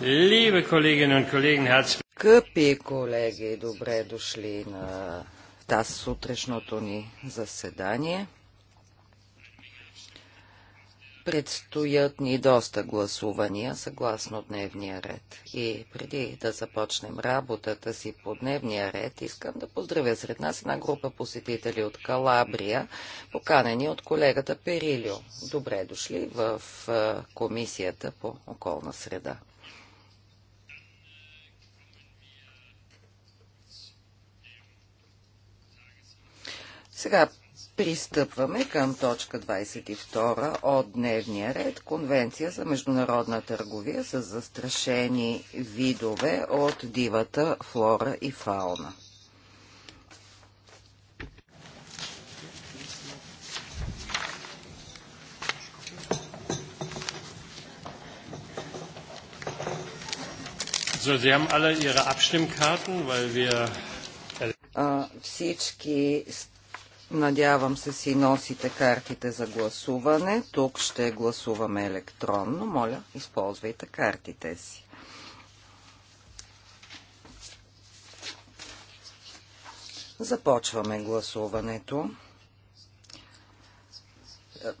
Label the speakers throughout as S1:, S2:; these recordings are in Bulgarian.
S1: Liebe Kolleginnen und Kollegen, herzlich Скъпи колеги, добре дошли на тази сутрешното ни заседание. Предстоят ни доста гласувания, съгласно дневния ред. И преди да започнем работата си по дневния ред, искам да поздравя сред нас една група посетители от Калабрия, поканени от колегата Перилио. Добре дошли в Комисията по околна среда. Сега пристъпваме към точка 22 от дневния ред Конвенция за международна търговия с застрашени видове от дивата флора и фауна. So, Sie haben alle
S2: Ihre Abstimmkarten, weil wir...
S1: Uh, всички Надявам се си носите картите за гласуване. Тук ще гласуваме електронно. Моля, използвайте картите си. Започваме гласуването.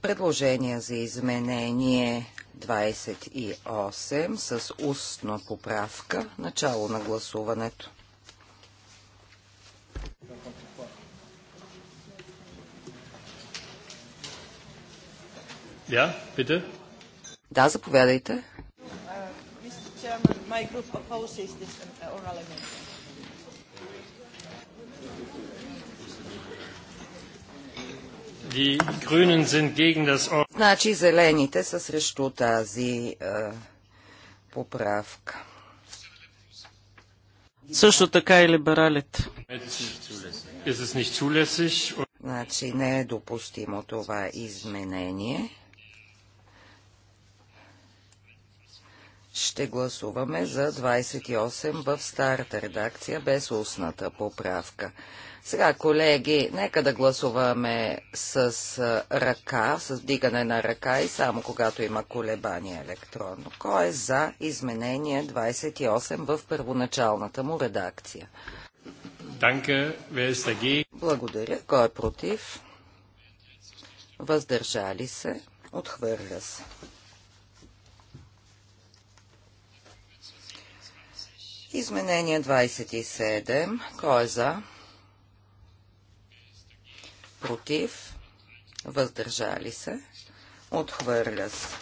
S1: Предложение за изменение 28 с устна поправка. Начало на гласуването. Thank you. Ja, bitte. Да, заповядайте. Значи зелените са срещу тази е, поправка.
S2: Също така и либералите.
S1: Значи не е допустимо това изменение. ще гласуваме за 28 в старата редакция, без устната поправка. Сега, колеги, нека да гласуваме с ръка, с дигане на ръка и само когато има колебание електронно. Кой е за изменение 28 в първоначалната му редакция? Благодаря. Кой е против? Въздържали се? Отхвърля се. Изменение 27. Кой е за? Против? Въздържали се? Отхвърля се.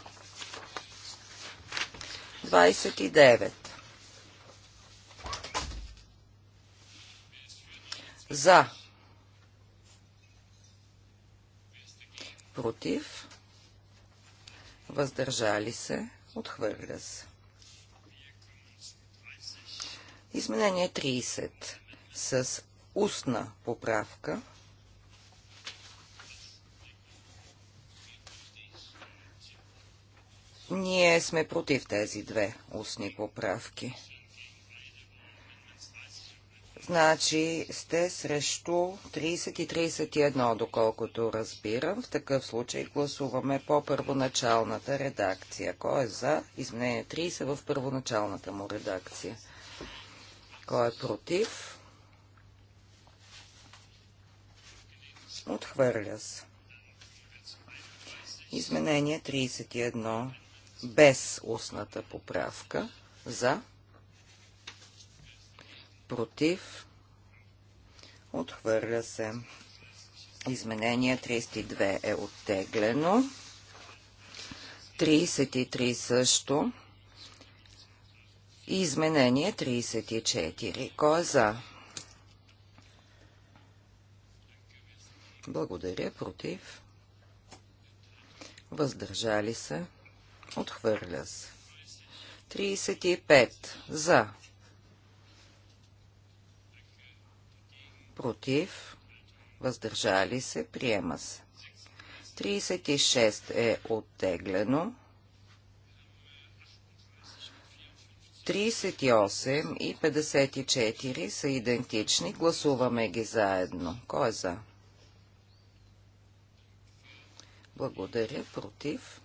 S1: 29. За. Против? Въздържали се? Отхвърля се. Изменение 30 с устна поправка. Ние сме против тези две устни поправки. Значи сте срещу 30 и 31, доколкото разбирам. В такъв случай гласуваме по първоначалната редакция. Кой е за изменение 30 в първоначалната му редакция? Кой е против? Отхвърля се. Изменение 31 без устната поправка. За. Против. Отхвърля се. Изменение 32 е оттеглено. 33 също. Изменение 34. Кой е за? Благодаря. Против. Въздържали се. Отхвърля се. 35. За. Против. Въздържали се. Приема се. 36 е оттеглено. 38 и 54 са идентични. Гласуваме ги заедно. Кой е за? Благодаря. Против?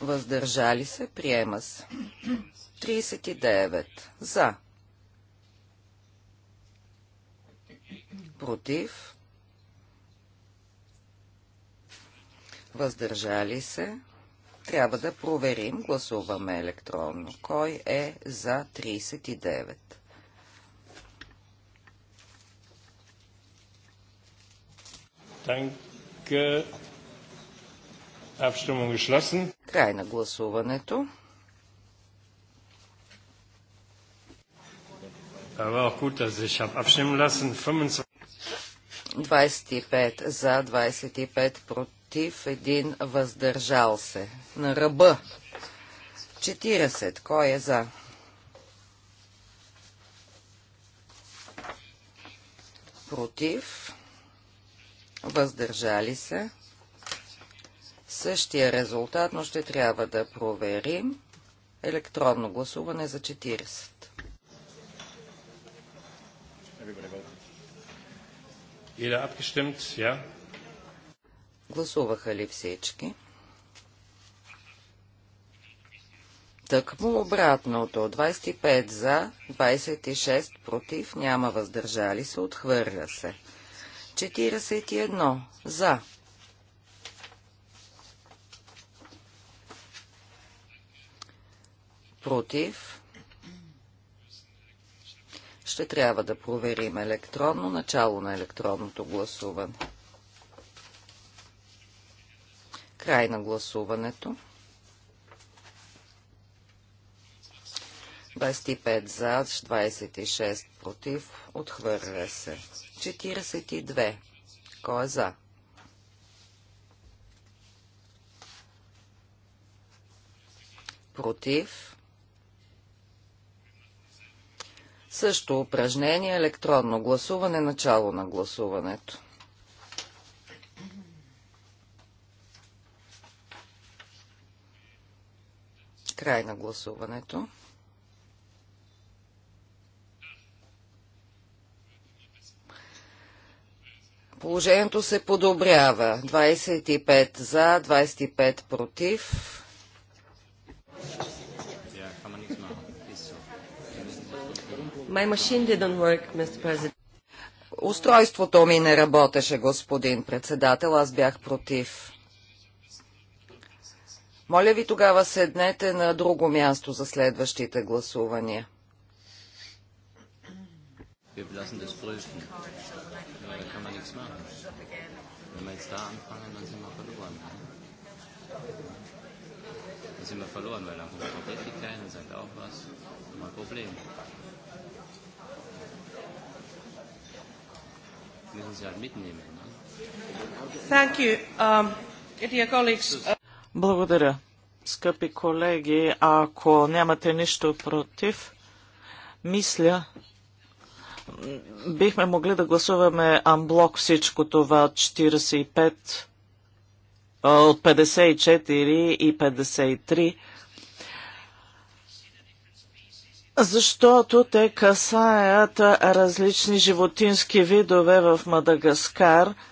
S1: Въздържали се. Приема се. 39. За. Против? Въздържали се. Трябва да проверим. Гласуваме електронно. Кой е за 39? Край на гласуването. Двадесет и пет за двадесет и пет 25 за, 25 против против, един въздържал се. На ръба. 40. Кой е за? Против. Въздържали се. Същия резултат, но ще трябва да проверим. Електронно гласуване за 40. Jeder abgestimmt, ja? Гласуваха ли всички? Тъкмо обратното. 25 за, 26 против, няма въздържали се, отхвърля се. 41 за. Против. Ще трябва да проверим електронно начало на електронното гласуване. Край на гласуването. 25 за, 26 против, отхвърля се. 42. Кой е за? Против. Също упражнение електронно гласуване, начало на гласуването. Край на гласуването. Положението се подобрява. 25 за, 25 против. My machine didn't work, Mr. President. Устройството ми не работеше, господин председател. Аз бях против. Моля ви тогава седнете на друго място за следващите гласувания.
S3: Wenn wir jetzt da
S2: anfangen, dann sind wir verloren. weil dann kommentiert die Kleine und sagt auch was. Mal ein Problem. Müssen Sie halt mitnehmen. Ne? Thank you, um, dear colleagues. Благодаря. Скъпи колеги, ако нямате нищо против, мисля, бихме могли да гласуваме амблок всичко това от 45, от 54 и 53, защото те касаят различни животински видове в Мадагаскар –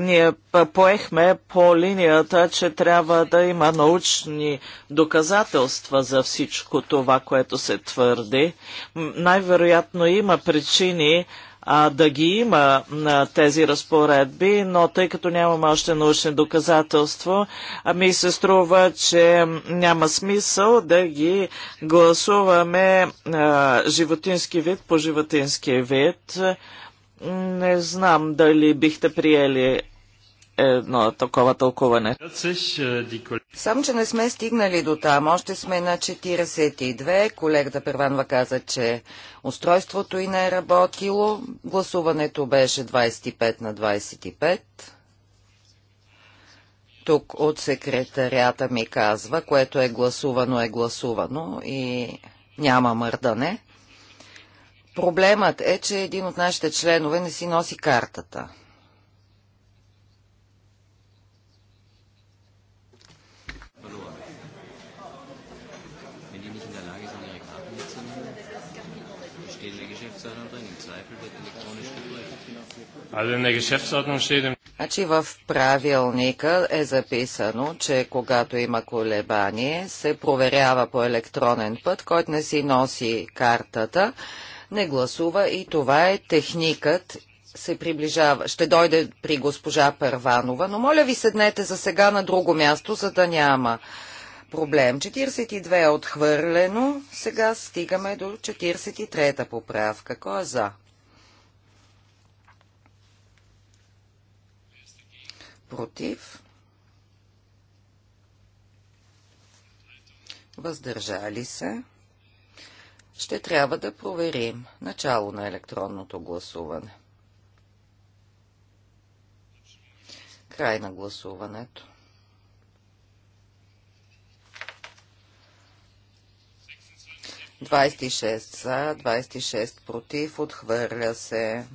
S2: ние поехме по линията, че трябва да има научни доказателства за всичко това, което се твърди. Най-вероятно има причини а, да ги има на тези разпоредби, но тъй като нямаме още научни доказателства, а ми се струва, че няма смисъл да ги гласуваме а, животински вид по животински вид. А, не знам дали бихте приели едно такова тълкуване.
S1: Само, че не сме стигнали до там. Още сме на 42. Колегата Перванва каза, че устройството и не е работило. Гласуването беше 25 на 25. Тук от секретарията ми казва, което е гласувано, е гласувано и няма мърдане. Проблемът е, че един от нашите членове не си носи картата. Значи в правилника е записано, че когато има колебание, се проверява по електронен път, който не си носи картата не гласува и това е техникът се приближава. Ще дойде при госпожа Първанова, но моля ви седнете за сега на друго място, за да няма проблем. 42 е отхвърлено, сега стигаме до 43-та поправка. Кой е за? Против? Въздържали се? Ще трябва да проверим начало на електронното гласуване. Край на гласуването. 26 за, 26 против, отхвърля се.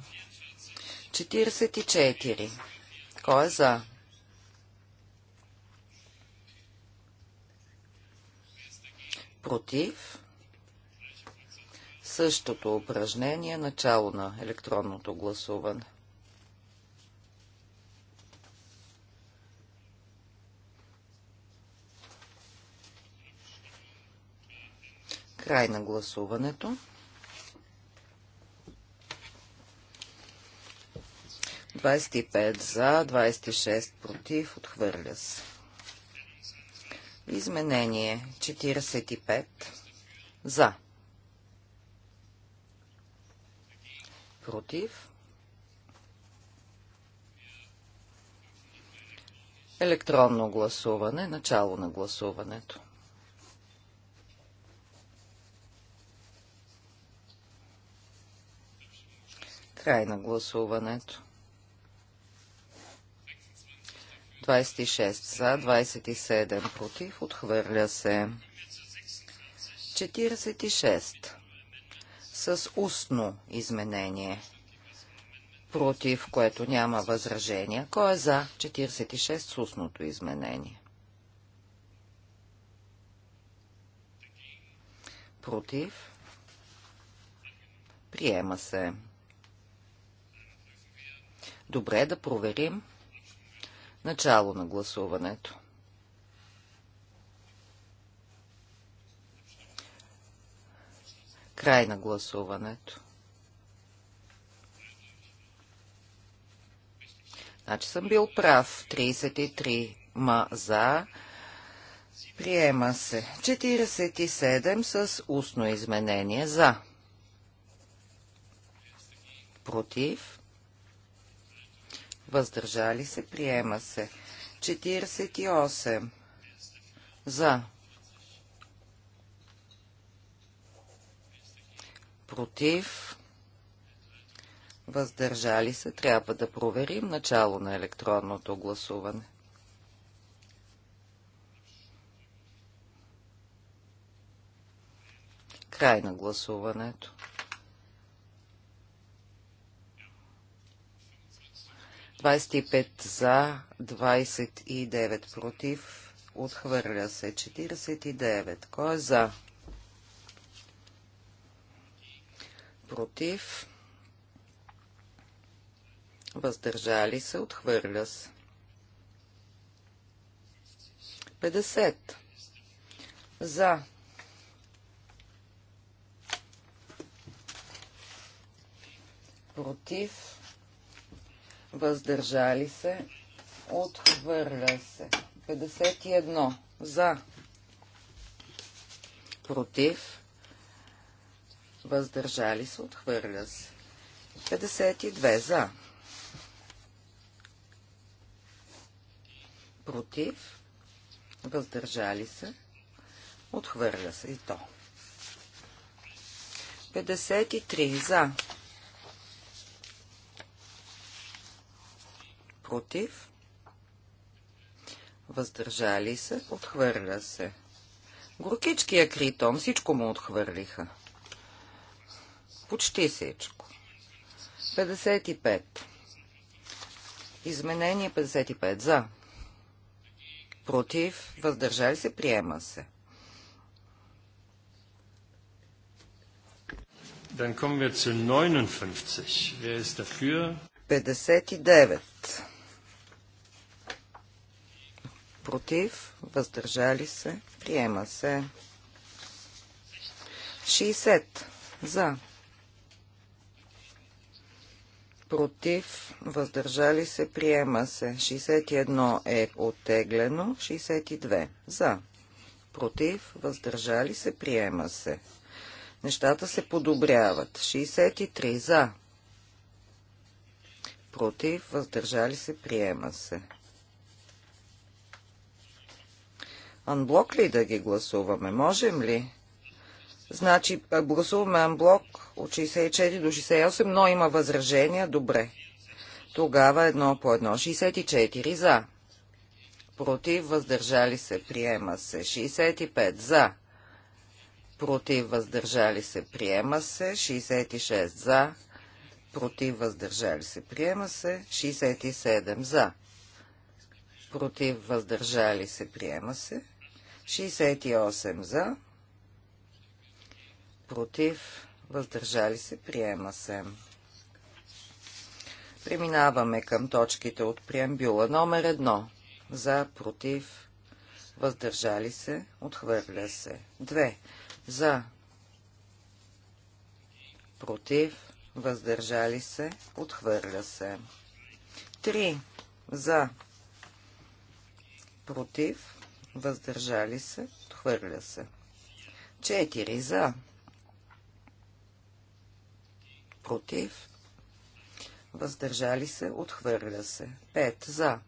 S1: 44. Кой е за? Против. Същото упражнение, начало на електронното гласуване. Край на гласуването. 25 за, 26 против, отхвърля се. Изменение 45 за. против. Електронно гласуване, начало на гласуването. Край на гласуването. 26 за, 27 против, отхвърля се. 46 с устно изменение, против което няма възражения. Кой е за 46 с устното изменение? Против. Приема се. Добре да проверим начало на гласуването. Край на гласуването. Значи съм бил прав. 33 ма за. Приема се. 47 с устно изменение за. Против. Въздържали се. Приема се. 48 за. против, въздържали се. Трябва да проверим начало на електронното гласуване. Край на гласуването. 25 за, 29 против, отхвърля се 49. Кой е за? против, въздържали се, отхвърля се. 50. За. Против. Въздържали се. Отхвърля се. 51. За. Против въздържали се, отхвърля се. 52 за, против, въздържали се, отхвърля се и то. 53 за, против, въздържали се, отхвърля се. Горкичкия критон, всичко му отхвърлиха. Почти всичко. 55. Изменение 55. За. Против. Въздържали се. Приема се.
S2: Dann kommen wir zu 59. Wer ist dafür?
S1: 59. Против. Въздържали се. Приема се. 60. За против, въздържали се, приема се. 61 е оттеглено, 62 за, против, въздържали се, приема се. Нещата се подобряват. 63 за, против, въздържали се, приема се. Анблок ли да ги гласуваме? Можем ли? Значи, гласуваме анблок от 64 до 68, но има възражения. Добре. Тогава едно по едно. 64 за. Против, въздържали се, приема се. 65 за. Против, въздържали се, приема се. 66 за. Против, въздържали се, приема се. 67 за. Против, въздържали се, приема се. 68 за. Против, въздържали се, приема се. Преминаваме към точките от преамбюла. Номер едно. За, против, въздържали се, отхвърля се. Две. За, против, въздържали се, отхвърля се. Три. За, против, въздържали се, отхвърля се. Четири. За, против, против, въздържали се, отхвърля се. 5 за,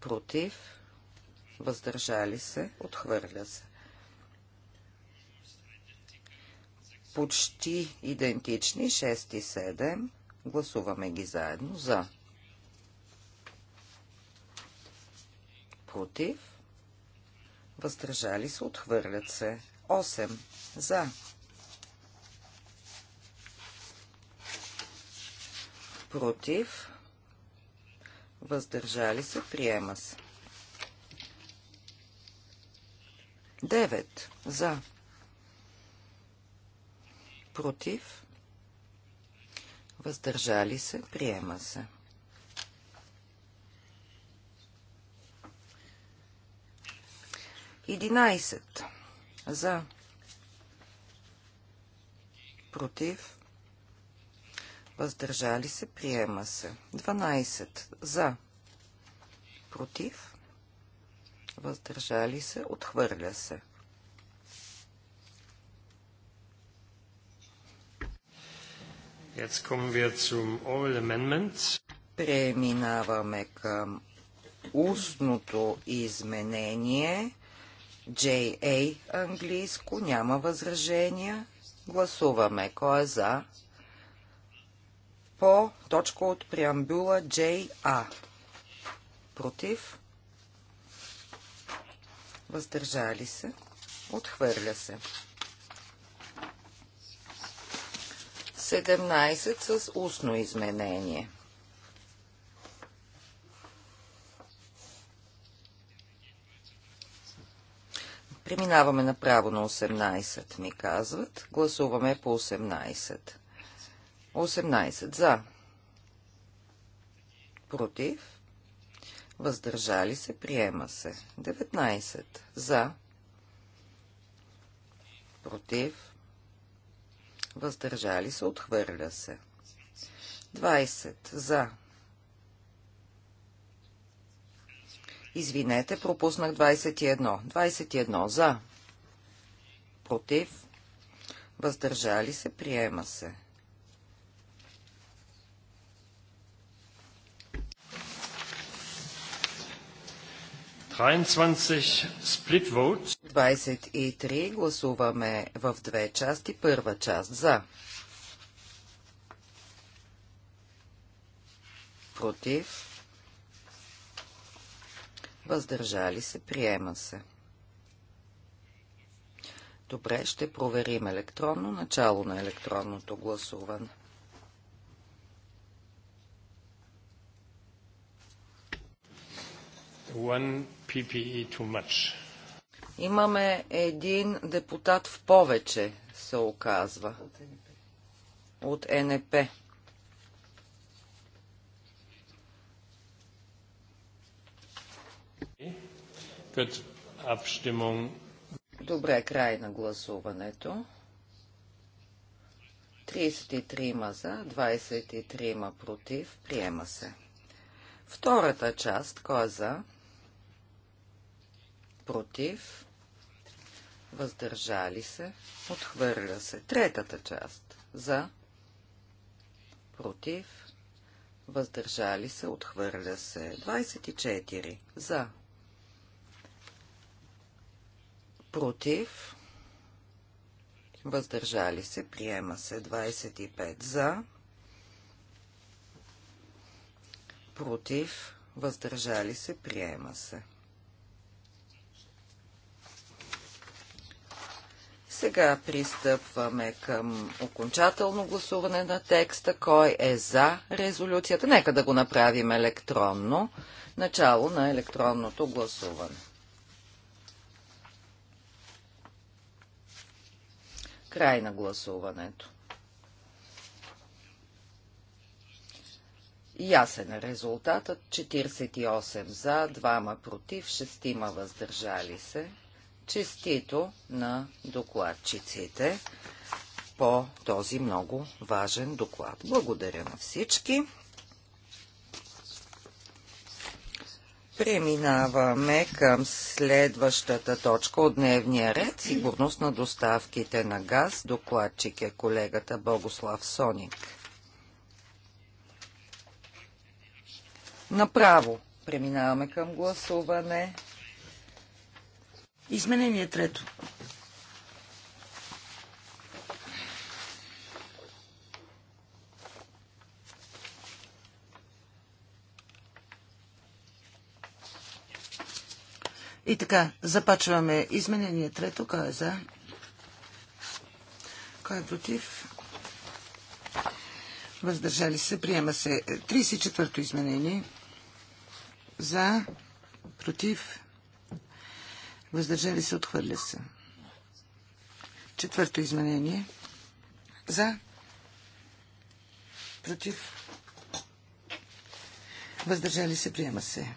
S1: против, въздържали се, отхвърля се. Почти идентични 6 и 7. Гласуваме ги заедно за. Против. Въздържали се, отхвърлят се. 8 за. Против. Въздържали се. Приема се. 9 за. Против. Въздържали се. Приема се. Единайсет. За. Против. Въздържали се. Приема се. 12. За. Против. Въздържали се. Отхвърля се. Преминаваме към устното изменение JA английско. Няма възражения. Гласуваме. Кой е за? По точка от преамбюла JA. Против? Въздържали се? Отхвърля се. 17 с устно изменение. Преминаваме направо на 18, ми казват. Гласуваме по 18. 18 за. Против. Въздържали се. Приема се. 19 за. Против. Въздържали се. Отхвърля се. 20 за. Извинете, пропуснах 21. 21 за. Против. Въздържали се. Приема се. Split vote. 23 гласуваме в две части. Първа част за. Против въздържали се, приема се. Добре, ще проверим електронно начало на електронното гласуване. One PPE too much. Имаме един депутат в повече, се оказва. От НП. Добре, край на гласуването. 33 за, 23 против. Приема се. Втората част, кой е за? Против. Въздържали се. Отхвърля се. Третата част. За. Против. Въздържали се. Отхвърля се. 24. За. против, въздържали се, приема се 25 за, против, въздържали се, приема се. Сега пристъпваме към окончателно гласуване на текста. Кой е за резолюцията? Нека да го направим електронно. Начало на електронното гласуване. Край на гласуването. Ясен е резултатът. 48 за, 2 против, 6 въздържали се. Честито на докладчиците по този много важен доклад. Благодаря на всички. Преминаваме към следващата точка от дневния ред – сигурност на доставките на газ. Докладчик е колегата Богослав Соник. Направо преминаваме към гласуване. Изменение трето.
S3: И така, започваме изменение трето. Кой е за? Кой е против? Въздържали се. Приема се 34-то изменение. За, против, въздържали се, отхвърля се. Четвърто изменение. За, против, въздържали се, приема се.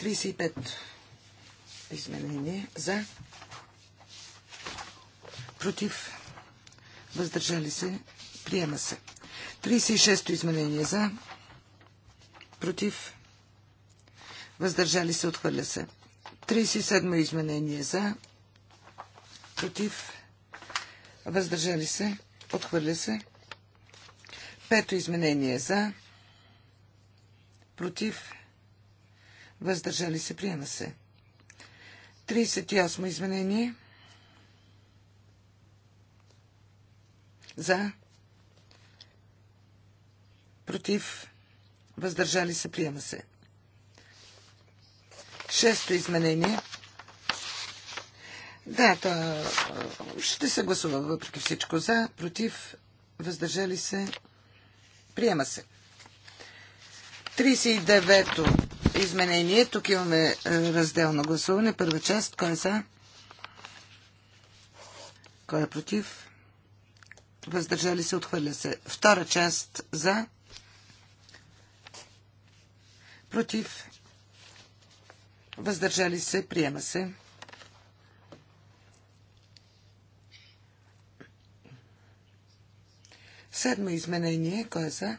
S3: 35 изменения за против въздържали се приема се 36 изменение за против въздържали се отхвърля се 37 изменение за против въздържали се отхвърля се Пето изменение за против въздържали се, приема се. 38 изменение. За. Против. Въздържали се. Приема се. Шесто изменение. Да, то е, ще се гласува въпреки всичко за, против, въздържали се, приема се. 39-то изменение. Тук имаме е, раздел на гласуване. Първа част. Кой е за? Кой е против? Въздържали се, отхвърля се. Втора част за. Против. Въздържали се, приема се. Седмо изменение. Кой е за?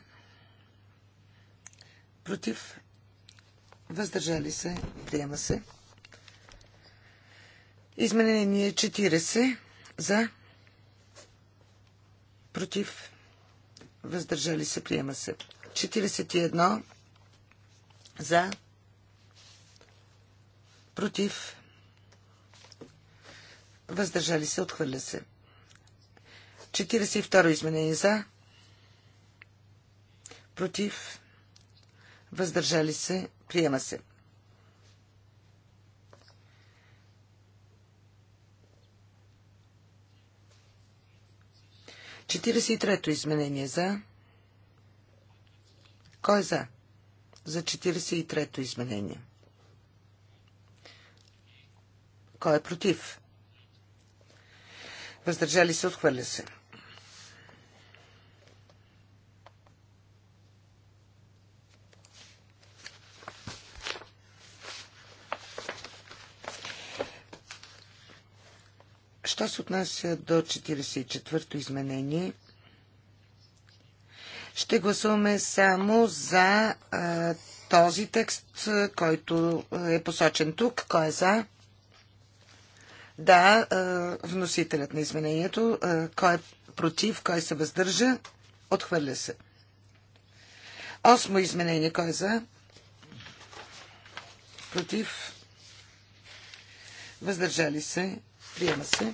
S3: Против въздържали се, приема се. Изменение 40 за, против, въздържали се, приема се. 41 за, против, въздържали се, отхвърля се. 42 изменение за, против, въздържали се, Приема се. Четиридесет и трето изменение за. Кой е за? За 43 трето изменение. Кой е против? Въздържали се, отхвърля се. Що се отнася до 44-то изменение, ще гласуваме само за а, този текст, който е посочен тук. Кой е за? Да, а, вносителят на изменението. А, кой е против? Кой се въздържа? Отхвърля се. Осмо изменение. Кой е за? Против? Въздържали се? Приема се.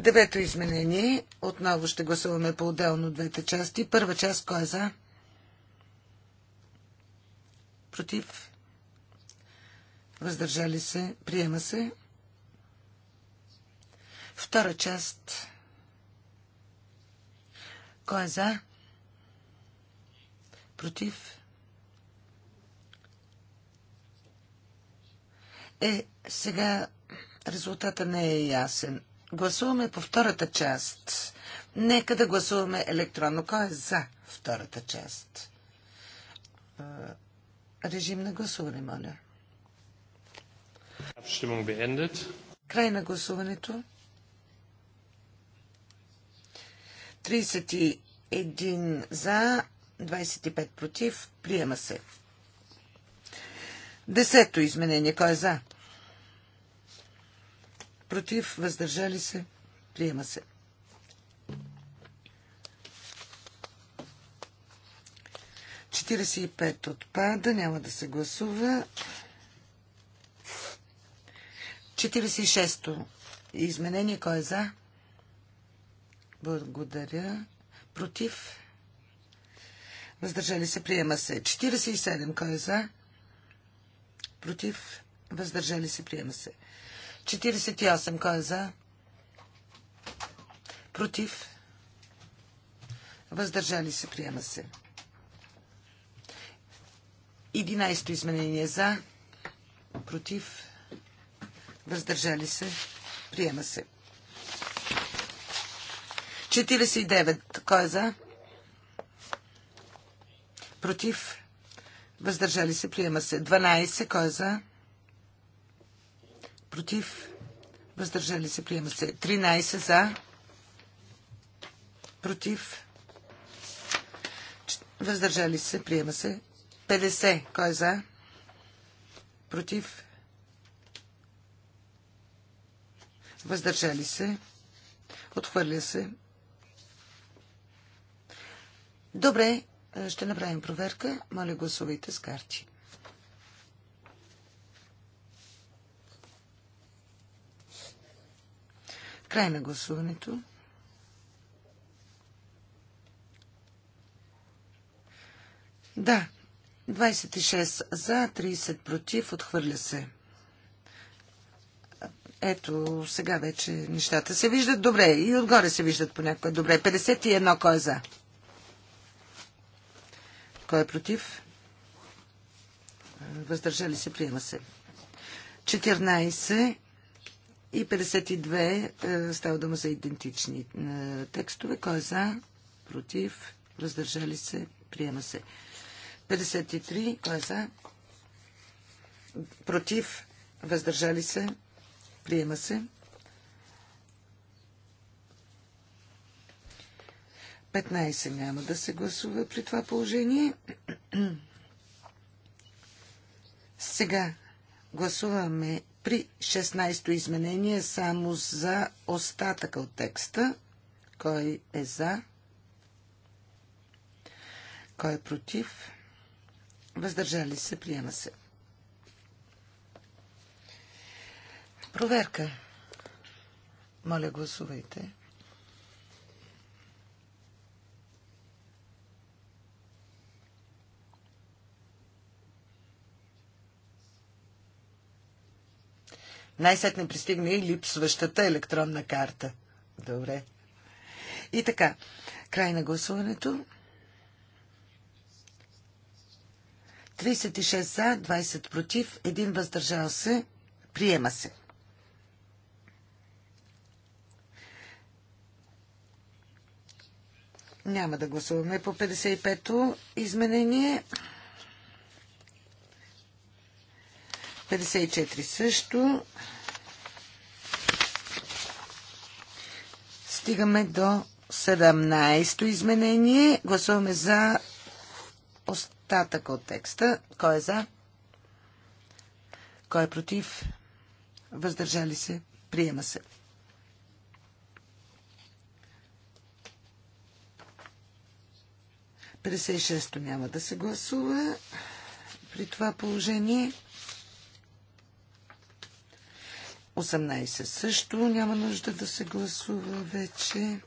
S3: Девето изменение. Отново ще гласуваме по-отделно двете части. Първа част, кой е за? Против? Въздържали се? Приема се? Втора част. Кой е за? Против? Е, сега резултата не е ясен. Гласуваме по втората част. Нека да гласуваме електронно. Кой е за втората част? Режим на гласуване, моля. Край на гласуването. 31 за, 25 против. Приема се. Десето изменение. Кой е за? против, въздържали се, приема се. Четиридесет и пет отпада, няма да се гласува. 46-то изменение, кой е за? Благодаря. Против? Въздържали се, приема се. 47, кой е за? Против? Въздържали се, приема се. 48. Кой е за? Против? Въздържали се. Приема се. 11 изменение за. Против? Въздържали се. Приема се. 49. Кой е за? Против? Въздържали се. Приема се. 12. Кой е за? против, въздържали се, приема се. 13 за, против, въздържали се, приема се. 50, кой е за, против, въздържали се, отхвърля се. Добре, ще направим проверка. Моля, гласувайте с карти. Край на гласуването. Да, 26 за, 30 против, отхвърля се. Ето, сега вече нещата се виждат добре и отгоре се виждат понякога добре. 51 кой е за? Кой е против? Въздържали се, приема се. 14 и 52 е, става дума за идентични е, текстове. Кой е за? Против? Въздържали се? Приема се. 53. Кой е за? Против? Въздържали се? Приема се. 15 няма да се гласува при това положение. Сега гласуваме при 16-то изменение само за остатъка от текста. Кой е за? Кой е против? Въздържали се, приема се. Проверка. Моля, гласувайте. най-сетне пристигне и липсващата електронна карта. Добре. И така, край на гласуването. 36 за, 20 против, 1 въздържал се. Приема се. Няма да гласуваме по 55-то изменение. 54 също. Стигаме до 17-то изменение. Гласуваме за остатък от текста. Кой е за? Кой е против? Въздържали се? Приема се. Петдесет няма да се гласува при това положение. 18 също няма нужда да се гласува вече.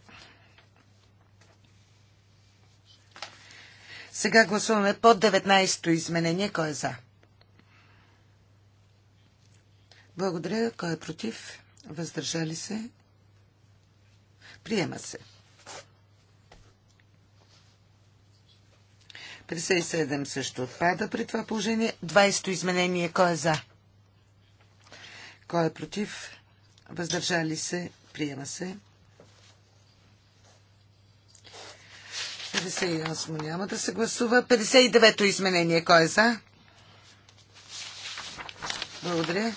S3: Сега гласуваме по 19-то изменение. Кой е за? Благодаря. Кой е против? Въздържали се? Приема се. 57 също отпада при това положение. 20-то изменение. Кой е за? Кой е против? Въздържали се? Приема се. 58 няма да се гласува. 59-то изменение. Кой е за? Благодаря.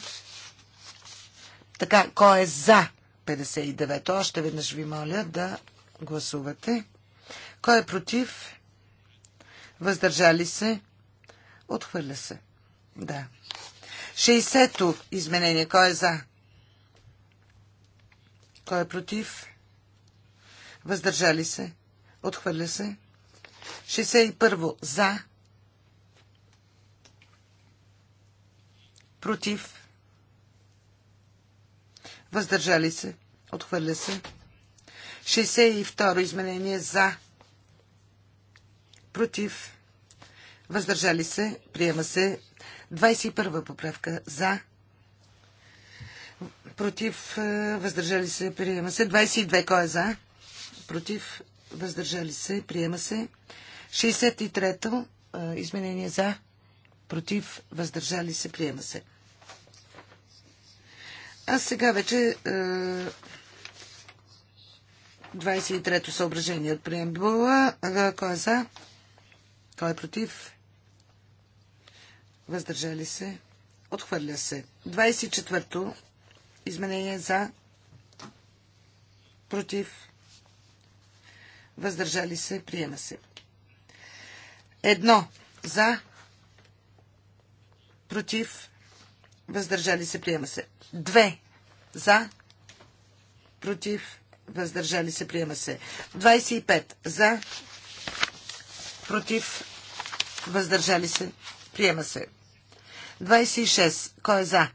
S3: Така, кой е за 59-то? Още веднъж ви моля да гласувате. Кой е против? Въздържали се? Отхвърля се. Да. 60-то изменение. Кой е за? Кой е против? Въздържали се? Отхвърля се? 61-во за? Против? Въздържали се? Отхвърля се? 62-ро изменение за? Против? Въздържали се? Приема се 21 поправка за. Против. Е, въздържали се. Приема се. 22. Кой е за? Против. Въздържали се. Приема се. 63-то. Е, изменение за. Против. Въздържали се. Приема се. А сега вече 23-то е, съображение от преембула. Кой е за? Кой е против? въздържали се, отхвърля се. 24-то изменение за, против, въздържали се, приема се. Едно за, против, въздържали се, приема се. Две за, против, въздържали се, приема се. 25 за, против, въздържали се, приема се. 26. Кой е за?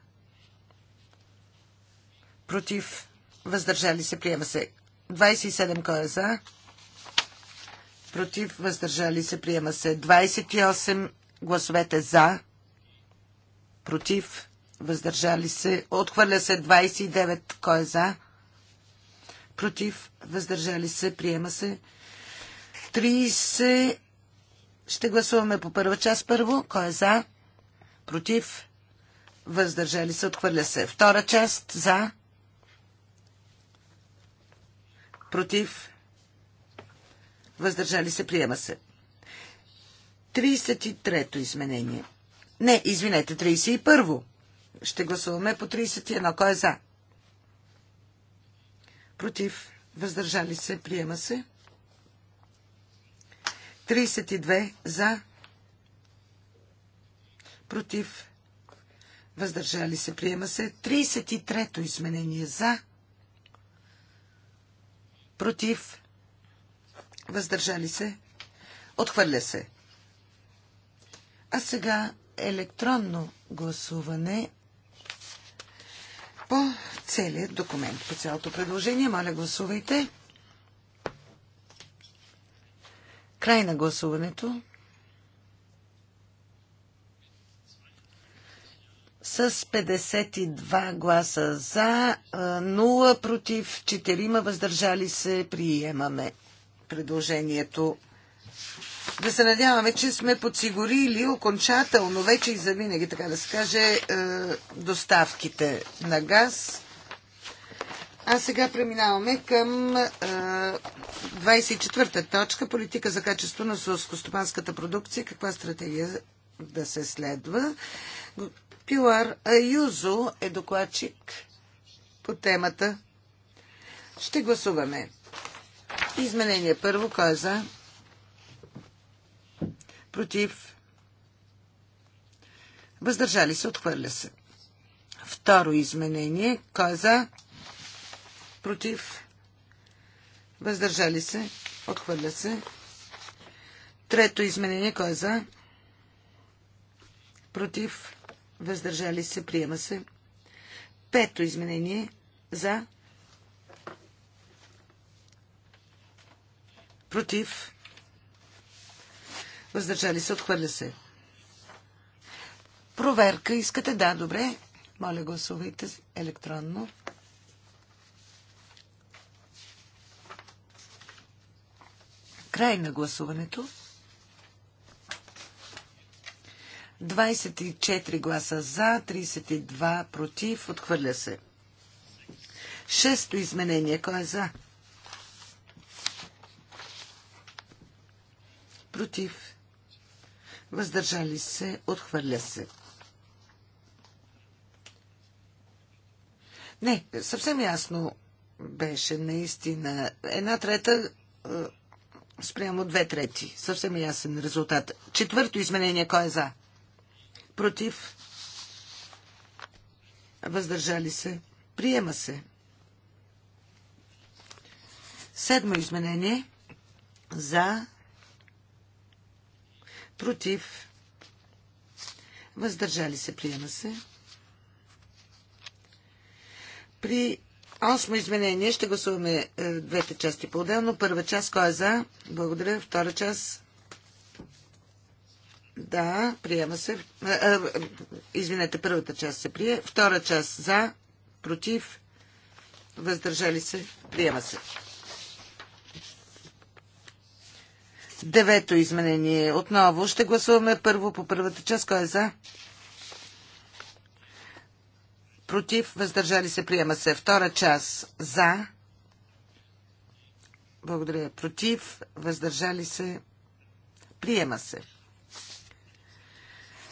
S3: Против. Въздържали се. Приема се. 27. Кой е за? Против. Въздържали се. Приема се. 28. Гласовете за. Против. Въздържали се. Отхвърля се. 29. Кой е за? Против. Въздържали се. Приема се. 30. Ще гласуваме по първа част първо. Кой е за? против, въздържали се, отхвърля се. Втора част за, против, въздържали се, приема се. 33-то изменение. Не, извинете, 31-во. Ще гласуваме по 31. Кой е за? Против, въздържали се, приема се. 32 за, против, въздържали се, приема се. 33-то изменение за, против, въздържали се, отхвърля се. А сега електронно гласуване по целият документ, по цялото предложение. Моля, гласувайте. Край на гласуването. с 52 гласа за, 0 против, 4 въздържали се, приемаме предложението. Да се надяваме, че сме подсигурили окончателно, вече и за винаги, така да се каже, доставките на газ. А сега преминаваме към 24-та точка политика за качество на сълскостопанската продукция. Каква стратегия да се следва? Пилар Аюзо е докладчик по темата. Ще гласуваме. Изменение първо. Кой е за? Против. Въздържали се. Отхвърля се. Второ изменение. Кой е Против. Въздържали се. Отхвърля се. Трето изменение. Кой е за? Против въздържали се, приема се. Пето изменение за, против, въздържали се, отхвърля се. Проверка искате? Да, добре. Моля, гласувайте електронно. Край на гласуването. 24 гласа за, 32 против. Отхвърля се. Шесто изменение. Кой е за? Против. Въздържали се. Отхвърля се. Не, съвсем ясно беше наистина. Една трета е, спрямо две трети. Съвсем ясен резултат. Четвърто изменение. Кой е за? против, въздържали се, приема се. Седмо изменение за, против, въздържали се, приема се. При осмо изменение ще гласуваме е, двете части по-отделно. Първа част, кой е за? Благодаря. Втора част, да, приема се. Извинете, първата част се прие. Втора част за, против, въздържали се, приема се. Девето изменение. Отново ще гласуваме първо по първата част. Кой е за? Против, въздържали се, приема се. Втора част за. Благодаря. Против, въздържали се, приема се.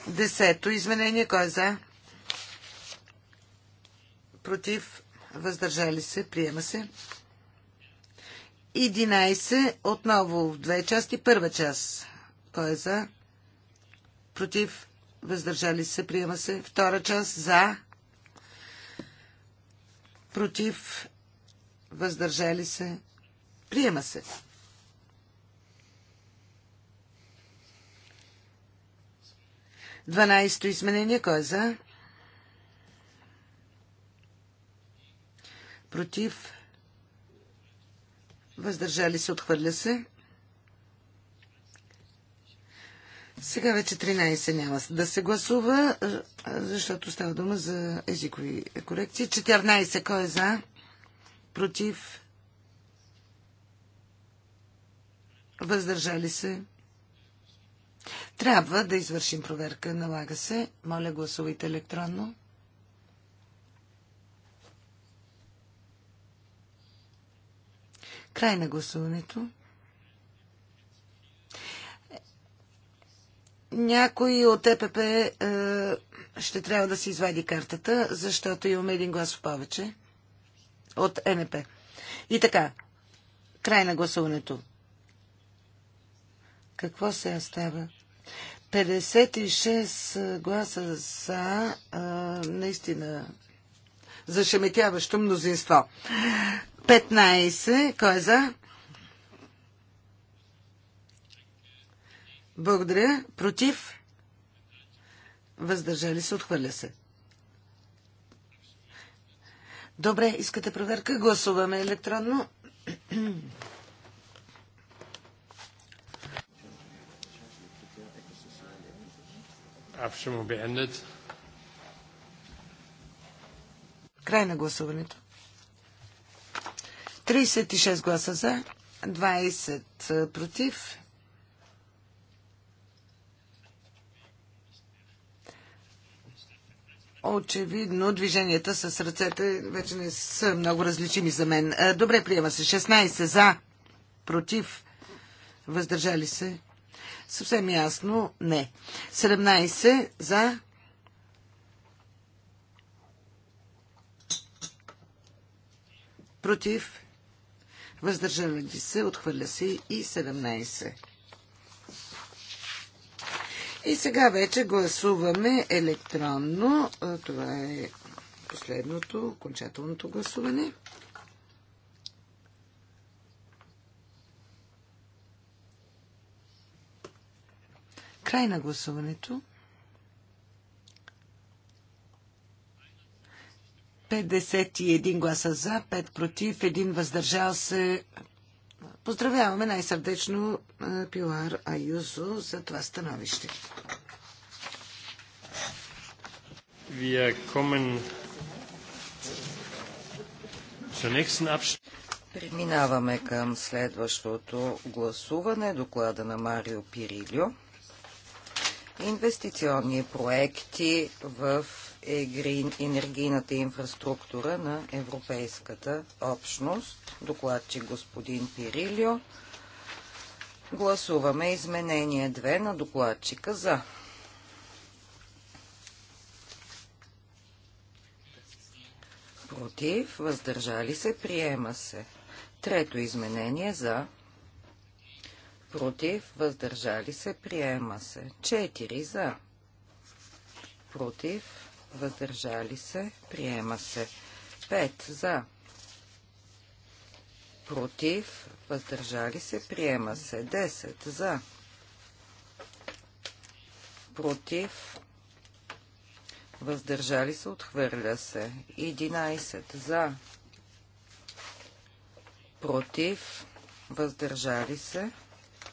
S3: Десето изменение. Кой е за? Против. Въздържали се. Приема се. 11. Отново в две части. Първа част. Кой е за? Против. Въздържали се. Приема се. Втора част. За. Против. Въздържали се. Приема се. 12-то изменение. Кой е за? Против. Въздържали се. Отхвърля се. Сега вече 13 няма да се гласува, защото става дума за езикови корекции. 14. Кой е за? Против. Въздържали се. Трябва да извършим проверка. Налага се. Моля, гласувайте електронно. Край на гласуването. Някой от ЕПП е, ще трябва да си извади картата, защото имаме един глас в повече от НП. И така, край на гласуването. Какво се става? 56 гласа за а, наистина зашеметяващо мнозинство. 15. Кой е за? Благодаря. Против? Въздържали се, отхвърля се. Добре, искате проверка? Гласуваме електронно.
S1: Abstimmung beendet.
S3: Край на гласуването. 36 гласа за, 20 против. Очевидно, движенията с ръцете вече не са много различими за мен. Добре, приема се. 16 за, против, въздържали се, Съвсем ясно не. 17 за. Против. Въздържали се. Отхвърля се и 17. И сега вече гласуваме електронно. Това е последното, окончателното гласуване. Край на гласуването. 51 гласа за, 5 против, 1 въздържал се. Поздравяваме най-сърдечно Пилар Аюзо за това становище.
S1: Преминаваме към следващото гласуване, доклада на Марио Пирилио инвестиционни проекти в енергийната инфраструктура на Европейската общност. Докладчик господин Пирилио. Гласуваме изменение 2 на докладчика за. Против, въздържали се, приема се. Трето изменение за против, въздържали се, приема се. 4 за, против, въздържали се, приема се. 5 за, против, въздържали се, приема се. 10 за, против, въздържали се, отхвърля се. 11 за, против, въздържали се,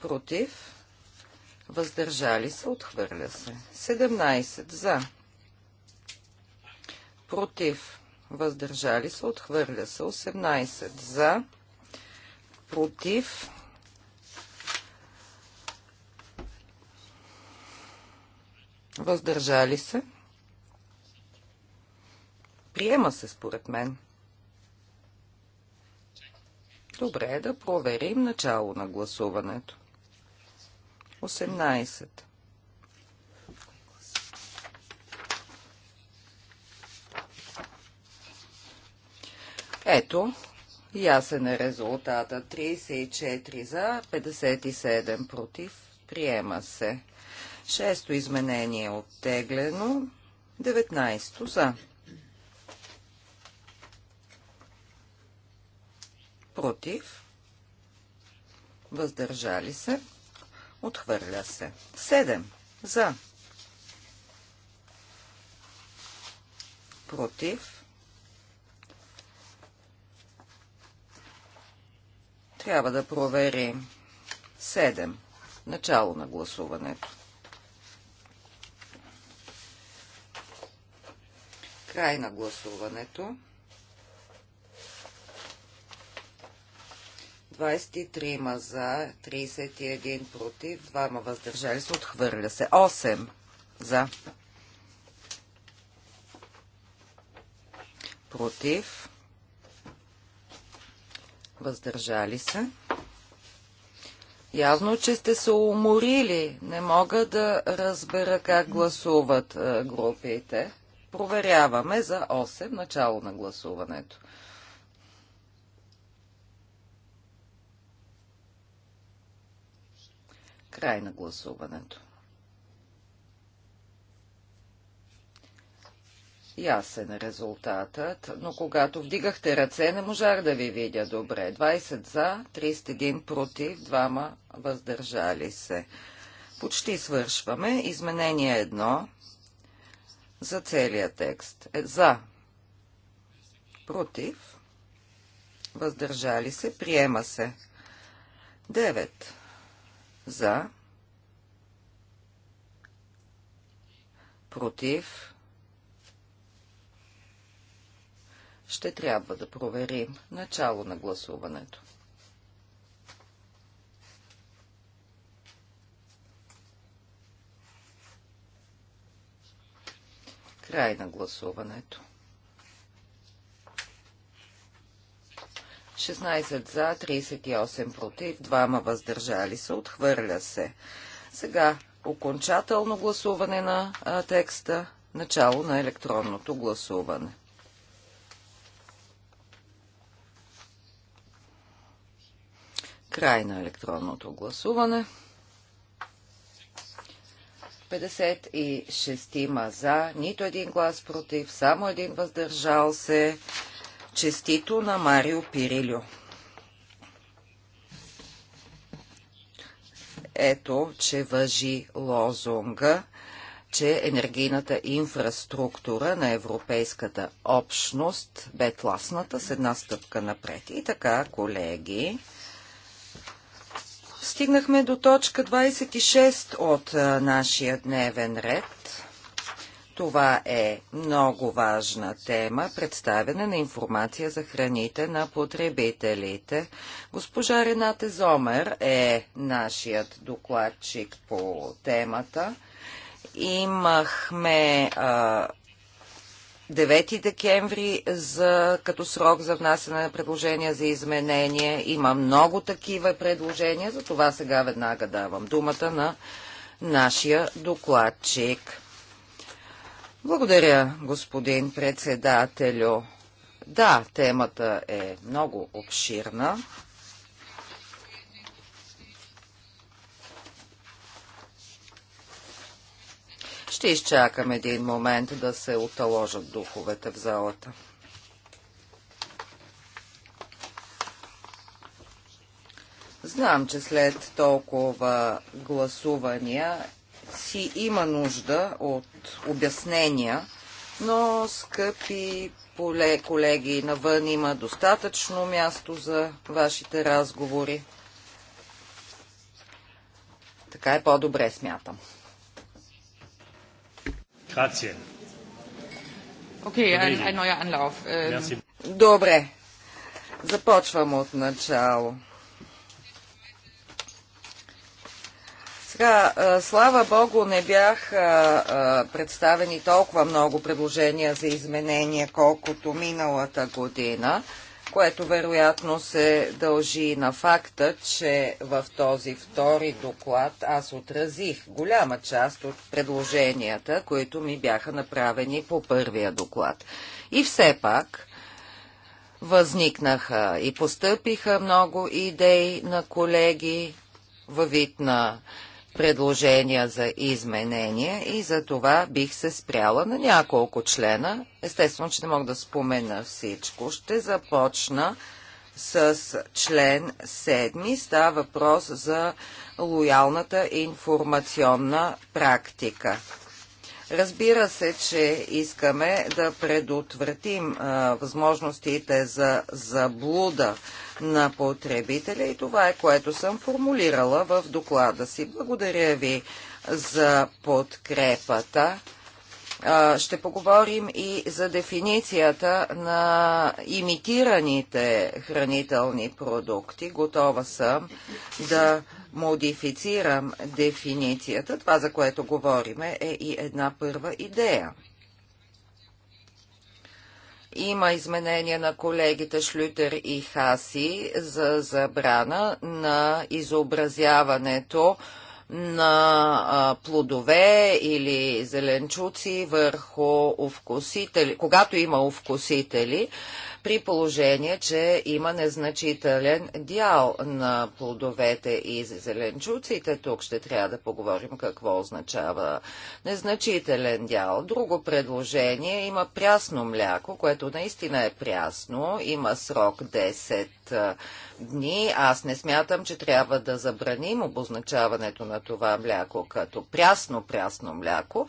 S1: против, въздържали се, отхвърля се. 17 за, против, въздържали се, отхвърля се. 18 за, против, въздържали се. Приема се според мен. Добре, да проверим начало на гласуването. 18. Ето, ясен е резултата. 34 за, 57 против. Приема се. Шесто изменение е оттеглено. 19 за. Против. Въздържали се. Отхвърля се. 7 за. Против. Трябва да проверим. 7. Начало на гласуването. Край на гласуването. 23 за, 31 против, 2 ма въздържали се, отхвърля се. 8 за. Против. Въздържали се. Явно, че сте се уморили. Не мога да разбера как гласуват е, групите. Проверяваме за 8 начало на гласуването. Край на гласуването. Ясен е резултатът, но когато вдигахте ръце, не можах да ви видя добре. 20 за, 31 против, 2 въздържали се. Почти свършваме. Изменение едно за целия текст. Е, за, против, въздържали се, приема се. 9 за, против, ще трябва да проверим начало на гласуването. Край на гласуването. 16 за, 38 против, 2 въздържали се, отхвърля се. Сега окончателно гласуване на а, текста, начало на електронното гласуване. Край на електронното гласуване. 56 за, нито един глас против, само един въздържал се. Честито на Марио Пирилю. Ето, че въжи лозунга че енергийната инфраструктура на Европейската общност бе тласната с една стъпка напред. И така, колеги, стигнахме до точка 26 от нашия дневен ред. Това е много важна тема – представяне на информация за храните на потребителите. Госпожа Рената Зомер е нашият докладчик по темата. Имахме а, 9 декември за, като срок за внасяне на предложения за изменение. Има много такива предложения, затова сега веднага давам думата на нашия докладчик. Благодаря, господин председателю. Да, темата е много обширна. Ще изчакам един момент да се оталожат духовете в залата. Знам, че след толкова гласувания си има нужда от обяснения, но, скъпи поле, колеги, навън има достатъчно място за вашите разговори. Така е по-добре, смятам. Грация. Окей, okay, ein
S3: neuer Anlauf.
S1: Добре. Започвам от начало. Така, слава Богу, не бяха представени толкова много предложения за изменения, колкото миналата година, което вероятно се дължи на факта, че в този втори доклад аз отразих голяма част от предложенията, които ми бяха направени по първия доклад. И все пак, възникнаха и постъпиха много идеи на колеги във вид на предложения за изменение и за това бих се спряла на няколко члена. Естествено, че не мога да спомена всичко. Ще започна с член 7. Става въпрос за лоялната информационна практика. Разбира се, че искаме да предотвратим а, възможностите за заблуда на потребителя и това е което съм формулирала в доклада си. Благодаря ви за подкрепата. Ще поговорим и за дефиницията на имитираните хранителни продукти. Готова съм да модифицирам дефиницията. Това, за което говориме, е и една първа идея. Има изменения на колегите Шлютер и Хаси за забрана на изобразяването на плодове или зеленчуци върху овкусители, когато има овкусители при положение, че има незначителен дял на плодовете и зеленчуците. Тук ще трябва да поговорим какво означава незначителен дял. Друго предложение има прясно мляко, което наистина е прясно. Има срок 10 дни. Аз не смятам, че трябва да забраним обозначаването на това мляко като прясно-прясно мляко,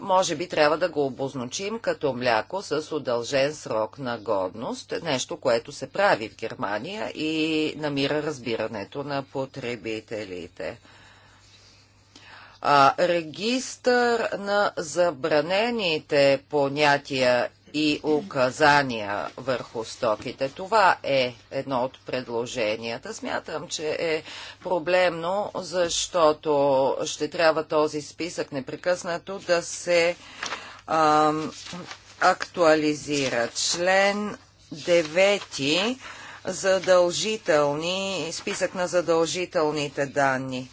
S1: може би трябва да го обозначим като мляко с удължен срок на годност, нещо, което се прави в Германия и намира разбирането на потребителите. регистър на забранените понятия и указания върху стоките. Това е едно от предложенията. Смятам, че е проблемно, защото ще трябва този списък непрекъснато да се ам, актуализира. Член 9 задължителни, списък на задължителните данни.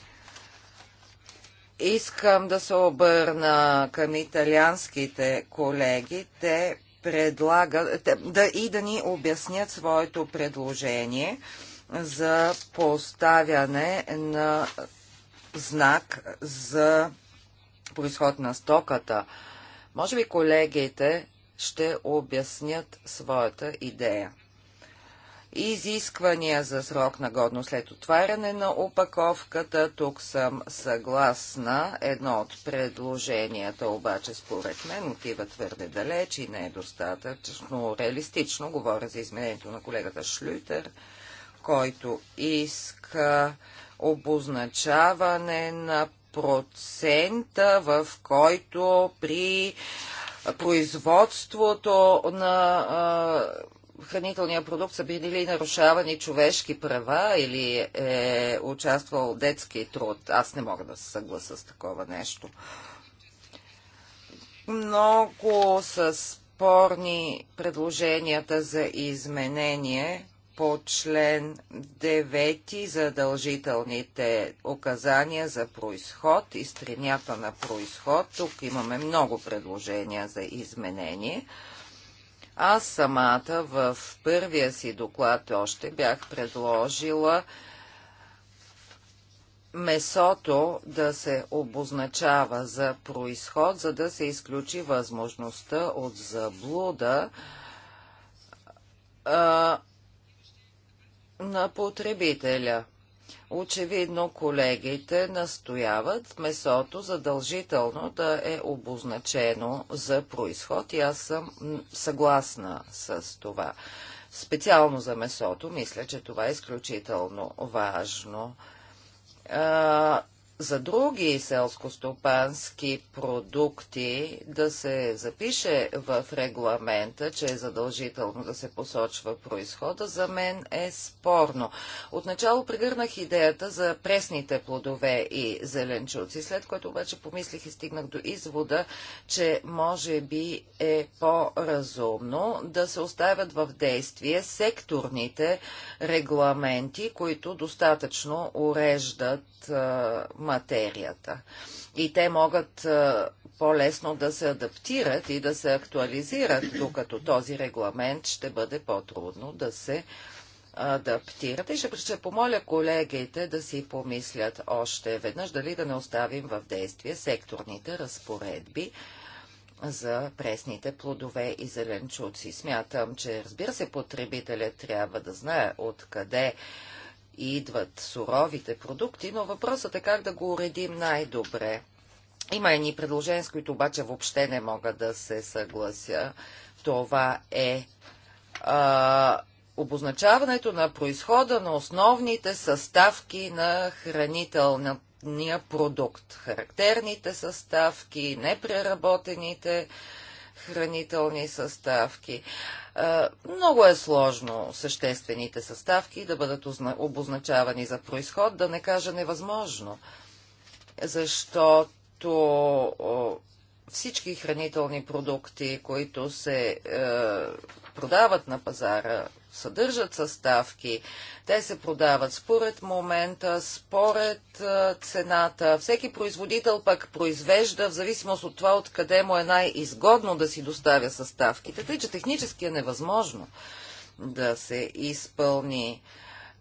S1: Искам да се обърна към италианските колеги. Те предлага, да, и да ни обяснят своето предложение за поставяне на знак за происход на стоката. Може би колегите ще обяснят своята идея изисквания за срок на годност след отваряне на опаковката. Тук съм съгласна. Едно от предложенията обаче според мен отива твърде далеч и не е достатъчно реалистично. Говоря за изменението на колегата Шлютер, който иска обозначаване на процента, в който при производството на а, хранителния продукт са били нарушавани човешки права или е участвал детски труд. Аз не мога да се съгласа с такова нещо. Много са спорни предложенията за изменение по член 9 задължителните указания за происход и стринята на происход. Тук имаме много предложения за изменение. Аз самата в първия си доклад още бях предложила месото да се обозначава за происход, за да се изключи възможността от заблуда а, на потребителя. Очевидно колегите настояват месото задължително да е обозначено за происход и аз съм съгласна с това. Специално за месото мисля, че това е изключително важно за други селскостопански продукти да се запише в регламента, че е задължително да се посочва происхода, за мен е спорно. Отначало прегърнах идеята за пресните плодове и зеленчуци, след което обаче помислих и стигнах до извода, че може би е по-разумно да се оставят в действие секторните регламенти, които достатъчно уреждат материята. И те могат по-лесно да се адаптират и да се актуализират, докато този регламент ще бъде по-трудно да се адаптират. И ще, ще помоля колегите да си помислят още веднъж дали да не оставим в действие секторните разпоредби, за пресните плодове и зеленчуци. Смятам, че разбира се, потребителят трябва да знае откъде идват суровите продукти, но въпросът е как да го уредим най-добре. Има едни предложения, с които обаче въобще не мога да се съглася. Това е а, обозначаването на происхода на основните съставки на хранителния продукт. Характерните съставки, непреработените а, хранителни съставки. Много е сложно съществените съставки да бъдат обозначавани за происход, да не кажа невъзможно, защото всички хранителни продукти, които се е, продават на пазара съдържат съставки. Те се продават според момента, според цената. Всеки производител пък произвежда в зависимост от това откъде му е най-изгодно да си доставя съставките, тъй че технически е невъзможно да се изпълни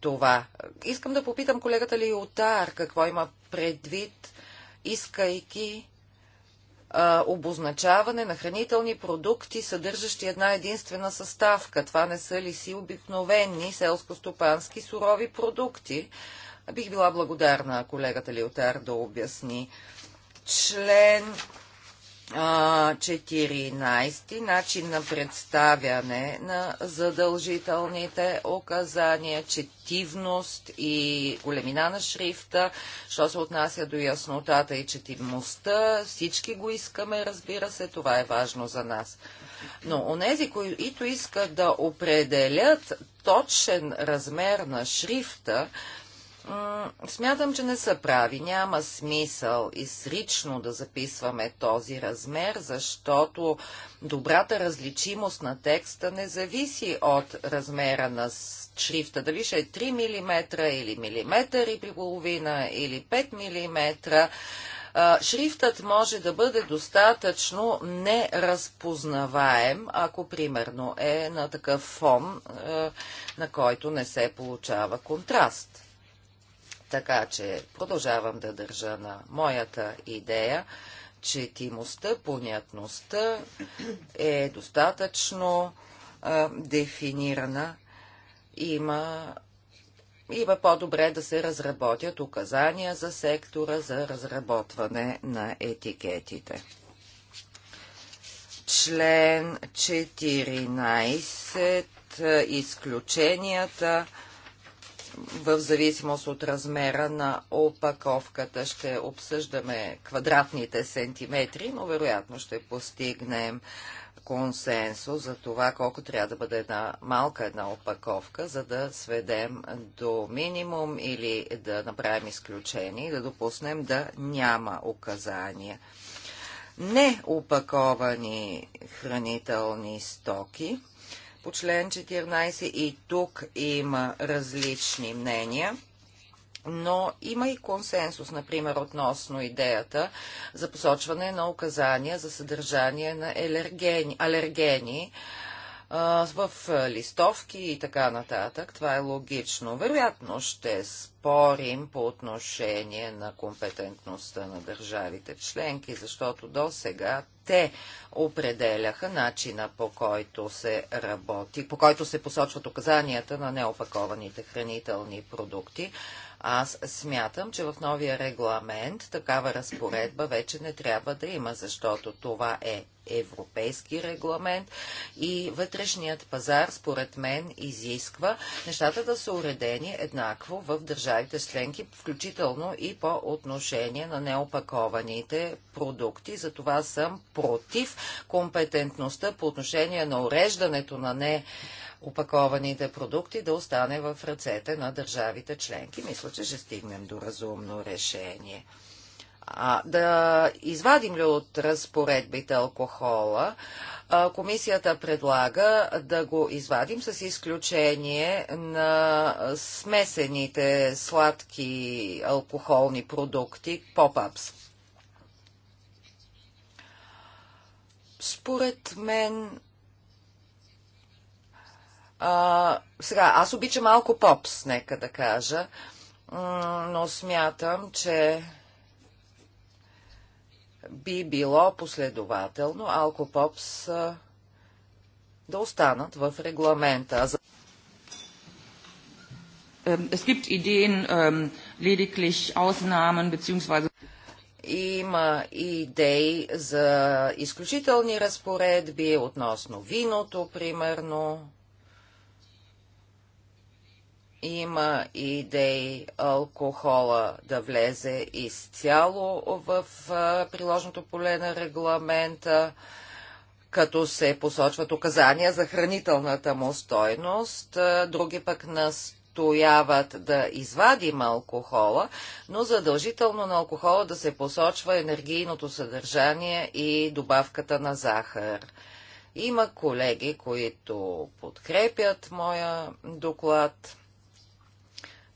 S1: това. Искам да попитам колегата Лиотар какво има предвид, искайки а, обозначаване на хранителни продукти, съдържащи една единствена съставка. Това не са ли си обикновени селско-стопански сурови продукти? Бих била благодарна колегата Лиотар да обясни. Член 14 начин на представяне на задължителните указания, четивност и големина на шрифта, що се отнася до яснотата и четивността. Всички го искаме, разбира се, това е важно за нас. Но онези, които искат да определят точен размер на шрифта, Смятам, че не са прави. Няма смисъл изрично да записваме този размер, защото добрата различимост на текста не зависи от размера на шрифта. Дали ще е 3 мм или милиметър и половина или 5 мм. Шрифтът може да бъде достатъчно неразпознаваем, ако примерно е на такъв фон, на който не се получава контраст. Така че продължавам да държа на моята идея, четимостта, понятността е достатъчно а, дефинирана. Има има по-добре да се разработят указания за сектора за разработване на етикетите. Член 14. Изключенията в зависимост от размера на опаковката. Ще обсъждаме квадратните сантиметри, но вероятно ще постигнем консенсус за това колко трябва да бъде една малка една опаковка, за да сведем до минимум или да направим изключение и да допуснем да няма указания. Неопаковани хранителни стоки – по член 14 и тук има различни мнения. Но има и консенсус, например, относно идеята за посочване на указания за съдържание на алергени, алергени в листовки и така нататък. Това е логично. Вероятно ще спорим по отношение на компетентността на държавите членки, защото до сега те определяха начина по който се работи, по който се посочват указанията на неопакованите хранителни продукти, аз смятам, че в новия регламент такава разпоредба вече не трябва да има, защото това е европейски регламент и вътрешният пазар, според мен, изисква нещата да са уредени еднакво в държавите членки, включително и по отношение на неопакованите продукти. Затова съм против компетентността по отношение на уреждането на не опакованите продукти да остане в ръцете на държавите членки. Мисля, че ще стигнем до разумно решение. А, да извадим ли от разпоредбите алкохола, а, комисията предлага да го извадим с изключение на смесените сладки алкохолни продукти, поп-апс. Според мен а, сега, аз обичам малко попс, нека да кажа, но смятам, че би било последователно алко попс да останат в регламента. Es gibt Ideen, lediglich Ausnahmen Има идеи за изключителни разпоредби относно виното, примерно. Има идеи алкохола да влезе изцяло в приложното поле на регламента, като се посочват указания за хранителната му стойност. Други пък настояват да извадим алкохола, но задължително на алкохола да се посочва енергийното съдържание и добавката на захар. Има колеги, които подкрепят моя доклад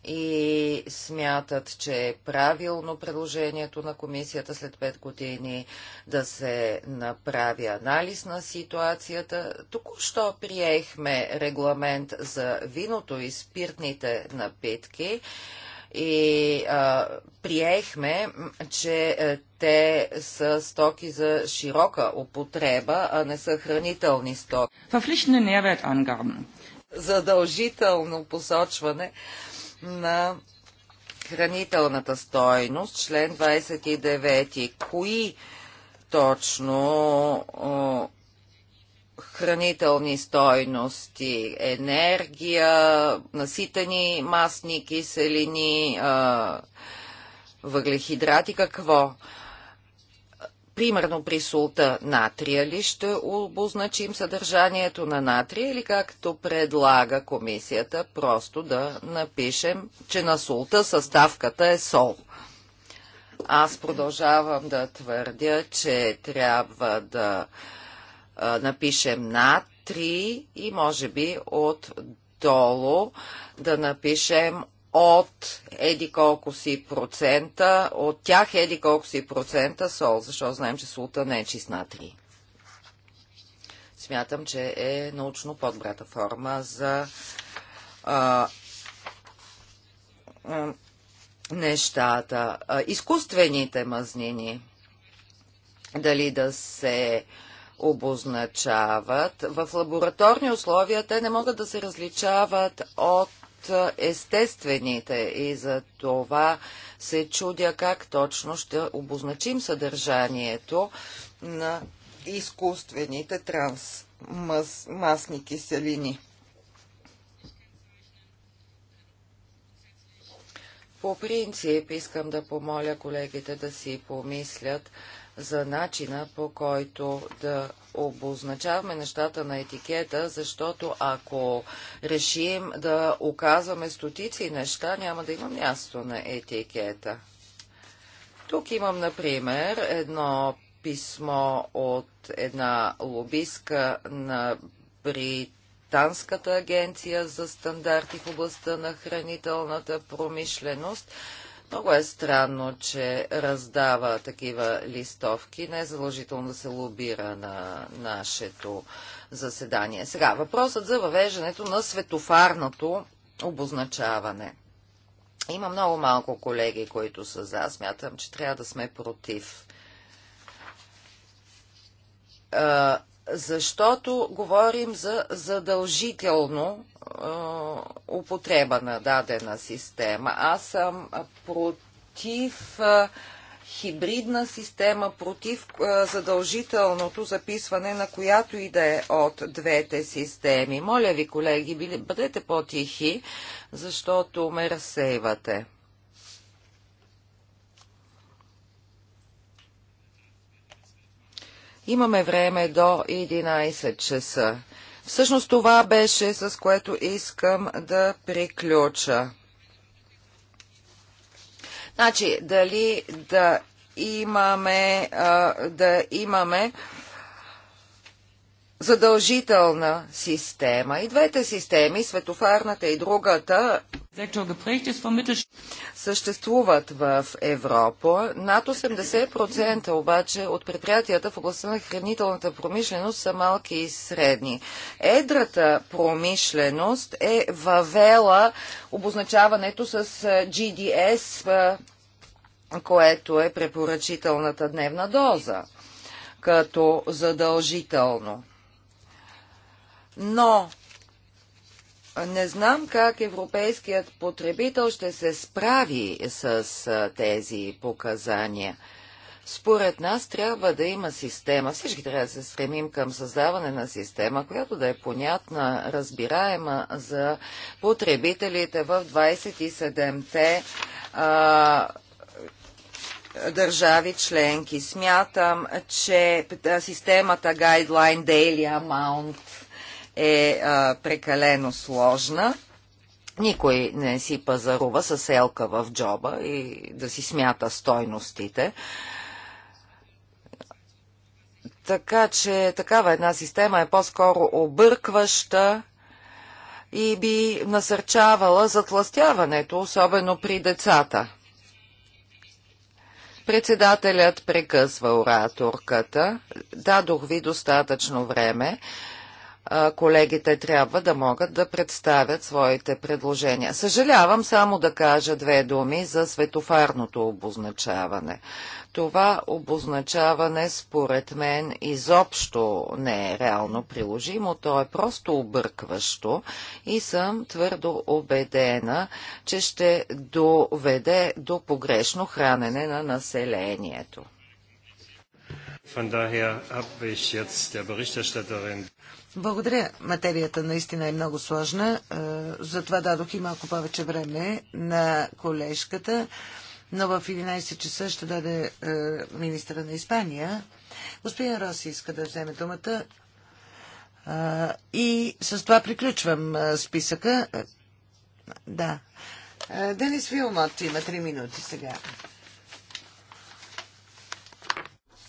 S1: и смятат, че е правилно предложението на комисията след 5 години да се направи анализ на ситуацията. Току-що приехме регламент за виното и спиртните напитки и а, приехме, че те са стоки за широка употреба, а не са хранителни стоки. Задължително посочване на хранителната стойност, член 29. Кои точно хранителни стойности, енергия, наситени масни киселини, въглехидрати, какво? Примерно при султа натрия ли ще обозначим съдържанието на натрия или както предлага комисията, просто да напишем, че на султа съставката е сол. Аз продължавам да твърдя, че трябва да а, напишем натрий и може би отдолу да напишем от еди колко си процента, от тях еди колко си процента сол, защото знаем, че солта не е чист натрий. Смятам, че е научно подбрата форма за а, а, нещата. А, изкуствените мазнини, дали да се обозначават. В лабораторни условия те не могат да се различават от естествените и за това се чудя как точно ще обозначим съдържанието на изкуствените трансмасни киселини. По принцип искам да помоля колегите да си помислят за начина по който да обозначаваме нещата на етикета, защото ако решим да оказваме стотици неща, няма да има място на етикета. Тук имам, например, едно писмо от една лобистка на Британската агенция за стандарти в областта на хранителната промишленост, много е странно, че раздава такива листовки. Не е заложително да се лобира на нашето заседание. Сега, въпросът за въвеждането на светофарното обозначаване. Има много малко колеги, които са за. Смятам, че трябва да сме против защото говорим за задължително е, употреба на дадена система. Аз съм против е, хибридна система, против е, задължителното записване на която и да е от двете системи. Моля ви, колеги, бъдете по-тихи, защото ме разсейвате. Имаме време до 11 часа. Всъщност това беше, с което искам да приключа. Значи, дали да имаме, а, да имаме задължителна система. И двете системи, светофарната и другата, Съществуват в Европа. Над 80% обаче от предприятията в областта на хранителната промишленост са малки и средни. Едрата промишленост е въвела обозначаването с GDS, което е препоръчителната дневна доза, като задължително. Но не знам как европейският потребител ще се справи с тези показания. Според нас трябва да има система, всички трябва да се стремим към създаване на система, която да е понятна, разбираема за потребителите в 27-те държави членки. Смятам, че системата Guideline Daily Amount е а, прекалено сложна. Никой не си пазарува с селка в джоба и да си смята стойностите. Така че такава една система е по-скоро объркваща и би насърчавала затластяването, особено при децата. Председателят прекъсва ораторката. Дадох ви достатъчно време колегите трябва да могат да представят своите предложения. Съжалявам само да кажа две думи за светофарното обозначаване. Това обозначаване според мен изобщо не е реално приложимо, то е просто объркващо и съм твърдо убедена, че ще доведе до погрешно хранене на населението. Von daher habe ich jetzt der Berichterstatterin
S3: благодаря. Материята наистина е много сложна. Е, затова дадох и малко повече време на колежката. Но в 11 часа ще даде е, министра на Испания. Господин Роси иска да вземе думата. Е, и с това приключвам списъка. Да. Денис Вилмот има 3 минути сега.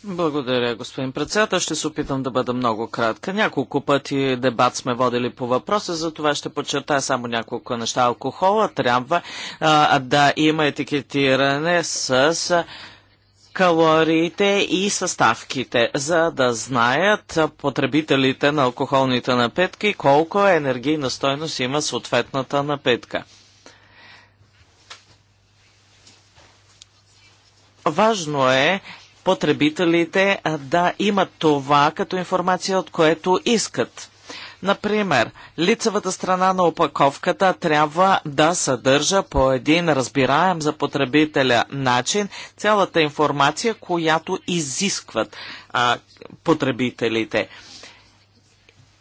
S2: Благодаря, господин председател. Ще се опитам да бъда много кратка. Няколко пъти дебат сме водили по въпроса, за това ще подчертая само няколко неща. Алкохола трябва а, да има етикетиране с калориите и съставките, за да знаят потребителите на алкохолните напитки колко енергийна стойност има съответната напитка. Важно е потребителите да имат това като информация, от което искат. Например, лицевата страна на опаковката трябва да съдържа по един разбираем за потребителя начин цялата информация, която изискват а, потребителите.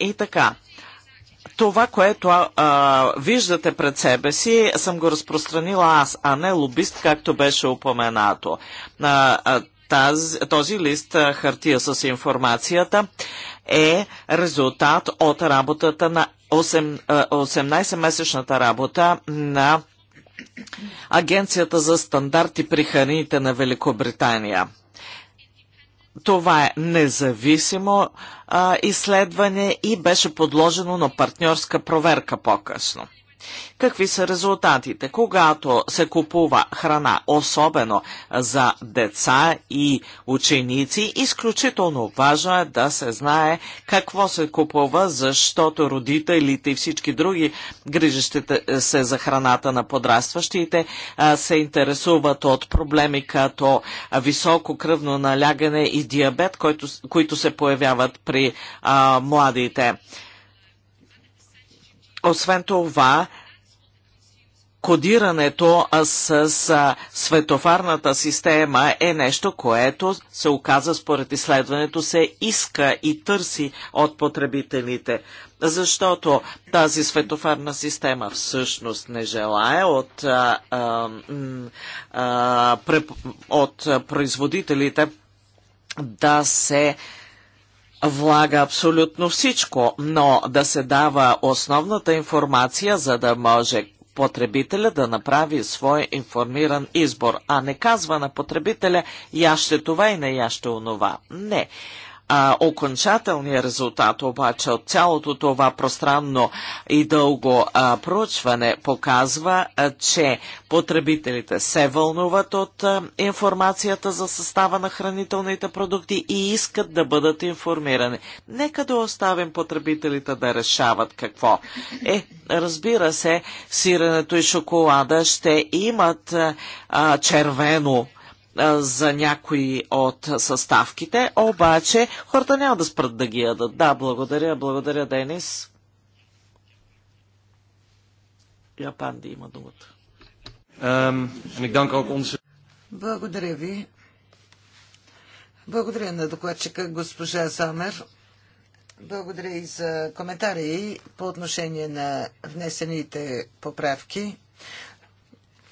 S2: И така, това, което а, виждате пред себе си, съм го разпространила аз, а не лобист, както беше упоменато. А, а, тази, този лист хартия с информацията е резултат от работата на 18-месечната работа на Агенцията за стандарти при храните на Великобритания. Това е независимо а, изследване и беше подложено на партньорска проверка по-късно. Какви са резултатите? Когато се купува храна, особено за деца и ученици, изключително важно е да се знае какво се купува, защото родителите и всички други грижащите е, се за храната на подрастващите е, се интересуват от проблеми като високо кръвно налягане и диабет, които се появяват при а, младите. Освен това, кодирането с, с светофарната система е нещо, което се оказа според изследването се иска и търси от потребителите. Защото тази светофарна система всъщност не желая от, а, а, а, преп, от производителите да се а, влага абсолютно всичко, но да се дава основната информация, за да може потребителя да направи свой информиран избор, а не казва на потребителя яще ще това и не я ще онова. Не. А, окончателният резултат обаче от цялото това пространно и дълго а, проучване показва, а, че потребителите се вълнуват от а, информацията за състава на хранителните продукти и искат да бъдат информирани. Нека да оставим потребителите да решават какво. Е, разбира се, сиренето и шоколада ще имат а, червено за някои от съставките, обаче хората няма да спрат да ги ядат. Да, благодаря, благодаря, Денис. Япанди има думата. Ами,
S3: благодаря ви. Благодаря на докладчика госпожа Самер. Благодаря и за коментари по отношение на внесените поправки.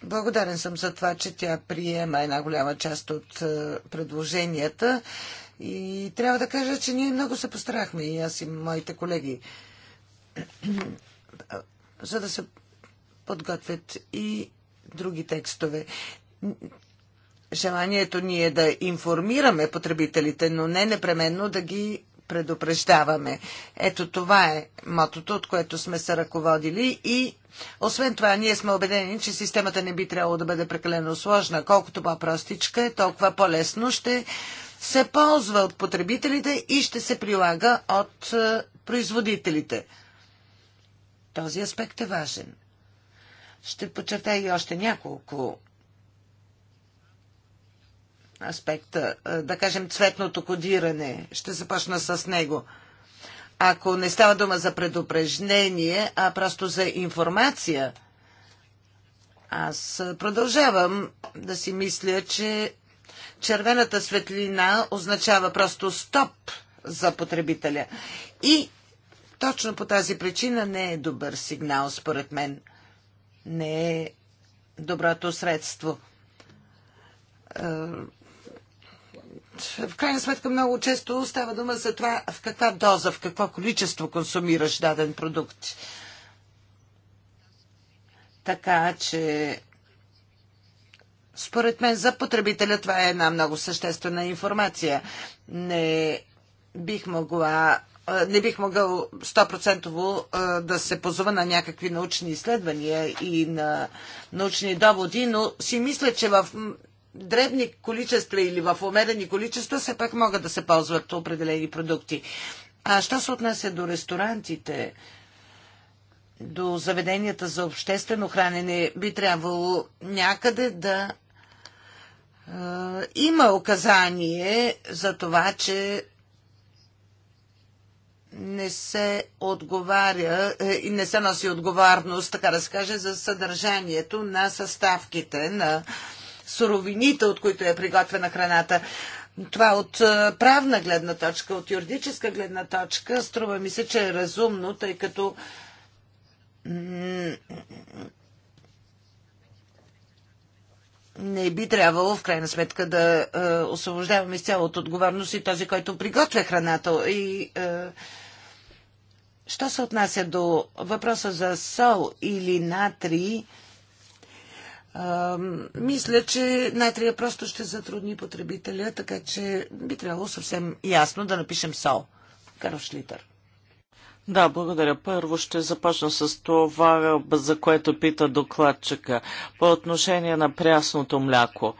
S3: Благодарен съм за това, че тя приема една голяма част от е, предложенията. И трябва да кажа, че ние много се постарахме, и аз и моите колеги, за да се подготвят и други текстове. Желанието ни е да информираме потребителите, но не непременно да ги предупреждаваме. Ето това е мотото, от което сме се ръководили и освен това, ние сме убедени, че системата не би трябвало да бъде прекалено сложна. Колкото по-простичка е, толкова по-лесно ще се ползва от потребителите и ще се прилага от е, производителите. Този аспект е важен. Ще подчертая и още няколко аспекта, да кажем цветното кодиране. Ще започна с него. Ако не става дума за предупреждение, а просто за информация, аз продължавам да си мисля, че червената светлина означава просто стоп за потребителя. И точно по тази причина не е добър сигнал, според мен. Не е доброто средство е, в крайна сметка много често става дума за това в каква доза, в какво количество консумираш даден продукт. Така че, според мен, за потребителя това е една много съществена информация. Не бих могла не бих могъл 100% да се позова на някакви научни изследвания и на научни доводи, но си мисля, че в дребни количества или в умерени количества, все пак могат да се ползват определени продукти. А що се отнася до ресторантите, до заведенията за обществено хранене, би трябвало някъде да е, има указание за това, че не се отговаря е, и не се носи отговорност, така да се каже, за съдържанието на съставките на е, суровините, от които е приготвена храната. Това от е, правна гледна точка, от юридическа гледна точка, струва ми се, че е разумно, тъй като не би трябвало в крайна сметка да е, освобождаваме изцяло от отговорност и този, който приготвя храната. И, е, що се отнася до въпроса за сол или натрий, мисля, че натрия просто ще затрудни потребителя, така че би трябвало съвсем ясно да напишем сол. Карош Литър.
S2: Да, благодаря. Първо ще започна с това, за което пита докладчика. По отношение на прясното мляко.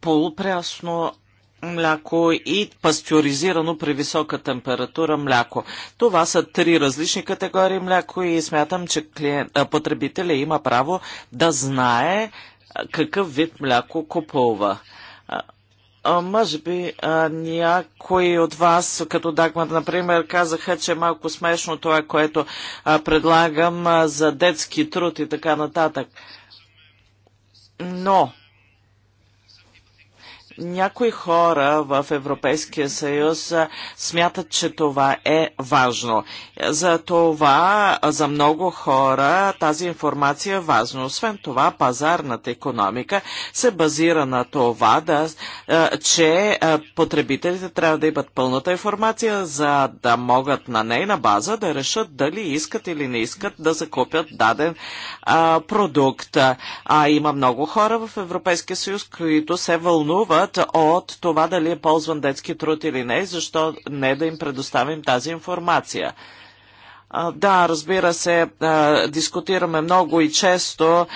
S2: Полупрясно мляко и пастюризирано при висока температура мляко. Това са три различни категории мляко и смятам, че клиент, потребителя има право да знае какъв вид мляко купува. А, може би а, някои от вас, като Дагмат, например, казаха, че е малко смешно това, което а, предлагам а, за детски труд и така нататък. Но някои хора в Европейския съюз смятат, че това е важно. За това за много хора тази информация е важна. Освен това, пазарната економика се базира на това, да, че потребителите трябва да имат пълната информация, за да могат на нейна база да решат дали искат или не искат да закупят даден продукт. А има много хора в Европейския съюз, които се вълнуват отиват от това дали е ползван детски труд или не, защо не да им предоставим тази информация. Да, разбира се, дискутираме много и често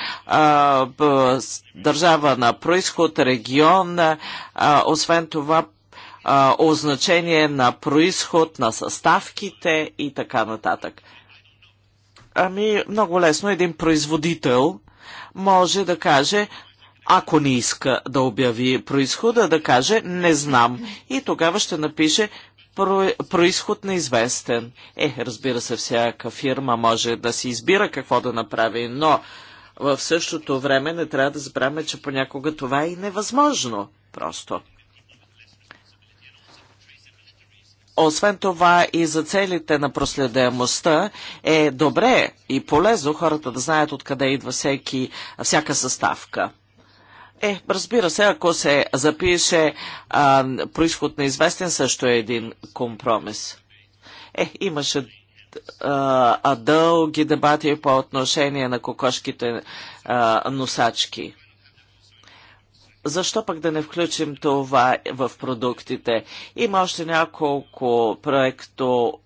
S2: държава на происход, регион, освен това означение на происход, на съставките и така нататък. Ами, много лесно един производител може да каже, ако не иска да обяви происхода, да каже не знам и тогава ще напише происход неизвестен. Е, разбира се, всяка фирма може да си избира какво да направи, но в същото време не трябва да забравяме, че понякога това е и невъзможно просто. Освен това и за целите на проследяемостта е добре и полезно хората да знаят откъде идва всеки, всяка съставка. Е, разбира се, ако се запише а, происход неизвестен, също е един компромис. Е, имаше а, дълги дебати по отношение на кокошките а, носачки. Защо пък да не включим това в продуктите? Има още няколко проекто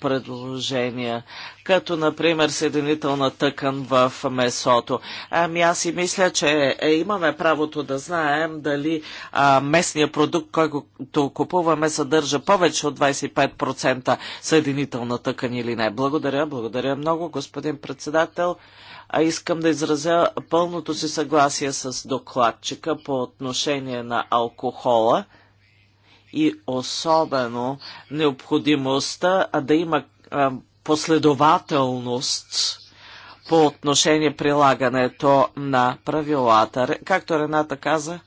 S2: предложения, като например съединителна тъкан в месото. Ами аз и мисля, че е, имаме правото да знаем дали а, местния продукт, който купуваме, съдържа повече от 25% съединителна тъкан или не. Благодаря, благодаря много, господин председател. А искам да изразя пълното си съгласие с докладчика по отношение на алкохола и особено необходимостта да има последователност по отношение прилагането на правилата. Както Рената каза,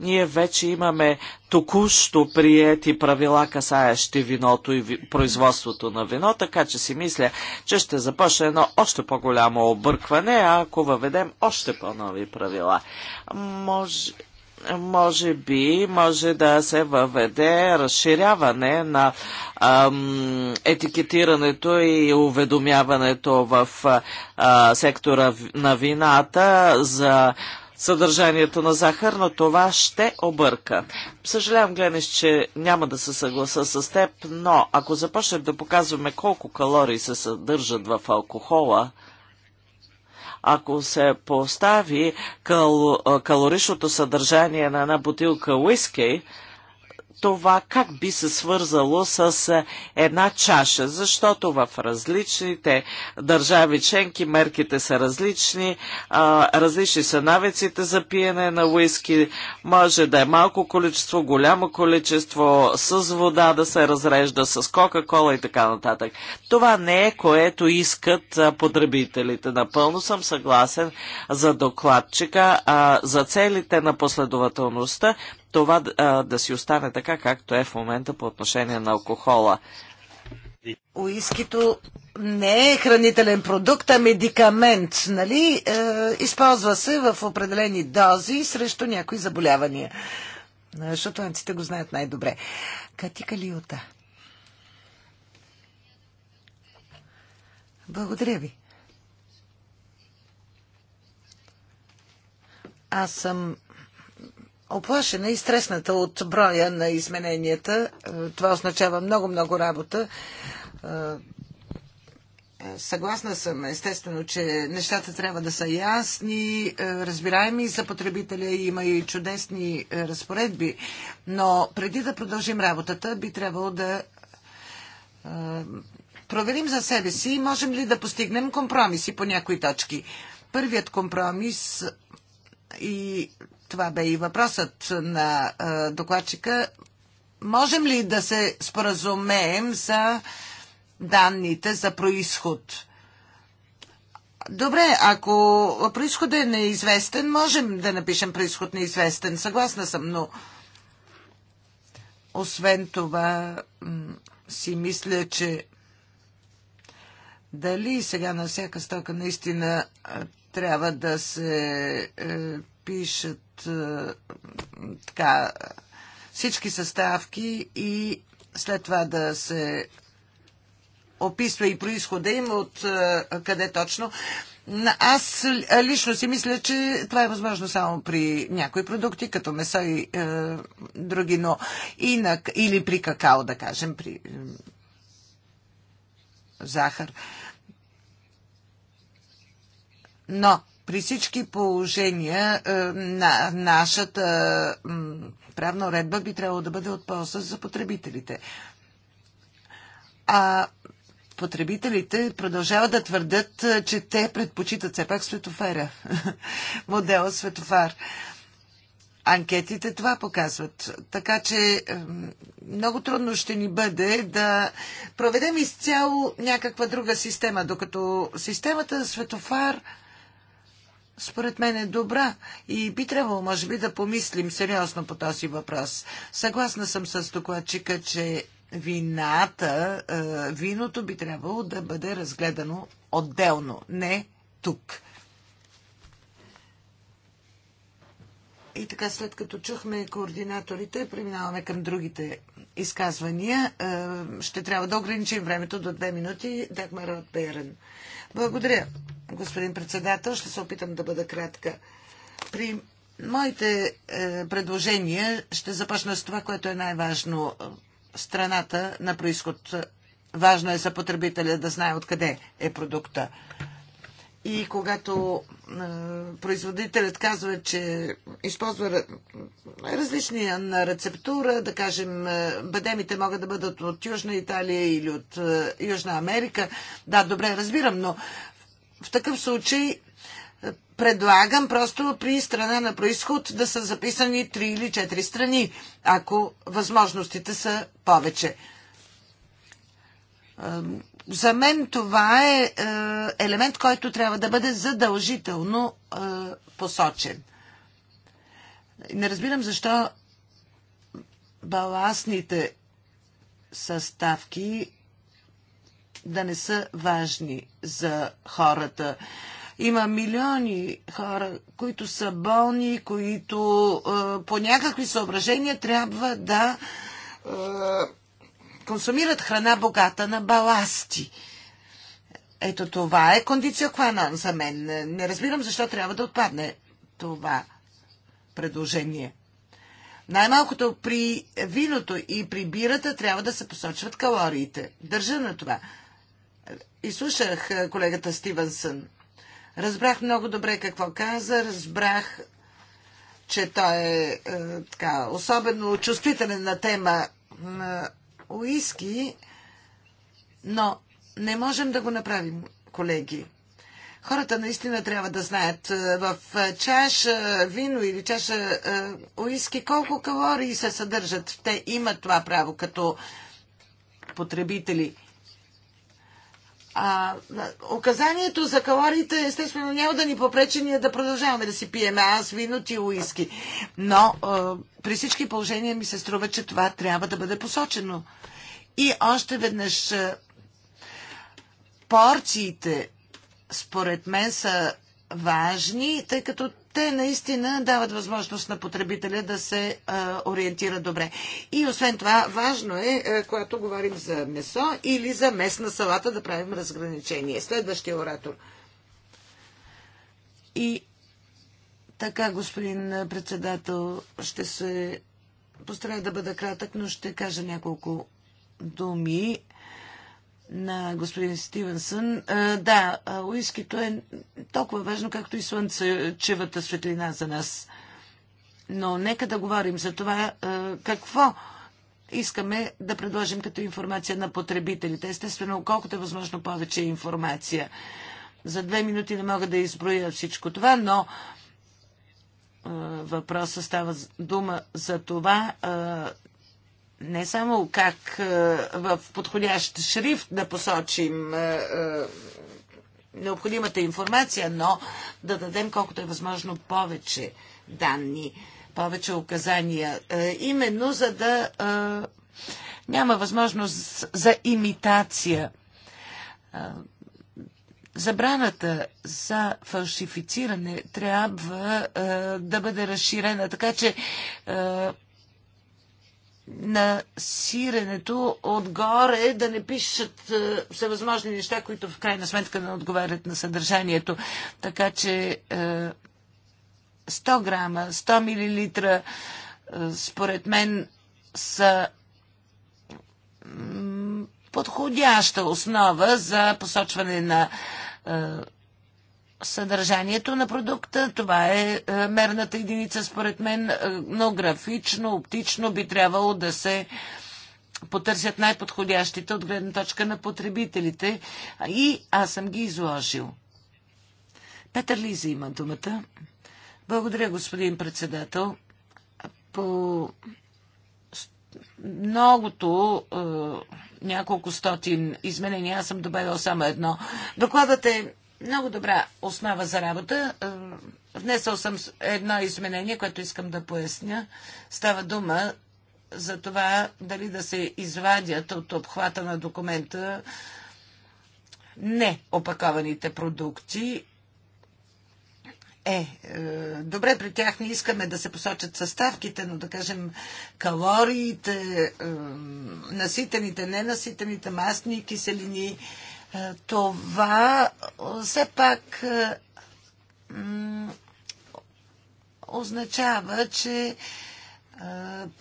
S2: ние вече имаме току-що приети правила, касаещи виното и производството на вино, така че си мисля, че ще започне едно още по-голямо объркване, ако въведем още по-нови правила. Може може би може да се въведе разширяване на ам, етикетирането и уведомяването в а, сектора на вината за съдържанието на захар, но това ще обърка. Съжалявам, Глениш, че няма да се съгласа с теб, но ако започнем да показваме колко калории се съдържат в алкохола, ако се постави кал- калоричното съдържание на една бутилка уиски, това как би се свързало с е, една чаша, защото в различните държави членки мерките са различни, различни са навиците за пиене на уиски, може да е малко количество, голямо количество, с вода да се разрежда, с кока-кола и така нататък. Това не е което искат потребителите. Напълно съм съгласен за докладчика, а за целите на последователността това а, да си остане така, както е в момента по отношение на алкохола. Уискито
S3: не е хранителен продукт, а медикамент, нали? Е, използва се в определени дози срещу някои заболявания. Шотландците е, го знаят най-добре. Кати Калиота. Благодаря ви. Аз съм оплашена и стресната от броя на измененията. Е, това означава много-много работа. Е, съгласна съм, естествено, че нещата трябва да са ясни, е, разбираеми за потребителя, има и чудесни разпоредби, но преди да продължим работата, би трябвало да проверим за себе си, можем ли да постигнем компромиси по някои точки. Първият компромис и това бе и въпросът на докладчика, можем ли да се споразумеем за данните за происход? Добре, ако происходът е неизвестен, можем да напишем происход неизвестен. Съгласна съм, но освен това си мисля, че дали сега на всяка стока наистина трябва да се е, а, е, така, всички съставки и след това да се описва и происхода им от е, къде точно. Аз лично си мисля, че това е възможно само при някои продукти, като месо и е, други, но и на, или при какао, да кажем, при е, захар. Но при всички положения е, на нашата правна уредба би трябвало да бъде от полза за потребителите. А потребителите продължават да твърдят, е, че те предпочитат все пак светофера, модела светофар. Анкетите това показват. Така че е, много трудно ще ни бъде да проведем изцяло някаква друга система, докато системата светофар според мен е добра и би трябвало, може би, да помислим сериозно по този въпрос. Съгласна съм с докладчика, че вината, е, виното би трябвало да бъде разгледано отделно, не тук. И така, след като чухме координаторите, преминаваме към другите изказвания. Е, ще трябва да ограничим времето до две минути. Дагмар от Берен. Благодаря, господин председател. Ще се опитам да бъда кратка. При моите е, предложения ще започна с това, което е най-важно. Страната на происход. Важно е за потребителя да знае откъде е продукта. И когато производителят казва, че използва различни на рецептура, да кажем, бадемите могат да бъдат от Южна Италия или от Южна Америка, да, добре, разбирам, но в такъв случай предлагам просто при страна на происход да са записани 3 или 4 страни, ако възможностите са повече за мен това е, е елемент, който трябва да бъде задължително е, посочен. Не разбирам защо баластните съставки да не са важни за хората. Има милиони хора, които са болни, които е, по някакви съображения трябва да е, консумират храна богата на баласти. Ето това е кондиция кванон за мен. Не разбирам защо трябва да отпадне това предложение. Най-малкото при виното и при бирата трябва да се посочват калориите. Държа на това. И слушах е, колегата Стивенсън. Разбрах много добре какво каза, разбрах, че той е, е така, особено чувствителен на тема е, уиски, но не можем да го направим, колеги. Хората наистина трябва да знаят е, в е, чаша вино или чаша е, уиски колко калории се съдържат. Те имат това право като потребители. А, указанието за калориите, естествено, няма да ни попречи ние да продължаваме да си пием аз вино, ти уиски. Но а, при всички положения ми се струва, че това трябва да бъде посочено. И още веднъж а, порциите, според мен, са важни, тъй като те наистина дават възможност на потребителя да се а, ориентира добре. И освен това, важно е, а, когато говорим за месо или за местна салата, да правим разграничение. Следващия оратор. И така, господин председател, ще се постарая да бъда кратък, но ще кажа няколко думи на господин Стивенсън. Да, уискито е толкова важно, както и слънцевата светлина за нас. Но нека да говорим за това какво искаме да предложим като информация на потребителите. Естествено, колкото е възможно повече информация. За две минути не мога да изброя всичко това, но въпросът става дума за това не само как е, в подходящ шрифт да посочим е, е, необходимата информация, но да дадем колкото е възможно повече данни, повече указания, именно за да няма възможност за имитация. Забраната за фалшифициране трябва да бъде разширена, така че на сиренето отгоре да не пишат е, всевъзможни неща, които в крайна сметка не отговарят на съдържанието. Така че 100 е, грама, 100 милилитра, е, според мен са подходяща основа за посочване на съдържанието на продукта. Това е, е мерната единица, според мен, е, но графично, оптично би трябвало да се потърсят най-подходящите от гледна точка на потребителите. И аз съм ги изложил. Петър Лиза има думата. Благодаря, господин председател. По многото е, няколко стотин изменения. Аз съм добавил само едно. Докладът е много добра основа за работа. Е, внесъл съм едно изменение, което искам да поясня. Става дума за това дали да се извадят от обхвата на документа не опакованите продукти. Е, е, добре, при тях не искаме да се посочат съставките, но да кажем калориите, е, наситените, ненаситените масни киселини, е, това е, все пак е, означава, че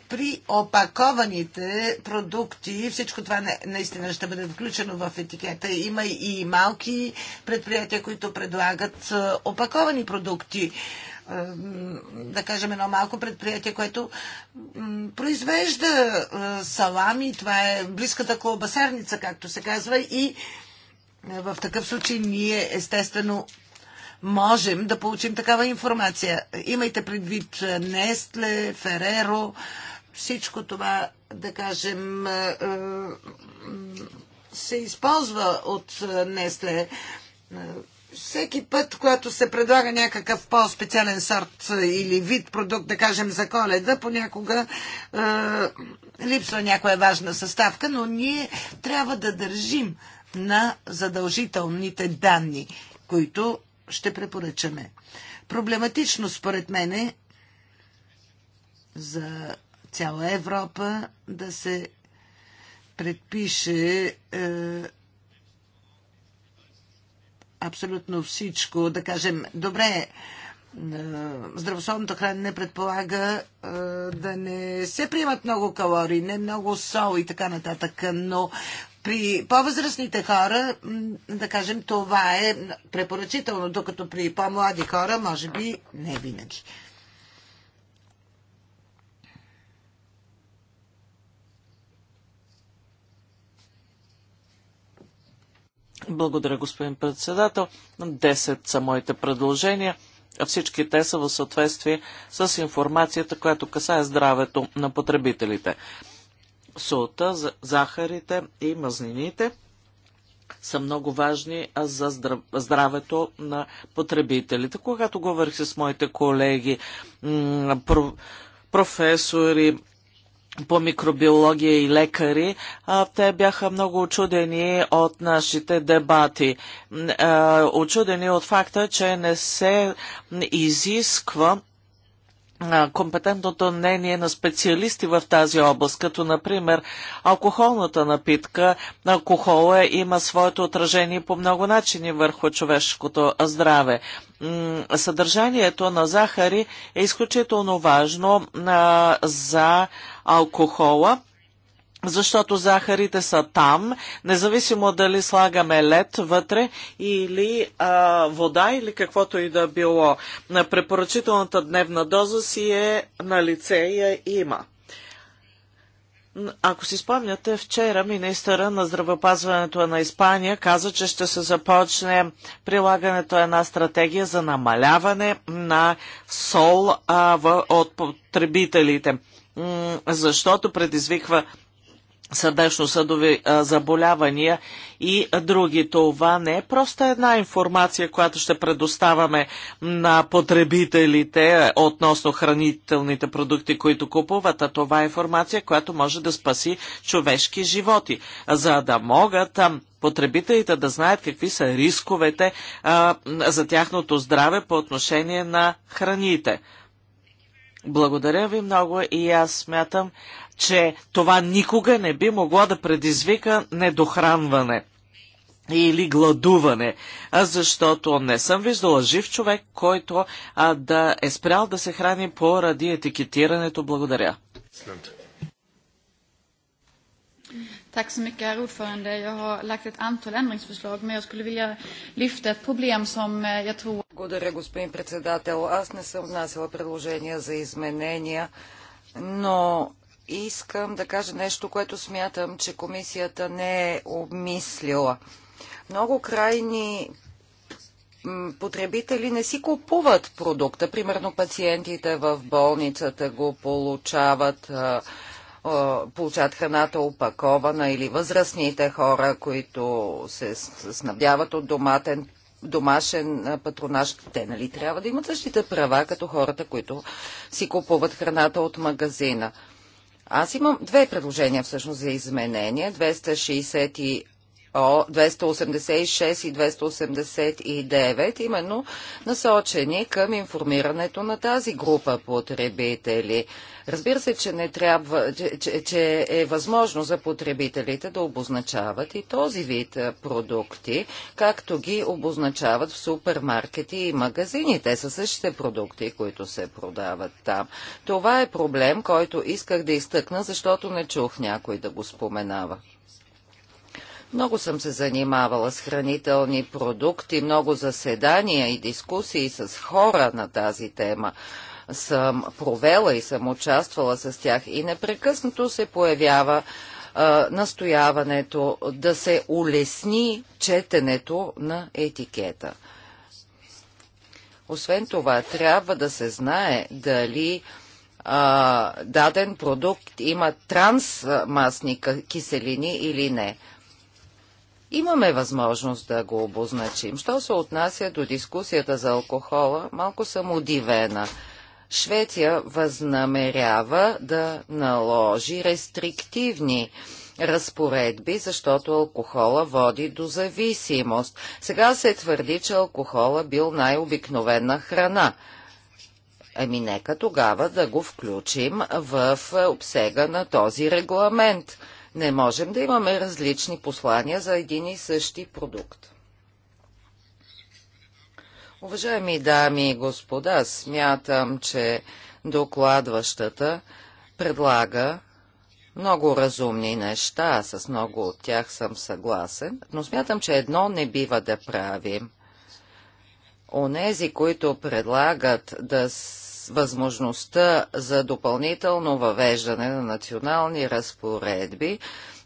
S3: при опакованите продукти всичко това наистина ще бъде включено в етикета. Има и малки предприятия, които предлагат опаковани продукти. Да кажем едно малко предприятие, което произвежда салами, това е близката колбасарница, както се казва, и в такъв случай ние естествено можем да получим такава информация. Имайте предвид е, Нестле, Фереро, всичко това, да кажем, е, е, се използва от Нестле. Всеки път, когато се предлага някакъв по-специален сорт или вид продукт, да кажем за коледа, понякога е, липсва някоя важна съставка, но ние трябва да държим на задължителните данни, които ще препоръчаме. Проблематично според мен е за цяла Европа да се предпише е, абсолютно всичко, да кажем, добре, е, здравословното хранене предполага е, да не се приемат много калории, не много сол и така нататък, но при по-възрастните хора, да кажем, това е препоръчително, докато при по-млади хора, може би, не винаги.
S2: Благодаря, господин председател. Десет са моите предложения. Всички те са в съответствие с информацията, която касае здравето на потребителите солта, захарите и мазнините са много важни за здравето на потребителите. Когато говорих с моите колеги, професори по микробиология и лекари, те бяха много очудени от нашите дебати. Очудени от факта, че не се изисква компетентното мнение на специалисти в тази област, като например алкохолната напитка. Алкохола има своето отражение по много начини върху човешкото здраве. Съдържанието на захари е изключително важно за алкохола защото захарите са там, независимо дали слагаме лед вътре или а, вода или каквото и да било. На препоръчителната дневна доза си е на лице и я има. Ако си спомняте, вчера министъра на здравеопазването на Испания каза, че ще се започне прилагането на една стратегия за намаляване на сол а, в, от потребителите, защото предизвиква сърдечно-съдови заболявания и други. Това не е просто една информация, която ще предоставяме на потребителите относно хранителните продукти, които купуват, а това е информация, която може да спаси човешки животи, за да могат потребителите да знаят какви са рисковете а, за тяхното здраве по отношение на храните. Благодаря ви много и аз смятам, че това никога не би могло да предизвика недохранване или гладуване, защото не съм виждала жив човек, който а, да е спрял да се храни поради етикетирането. Благодаря.
S1: Tack så mycket, herr ordförande. Jag har lagt ett antal ändringsförslag, men jag skulle vilja lyfta ett problem som eh, jag tror... Благодаря, господин председател. Аз не съм внасяла предложения за изменения, но искам да кажа нещо, което смятам, че комисията не е обмислила. Много крайни потребители не си купуват продукта. Примерно пациентите в болницата го получават получат храната опакована или възрастните хора, които се снабдяват от доматен, домашен патронаж, те нали трябва да имат същите права, като хората, които си купуват храната от магазина. Аз имам две предложения всъщност за изменение. О, 286 и 289, именно насочени към информирането на тази група потребители. Разбира се, че, не трябва, че, че е възможно за потребителите да обозначават и този вид продукти, както ги обозначават в супермаркети и магазини. Те са същите продукти, които се продават там. Това е проблем, който исках да изтъкна, защото не чух някой да го споменава. Много съм се занимавала с хранителни продукти, много заседания и дискусии с хора на тази тема съм провела и съм участвала с тях и непрекъснато се появява а, настояването да се улесни четенето на етикета. Освен това, трябва да се знае дали а, даден продукт има трансмасни киселини или не. Имаме възможност да го обозначим. Що се отнася до дискусията за алкохола, малко съм удивена. Швеция възнамерява да наложи рестриктивни разпоредби, защото алкохола води до зависимост. Сега се твърди, че алкохола бил най-обикновена храна. Ами нека тогава да го включим в обсега на този регламент – не можем да имаме различни послания за един и същи продукт. Уважаеми дами и господа, смятам, че докладващата предлага много разумни неща, с много от тях съм съгласен, но смятам, че едно не бива да правим. Онези, които предлагат да възможността за допълнително въвеждане на национални разпоредби,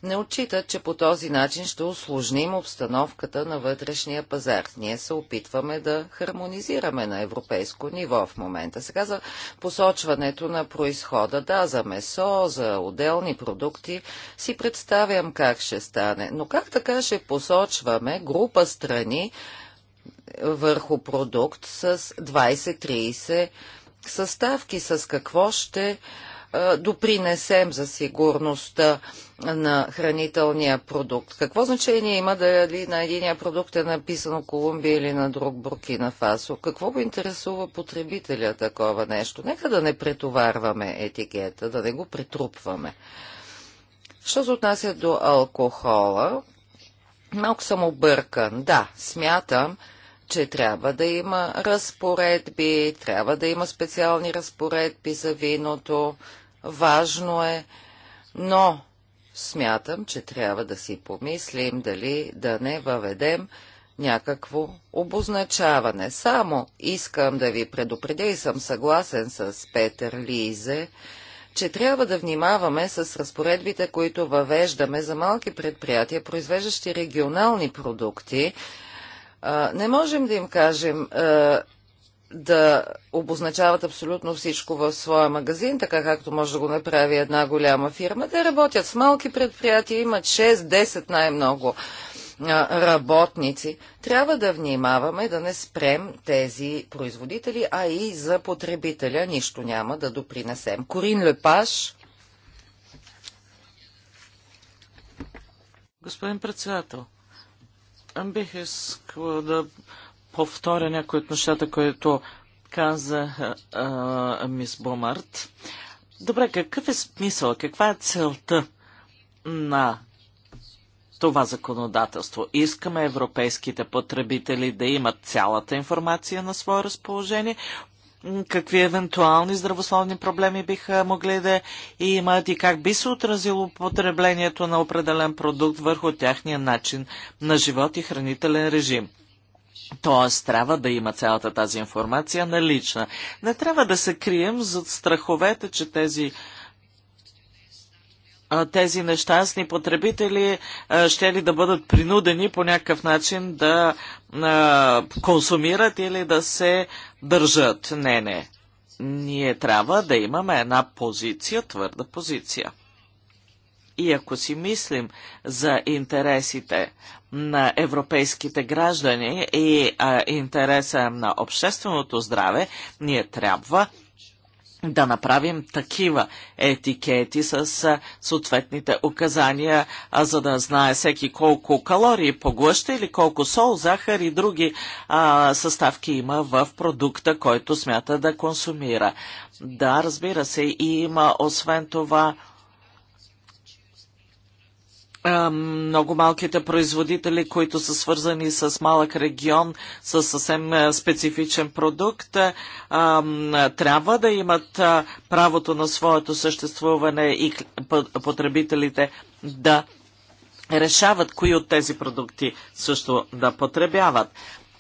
S1: не отчитат, че по този начин ще усложним обстановката на вътрешния пазар. Ние се опитваме да хармонизираме на европейско ниво в момента. Сега за посочването на происхода, да, за месо, за отделни продукти, си представям как ще стане. Но как така ще посочваме група страни върху продукт с 20-30 съставки, с какво ще допринесем за сигурността на хранителния продукт. Какво значение има дали на единия продукт е написано Колумбия или на друг Буркина Фасо? Какво го интересува потребителя такова нещо? Нека да не претоварваме етикета, да не го притрупваме. Що се отнася до алкохола, малко съм объркан. Да, смятам, че трябва да има разпоредби, трябва да има специални разпоредби за виното. Важно е, но смятам, че трябва да си помислим дали да не въведем някакво обозначаване. Само искам да ви предупредя и съм съгласен с Петър Лизе, че трябва да внимаваме с разпоредбите, които въвеждаме за малки предприятия, произвеждащи регионални продукти, не можем да им кажем да обозначават абсолютно всичко в своя магазин, така както може да го направи една голяма фирма. Да работят с малки предприятия, имат 6-10 най-много работници. Трябва да внимаваме да не спрем тези производители, а и за потребителя нищо няма да допринесем. Корин Лепаш.
S2: Господин председател, Бих искала да повторя някои от нещата, които каза а, мис Бомарт. Добре, какъв е смисъл, каква е целта на това законодателство. Искаме европейските потребители да имат цялата информация на свое разположение какви евентуални здравословни проблеми биха могли да имат и как би се отразило потреблението на определен продукт върху тяхния начин на живот и хранителен режим. Тоест, трябва да има цялата тази информация налична. Не трябва да се крием зад страховете, че тези тези нещастни потребители ще ли да бъдат принудени по някакъв начин да консумират или да се държат. Не, не. Ние трябва да имаме една позиция, твърда позиция. И ако си мислим за интересите на европейските граждани и а, интереса на общественото здраве, ние трябва да направим такива етикети с съответните указания, а за да знае всеки колко калории поглъща или колко сол, захар и други а, съставки има в продукта, който смята да консумира. Да, разбира се, и има освен това много малките производители, които са свързани с малък регион, с съвсем специфичен продукт, трябва да имат правото на своето съществуване и потребителите да решават кои от тези продукти също да потребяват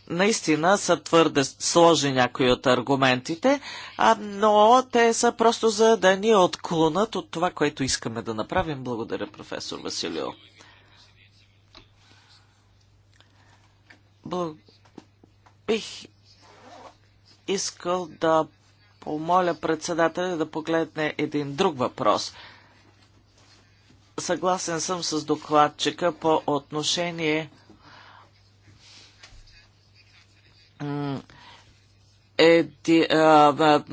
S2: наистина са твърде сложни някои от аргументите, а, но те са просто за да ни отклонат от това, което искаме да направим. Благодаря, професор Василио. Бл... Бих искал да помоля председателя да погледне един друг въпрос. Съгласен съм с докладчика по отношение ети, а, а,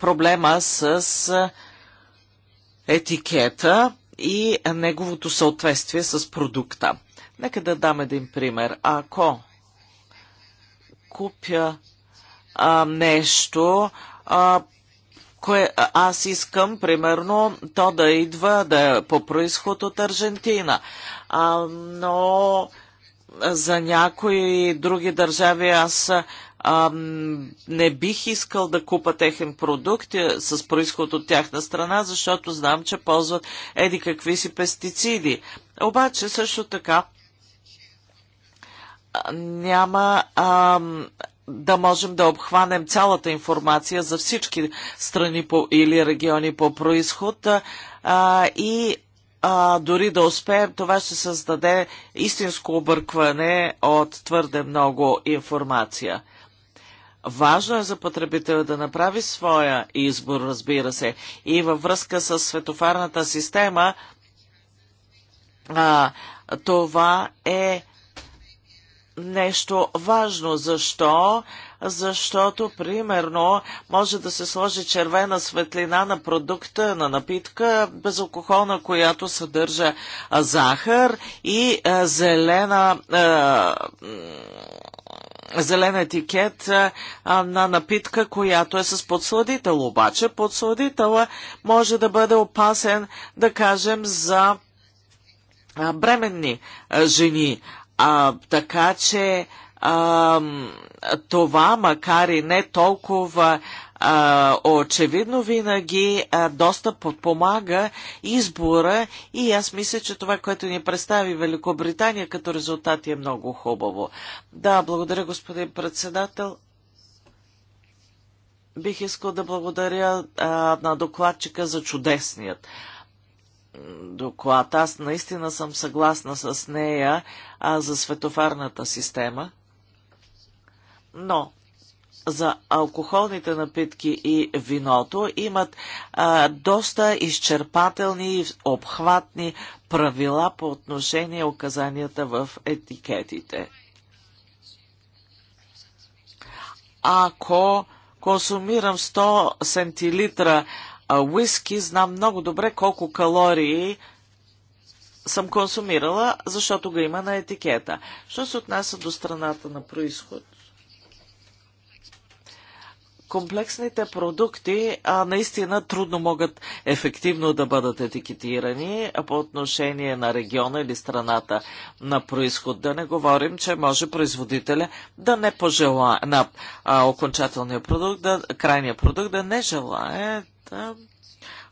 S2: проблема с етикета и неговото съответствие с продукта. Нека да дам един пример. Ако купя а, нещо, а, кое аз искам, примерно, то да идва да е по происход от Аржентина. А, но за някои други държави аз а, не бих искал да купа техен продукт е, с происход от тяхна страна, защото знам, че ползват еди какви си пестициди. Обаче също така няма а, да можем да обхванем цялата информация за всички страни по, или региони по происход а, и а, дори да успеем, това ще създаде истинско объркване от твърде много информация. Важно е за потребителя да направи своя избор, разбира се, и във връзка с светофарната система, а, това е нещо важно. Защо? защото, примерно, може да се сложи червена светлина на продукта, на напитка безалкохолна, която съдържа захар и зелена зелен етикет а, на напитка, която е с подсладител. Обаче подсладител може да бъде опасен, да кажем, за бременни жени. А, така че а, това, макар и не толкова а, очевидно винаги а, доста подпомага избора и аз мисля, че това, което ни представи Великобритания като резултат е много хубаво. Да, благодаря господин председател. Бих искал да благодаря а, на докладчика за чудесният доклад. Аз наистина съм съгласна с нея а, за светофарната система но за алкохолните напитки и виното имат а, доста изчерпателни и обхватни правила по отношение указанията в етикетите. Ако консумирам 100 сантилитра уиски, знам много добре колко калории съм консумирала, защото го има на етикета. Що се отнася до страната на происход? комплексните продукти а, наистина трудно могат ефективно да бъдат етикетирани по отношение на региона или страната на происход. Да не говорим, че може производителя да не пожела на а, окончателния продукт, да, крайния продукт да не желае да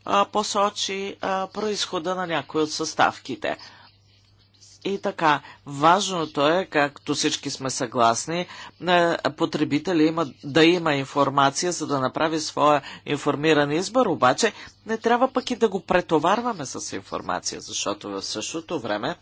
S2: а, посочи а, происхода на някои от съставките. И така, важното е, както всички сме съгласни, е, потребители има, да има информация, за да направи своя информиран избор, обаче не трябва пък и да го претоварваме с информация, защото в същото време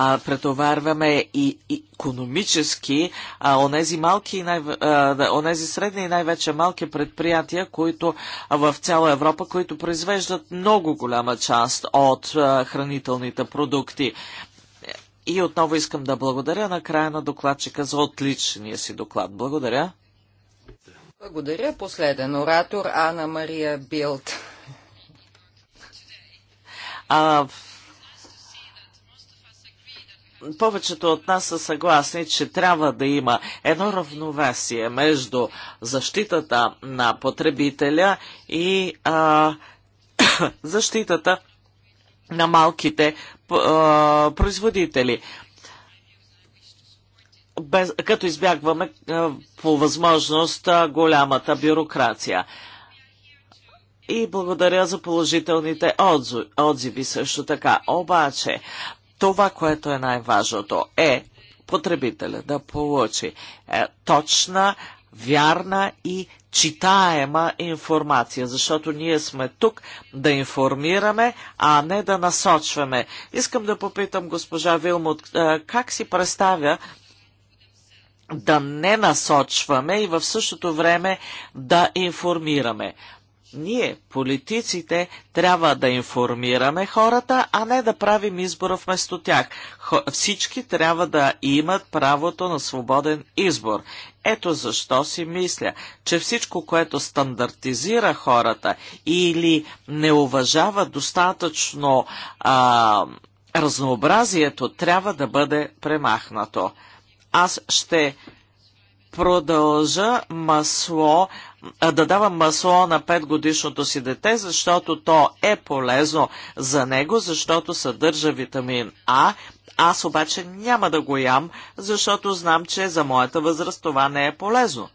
S2: а, претоварваме и економически а, онези, малки и най, а, онези средни и най-вече малки предприятия, които а, в цяла Европа, които произвеждат много голяма част от а, хранителните продукти. И отново искам да благодаря на края на докладчика за отличния си доклад. Благодаря.
S1: Благодаря. Последен оратор Ана Мария Билт.
S2: А, повечето от нас са съгласни, че трябва да има едно равновесие между защитата на потребителя и а, защитата на малките а, производители. Без, като избягваме а, по възможност а, голямата бюрокрация и благодаря за положителните отзиви също така. Обаче, това, което е най-важното, е потребителя да получи е, точна, вярна и читаема информация, защото ние сме тук да информираме, а не да насочваме. Искам да попитам госпожа Вилмут, е, как си представя да не насочваме и в същото време да информираме. Ние, политиците, трябва да информираме хората, а не да правим избора вместо тях. Всички трябва да имат правото на свободен избор. Ето защо си мисля, че всичко, което стандартизира хората или не уважава достатъчно а, разнообразието, трябва да бъде премахнато. Аз ще продължа масло да дава масло на 5 годишното си дете, защото то е полезно за него, защото съдържа витамин А. Аз обаче няма да го ям, защото знам, че за моята възраст това не е полезно.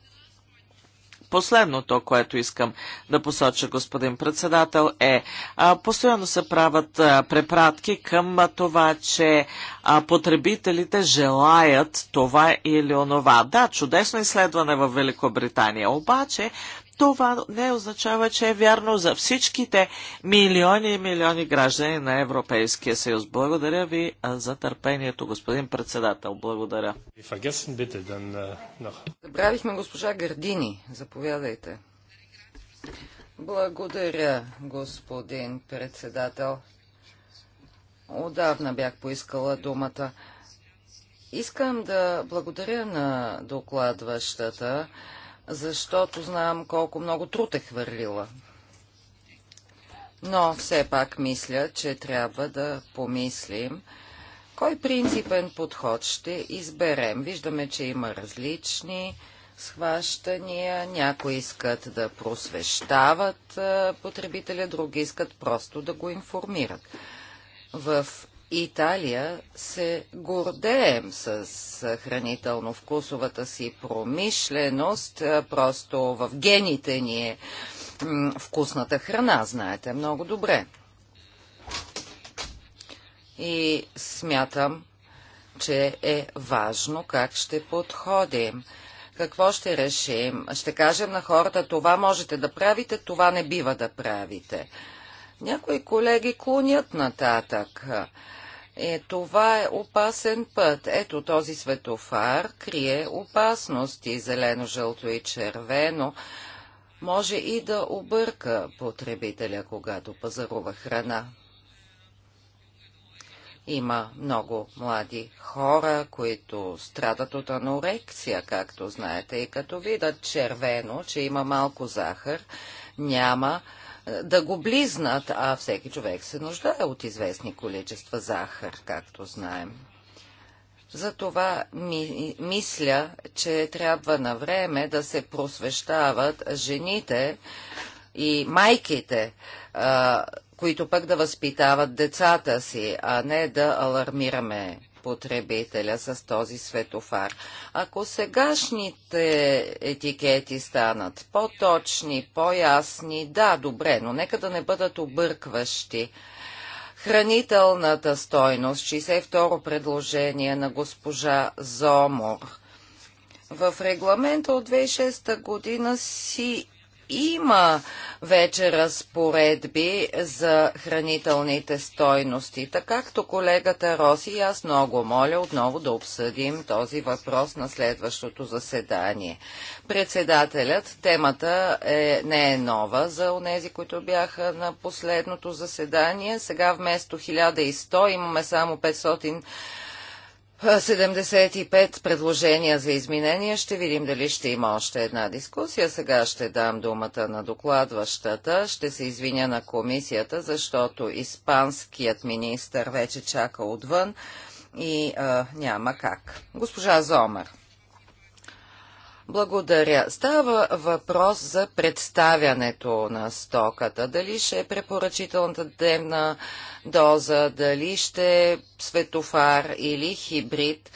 S2: Последното, което искам да посоча, господин председател, е а, постоянно се правят а, препратки към а, това, че а, потребителите желаят това или онова. Да, чудесно изследване в Великобритания, обаче това не означава, че е вярно за всичките милиони и милиони граждани на Европейския съюз. Благодаря ви за търпението, господин председател. Благодаря.
S1: Забравихме госпожа Гардини. Заповядайте. Благодаря, господин председател. Отдавна бях поискала думата. Искам да благодаря на докладващата защото знам колко много труд е хвърлила. Но все пак мисля, че трябва да помислим кой принципен подход ще изберем. Виждаме, че има различни схващания, някои искат да просвещават потребителя, други искат просто да го информират. В Италия се гордеем с хранително-вкусовата си промишленост, просто в гените ни е вкусната храна, знаете много добре. И смятам, че е важно как ще подходим. Какво ще решим? Ще кажем на хората, това можете да правите, това не бива да правите. Някои колеги клонят нататък. Е, това е опасен път. Ето този светофар крие опасности. Зелено, жълто и червено. Може и да обърка потребителя, когато пазарува храна. Има много млади хора, които страдат от анорексия, както знаете, и като видят червено, че има малко захар, няма да го близнат, а всеки човек се нуждае от известни количества захар, както знаем. Затова ми, мисля, че трябва на време да се просвещават жените и майките, а, които пък да възпитават децата си, а не да алармираме потребителя с този светофар. Ако сегашните етикети станат по-точни, по-ясни, да, добре, но нека да не бъдат объркващи. Хранителната стойност, 62-ро предложение на госпожа Зомор. В регламента от 2006 година си има вече разпоредби за хранителните стойности. Така както колегата Роси и аз много моля отново да обсъдим този въпрос на следващото заседание. Председателят, темата е, не е нова за онези, които бяха на последното заседание. Сега вместо 1100 имаме само 500 75 предложения за изменения. Ще видим дали ще има още една дискусия. Сега ще дам думата на докладващата. Ще се извиня на комисията, защото испанският министр вече чака отвън и а, няма как. Госпожа Зомер. Благодаря. Става въпрос за представянето на стоката. Дали ще е препоръчителната дневна доза, дали ще е светофар или хибрид.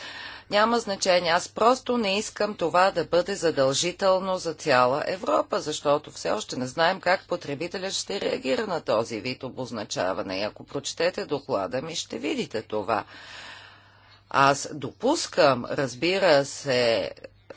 S1: Няма значение. Аз просто не искам това да бъде задължително за цяла Европа, защото все още не знаем как потребителят ще реагира на този вид обозначаване. И ако прочетете доклада ми, ще видите това. Аз допускам, разбира се,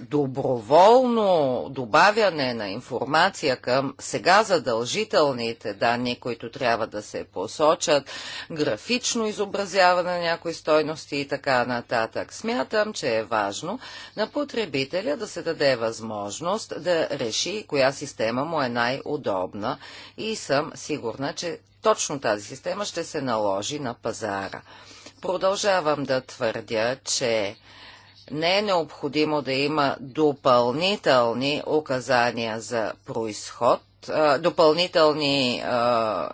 S1: доброволно добавяне на информация към сега задължителните данни, които трябва да се посочат, графично изобразяване на някои стойности и така нататък. Смятам, че е важно на потребителя да се даде възможност да реши коя система му е най-удобна и съм сигурна, че точно тази система ще се наложи на пазара. Продължавам да твърдя, че не е необходимо да има допълнителни указания за происход, допълнителни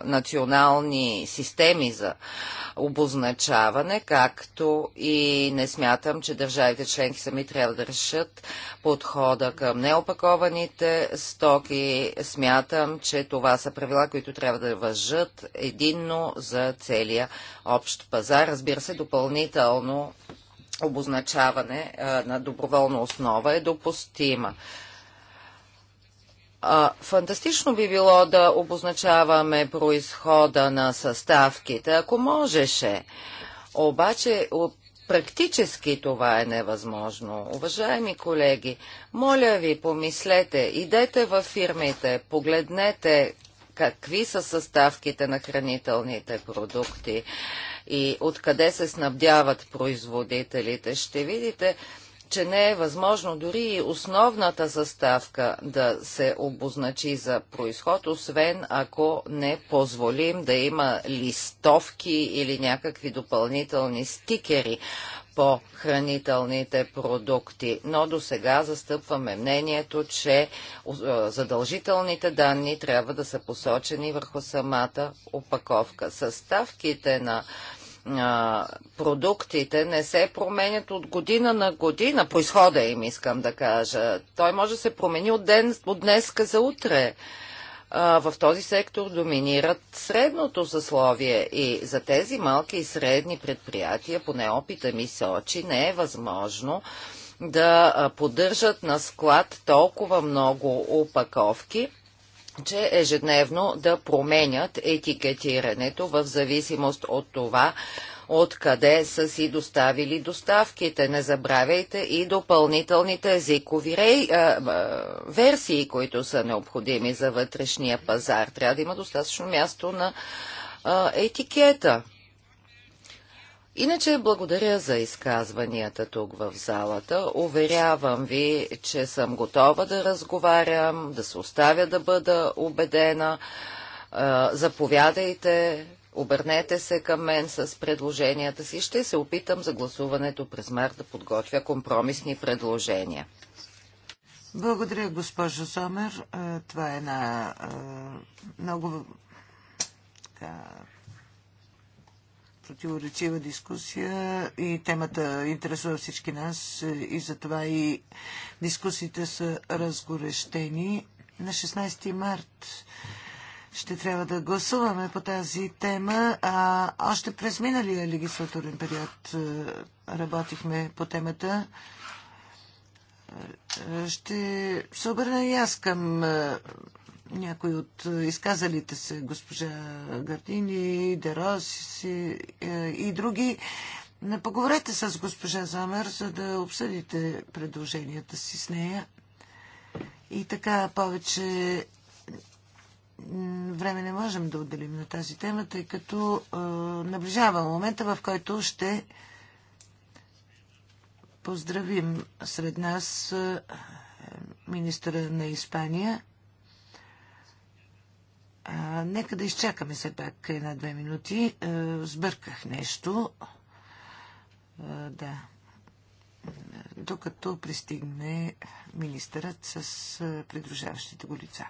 S1: национални системи за обозначаване, както и не смятам, че държавите членки сами трябва да решат подхода към неопакованите стоки. Смятам, че това са правила, които трябва да въжат единно за целия общ пазар. Разбира се, допълнително обозначаване на доброволна основа е допустима. Фантастично би било да обозначаваме происхода на съставките, ако можеше. Обаче практически това е невъзможно. Уважаеми колеги, моля ви, помислете, идете във фирмите, погледнете какви са съставките на хранителните продукти и откъде се снабдяват производителите, ще видите, че не е възможно дори и основната съставка да се обозначи за происход, освен ако не позволим да има листовки или някакви допълнителни стикери по хранителните продукти. Но до сега застъпваме мнението, че е, задължителните данни трябва да са посочени върху самата опаковка. Съставките на продуктите не се променят от година на година. Произхода им искам да кажа. Той може да се промени от, ден, от днеска за утре в този сектор доминират средното съсловие и за тези малки и средни предприятия, поне опита ми сочи, не е възможно да поддържат на склад толкова много опаковки, че ежедневно да променят етикетирането в зависимост от това, откъде са си доставили доставките. Не забравяйте и допълнителните езикови рей, а, а, версии, които са необходими за вътрешния пазар. Трябва да има достатъчно място на а, етикета. Иначе благодаря за изказванията тук в залата. Уверявам ви, че съм готова да разговарям, да се оставя да бъда убедена. Заповядайте, Обърнете се към мен с предложенията си. Ще се опитам за гласуването през март да подготвя компромисни предложения.
S3: Благодаря, госпожо Сомер. Е, това е една е, много така, противоречива дискусия и темата интересува всички нас е, и затова и дискусиите са разгорещени. На 16 март ще трябва да гласуваме по тази тема. А, още през миналия легислатурен период работихме по темата. Ще се обърна и аз към някои от изказалите се, госпожа Гардини, Дерос и, и други. Не поговорете с госпожа Замер, за да обсъдите предложенията си с нея. И така повече време не можем да отделим на тази тема, тъй като е, наближава момента, в който ще поздравим сред нас е, министра на Испания. А, нека да изчакаме все пак една-две минути. А, сбърках нещо. А, да. Докато пристигне министърът с придружаващите го лица.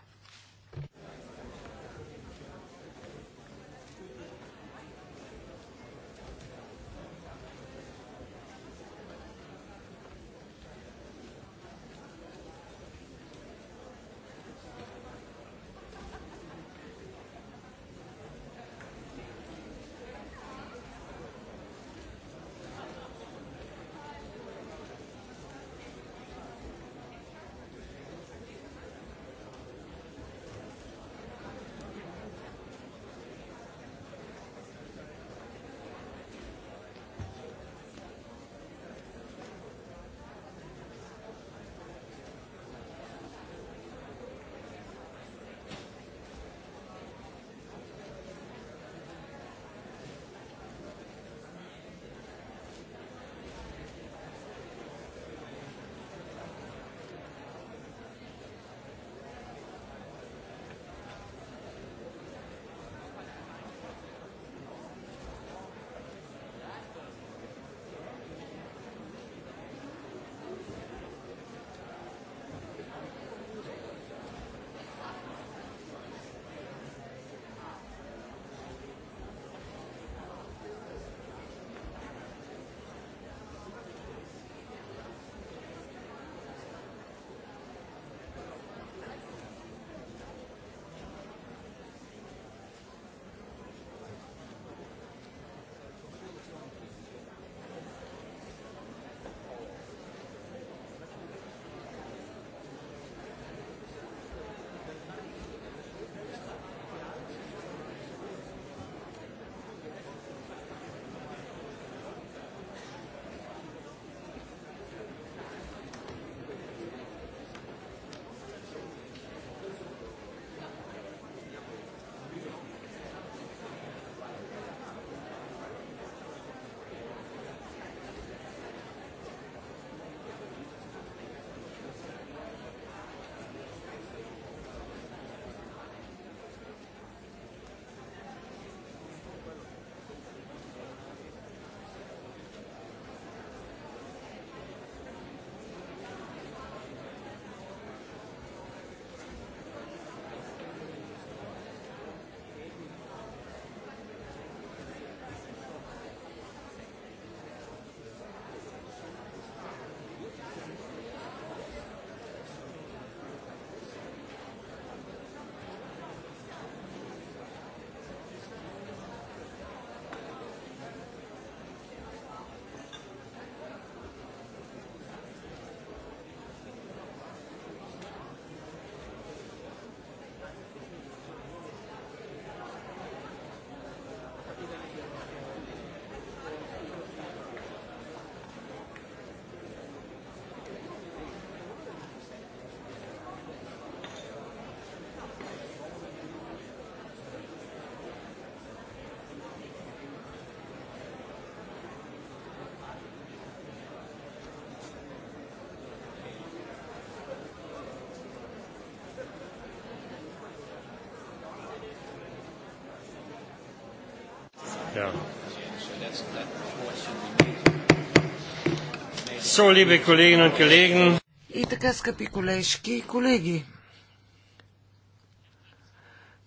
S3: И така, скъпи колежки и колеги,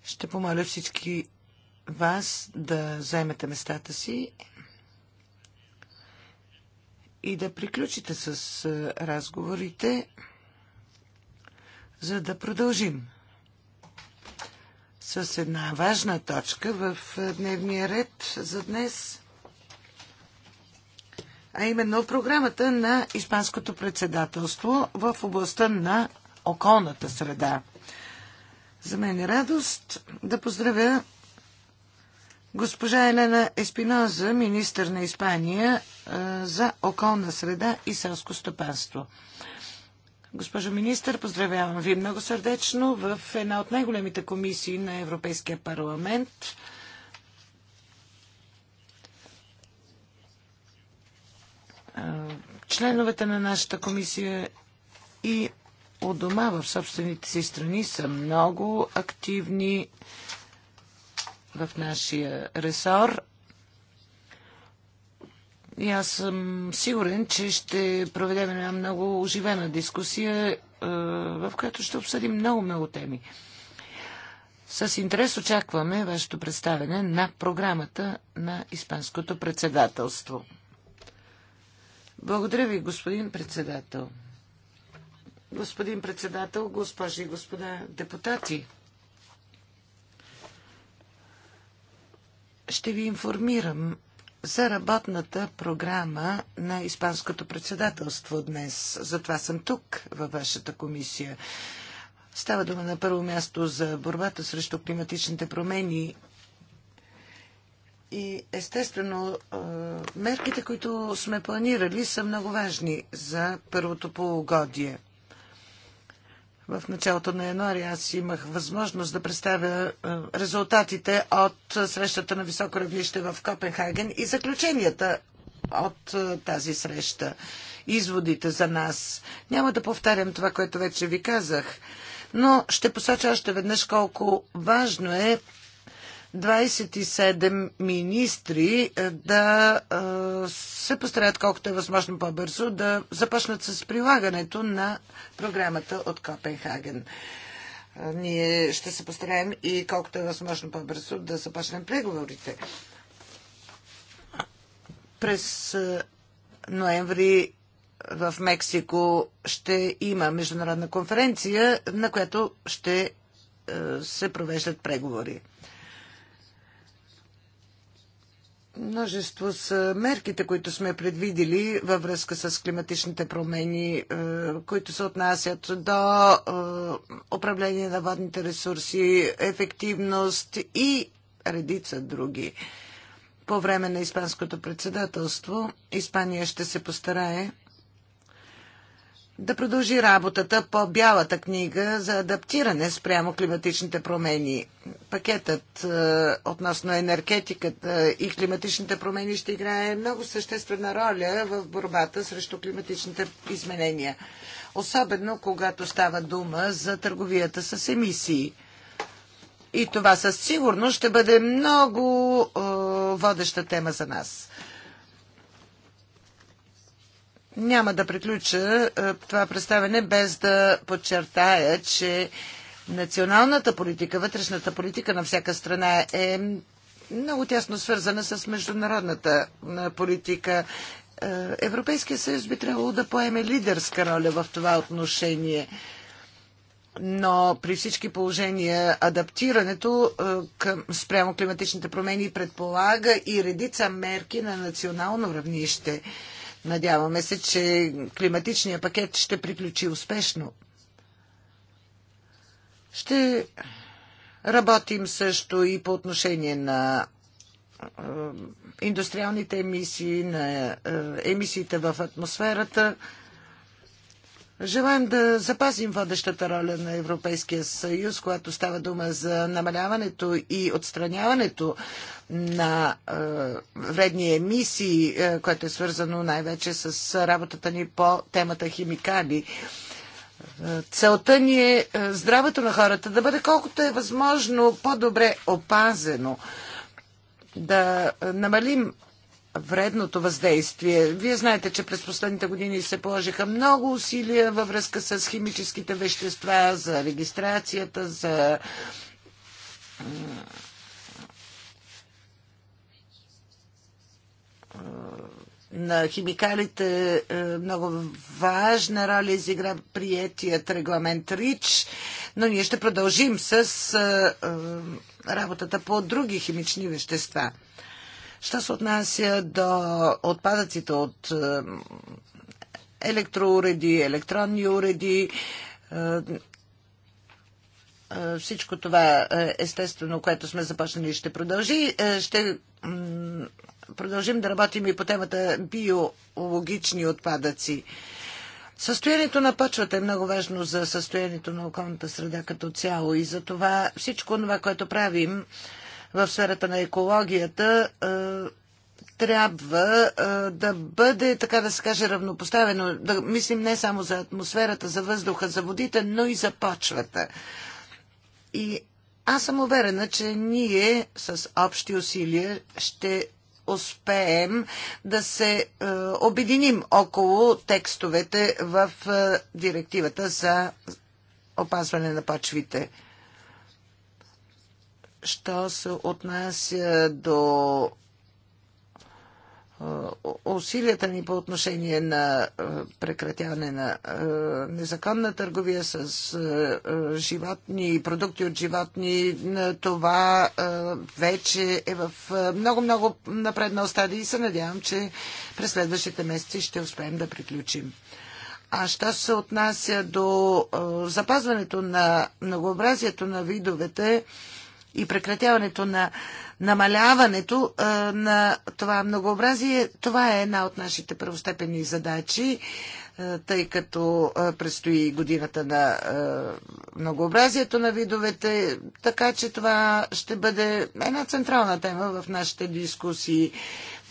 S3: ще помоля всички вас да заемете местата си и да приключите с разговорите, за да продължим с една важна точка в дневния ред за днес, а именно програмата на Испанското председателство в областта на околната среда. За мен е радост да поздравя госпожа Елена Еспиноза, министър на Испания за околна среда и селско стопанство. Госпожо министър, поздравявам ви много сърдечно в една от най-големите комисии на Европейския парламент – Членовете на нашата комисия и у дома в собствените си страни са много активни в нашия ресор. И аз съм сигурен, че ще проведем една много оживена дискусия, е, в която ще обсъдим много-много теми. С интерес очакваме вашето представене на програмата на Испанското председателство. Благодаря ви, господин председател. Господин председател, госпожи и господа депутати, ще ви информирам за работната програма на Испанското председателство днес. Затова съм тук, във вашата комисия. Става дума на първо място за борбата срещу климатичните промени и естествено, мерките, които сме планирали, са много важни за първото полугодие. В началото на януари аз имах възможност да представя резултатите от срещата на високо равнище в Копенхаген и заключенията от тази среща, изводите за нас. Няма да повтарям това, което вече ви казах, но ще посоча още веднъж колко важно е 27 министри е, да е, се постарят колкото е възможно по-бързо да започнат с прилагането на програмата от Копенхаген. Е, ние ще се постараем и колкото е възможно по-бързо да започнем преговорите. През ноември в Мексико ще има международна конференция, на която ще се провеждат преговори. Множество са мерките, които сме предвидели във връзка с климатичните промени, е, които се отнасят до е, управление на водните ресурси, ефективност и редица други. По време на Испанското председателство Испания ще се постарае да продължи работата по бялата книга за адаптиране спрямо климатичните промени. Пакетът е, относно енергетиката и климатичните промени ще играе много съществена роля в борбата срещу климатичните изменения. Особено когато става дума за търговията с емисии. И това със сигурност ще бъде много е, водеща тема за нас. Няма да приключа е, това представене без да подчертая, че националната политика, вътрешната политика на всяка страна е много тясно свързана с международната е, политика. Е, Европейския съюз би трябвало да поеме лидерска роля в това отношение. Но при всички положения адаптирането към, спрямо климатичните промени предполага и редица мерки на национално равнище. Надяваме се, че климатичния пакет ще приключи успешно. Ще работим също и по отношение на е, индустриалните емисии, на е, емисиите в атмосферата. Желаем да запазим водещата роля на Европейския съюз, когато става дума за намаляването и отстраняването на е, вредни емисии, е, което е свързано най-вече с работата ни по темата химикали. Е, целта ни е, е здравето на хората да бъде колкото е възможно по-добре опазено, да намалим вредното въздействие. Вие знаете, че през последните години се положиха много усилия във връзка с химическите вещества, за регистрацията, за на химикалите е, много важна роля изигра приятият регламент РИЧ, но ние ще продължим с е, е, работата по други химични вещества. Що се отнася до отпадъците от е, електроуреди, електронни уреди, е, е, всичко това естествено, което сме започнали, ще продължи. Ще продължим да работим и по темата биологични отпадъци. Състоянието на почвата е много важно за състоянието на околната среда като цяло и за това всичко това, което правим, в сферата на екологията е, трябва е, да бъде, така да се каже, равнопоставено. Да мислим не само за атмосферата, за въздуха, за водите, но и за почвата. И аз съм уверена, че ние с общи усилия ще успеем да се е, обединим около текстовете в е, директивата за опазване на почвите що се отнася до е, усилията ни по отношение на е, прекратяване на е, незаконна търговия с животни и продукти от животни, това вече е в много-много напреднал стадий и се надявам, че през следващите месеци ще успеем да приключим. А що се отнася до запазването на многообразието на видовете, и прекратяването на намаляването а, на това многообразие, това е една от нашите първостепенни задачи, а, тъй като а, предстои годината на а, многообразието на видовете, така че това ще бъде една централна тема в нашите дискусии.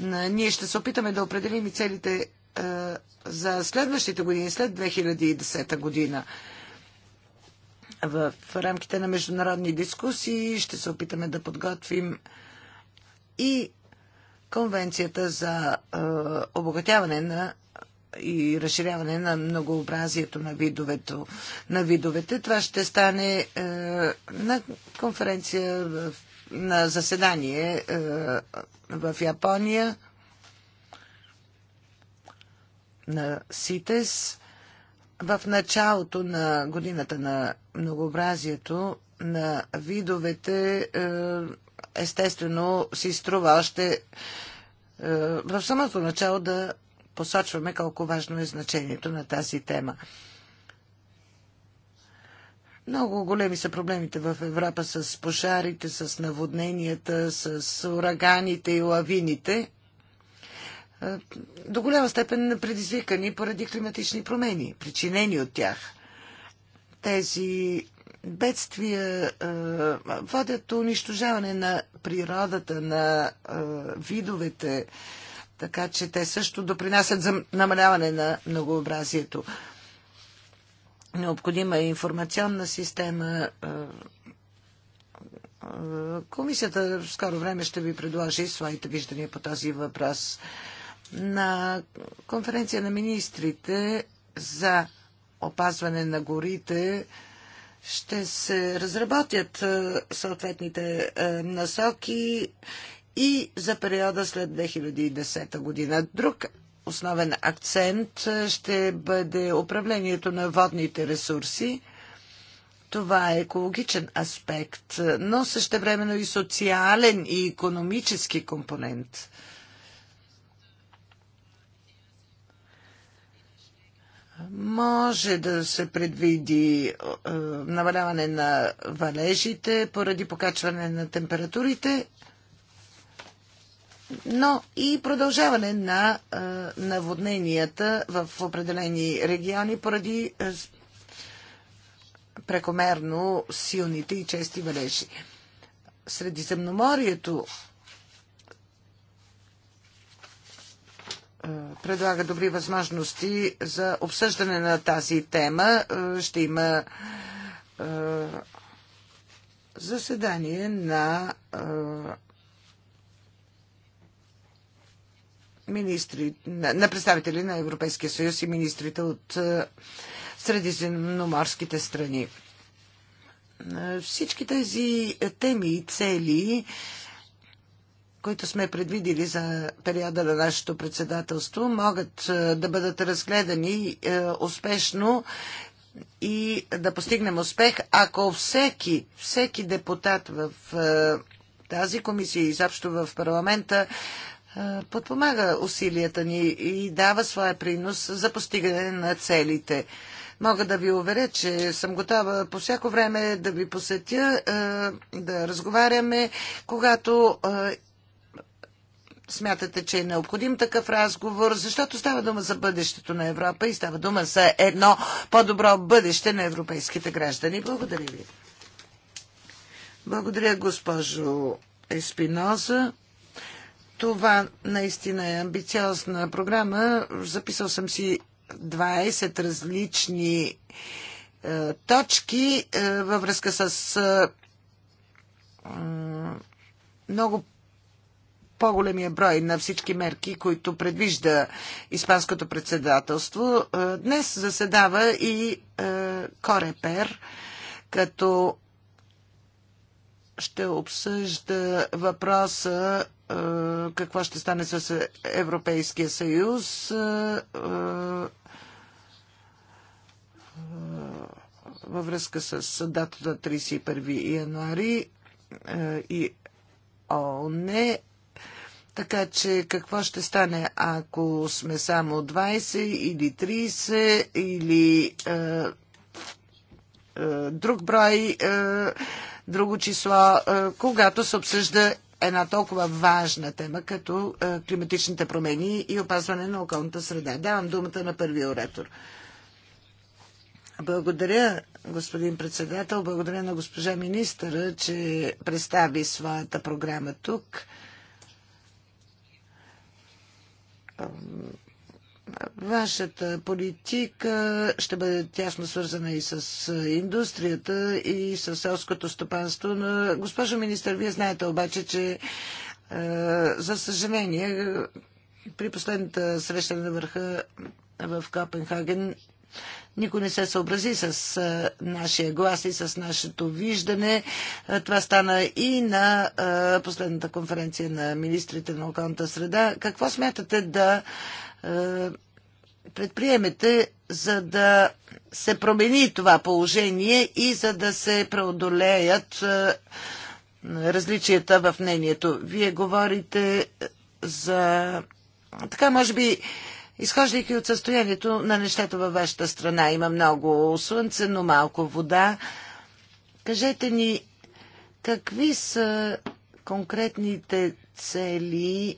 S3: А, ние ще се опитаме да определим и целите а, за следващите години, след 2010 година. В рамките на международни дискусии ще се опитаме да подготвим и Конвенцията за е, обогатяване на и разширяване на многообразието на, видовете, на видовете. Това ще стане е, на конференция, в, на заседание е, в Япония на СИТЕС. В началото на годината на многообразието на видовете е, естествено си струва още е, в самото начало да посочваме колко важно е значението на тази тема. Много големи са проблемите в Европа с пожарите, с наводненията, с ураганите и лавините. Е, до голяма степен предизвикани поради климатични промени, причинени от тях. Тези бедствия е, водят до унищожаване на природата, на е, видовете, така че те също допринасят за намаляване на многообразието. Необходима е информационна система. Е, е, комисията в скоро време ще ви предложи своите виждания по този въпрос. На конференция на министрите за опазване на горите ще се разработят е, съответните е, насоки и за периода след 2010 година. Друг основен акцент е, ще бъде управлението на водните ресурси. Това е екологичен аспект, но същевременно и социален и економически компонент – Може да се предвиди е, намаляване на валежите поради покачване на температурите, но и продължаване на е, наводненията в определени региони поради е, прекомерно силните и чести валежи. Средиземноморието Е, предлага добри възможности за обсъждане на тази тема. Е, ще има е, заседание на министри, на представители на Европейския съюз и министрите от средиземноморските страни. Всички тези теми и цели които сме предвидили за периода на нашето председателство, могат е, да бъдат разгледани е, успешно и да постигнем успех, ако всеки, всеки депутат в е, тази комисия и изобщо в парламента подпомага усилията ни и дава своя принос за постигане на целите. Мога да ви уверя, че съм готова по всяко време да ви посетя, да разговаряме, когато смятате, че е необходим такъв разговор, защото става дума за бъдещето на Европа и става дума за едно по-добро бъдеще на европейските граждани. Благодаря ви. Благодаря, госпожо Еспиноза. Това наистина е амбициозна програма. Записал съм си 20 различни е, точки е, във връзка с е, много по-големия брой на всички мерки, които предвижда Испанското председателство. Е, днес заседава и е, Корепер, като ще обсъжда въпроса е, какво ще стане с Европейския съюз във връзка с датата 31 януари и ООН така че какво ще стане, ако сме само 20 или 30 или е, е, друг брой, е, друго число, е, когато се обсъжда една толкова важна тема, като е, климатичните промени и опазване на околната среда. Давам думата на първия оратор. Благодаря, господин председател, благодаря на госпожа министъра, че представи своята програма тук. Вашата политика ще бъде тясно свързана и с индустрията, и с селското стопанство. Но, госпожо министър, вие знаете обаче, че за съжаление при последната среща на върха в Копенхаген никой не се съобрази с нашия глас и с нашето виждане. Това стана и на последната конференция на министрите на околната среда. Какво смятате да предприемете, за да се промени това положение и за да се преодолеят различията в мнението. Вие говорите за така, може би, Изхождайки от състоянието на нещата във вашата страна, има много слънце, но малко вода. Кажете ни, какви са конкретните цели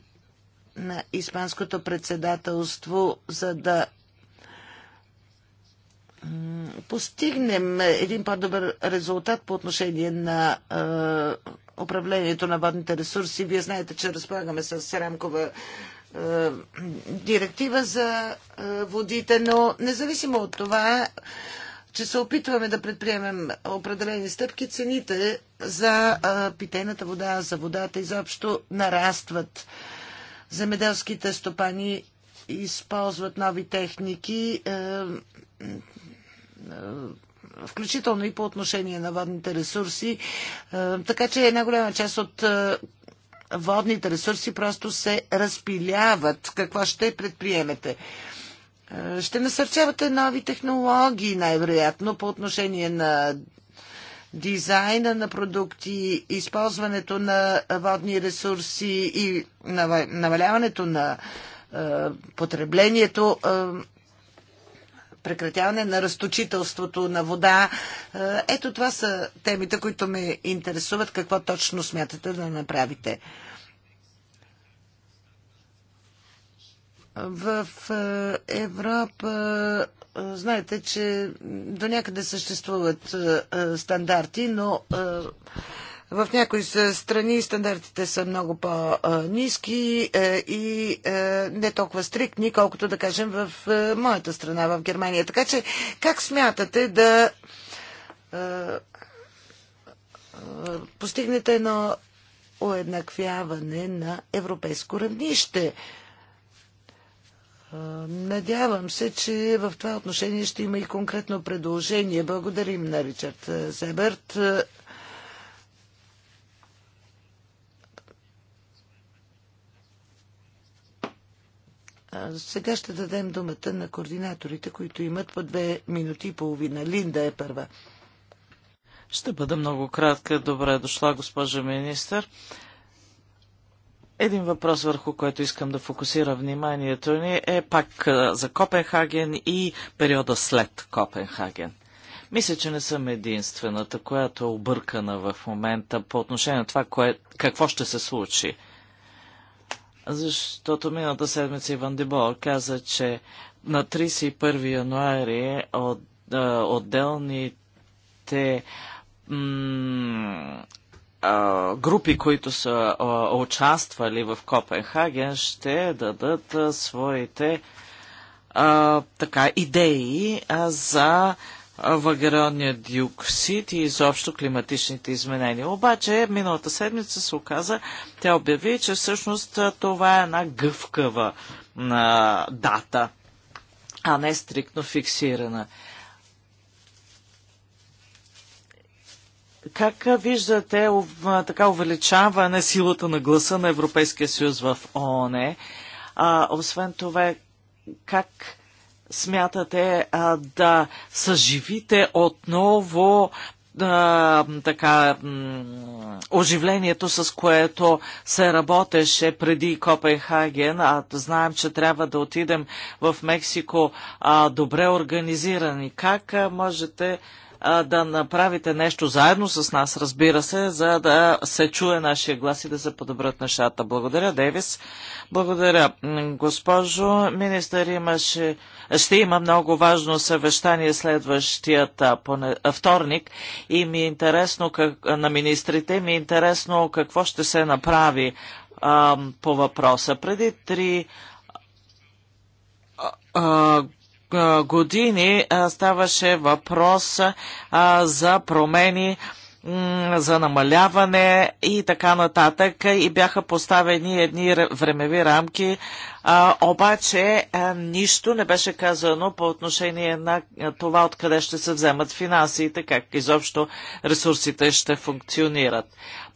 S3: на Испанското председателство, за да постигнем един по-добър резултат по отношение на е, управлението на водните ресурси. Вие знаете, че разполагаме с рамкова е, директива за е, водите, но независимо от това, че се опитваме да предприемем определени стъпки, цените за е, питейната вода, за водата изобщо нарастват. Земеделските стопани използват нови техники, включително и по отношение на водните ресурси. Така че една голяма част от водните ресурси просто се разпиляват. Какво ще предприемете? Е, ще насърчавате нови технологии, най-вероятно, по отношение на дизайна на продукти, използването на водни ресурси и намаляването на е, потреблението е, прекратяване на разточителството на вода. Е, ето това са темите, които ме интересуват. Какво точно смятате да направите? В е, Европа е, знаете, че до някъде съществуват стандарти, но в някои страни стандартите са много по-низки е, и е, не толкова стриктни, колкото да кажем в е, моята страна, в Германия. Така че как смятате да постигнете едно уеднаквяване на европейско равнище? Надявам се, че в това отношение ще има и конкретно предложение. Благодарим на Ричард Зеберт Сега ще дадем думата на координаторите, които имат по две минути и половина. Линда е първа.
S2: Ще бъда много кратка. Добре дошла, госпожа министър. Един въпрос, върху който искам да фокусира вниманието ни, е пак за Копенхаген и периода след Копенхаген. Мисля, че не съм единствената, която е объркана в момента по отношение на това, кое, какво ще се случи. Защото миналата седмица Иван Дебол каза, че на 31 януари е от, а, отделните а, групи, които са а, участвали в Копенхаген, ще дадат а, своите а, така, идеи а, за а, въглеродния диоксид и изобщо климатичните изменения. Обаче миналата седмица се оказа, тя обяви, че всъщност това е една гъвкава а, дата, а не стриктно фиксирана. Как виждате така увеличаване силата на гласа на Европейския съюз в ООН? А, освен това, как смятате а, да съживите отново а, така оживлението, с което се работеше преди Копенхаген, а знаем, че трябва да отидем в Мексико а, добре организирани. Как можете да направите нещо заедно с нас, разбира се, за да се чуе нашия глас и да се подобрят нещата. Благодаря, Дейвис. Благодаря. Госпожо министър, имаше, ще има много важно съвещание следващият поне, вторник и ми е интересно как, на министрите, ми е интересно какво ще се направи а, по въпроса. Преди три а, години ставаше въпрос за промени за намаляване и така нататък и бяха поставени едни времеви рамки, а, обаче а, нищо не беше казано по отношение на това откъде ще се вземат финансите, как изобщо ресурсите ще функционират.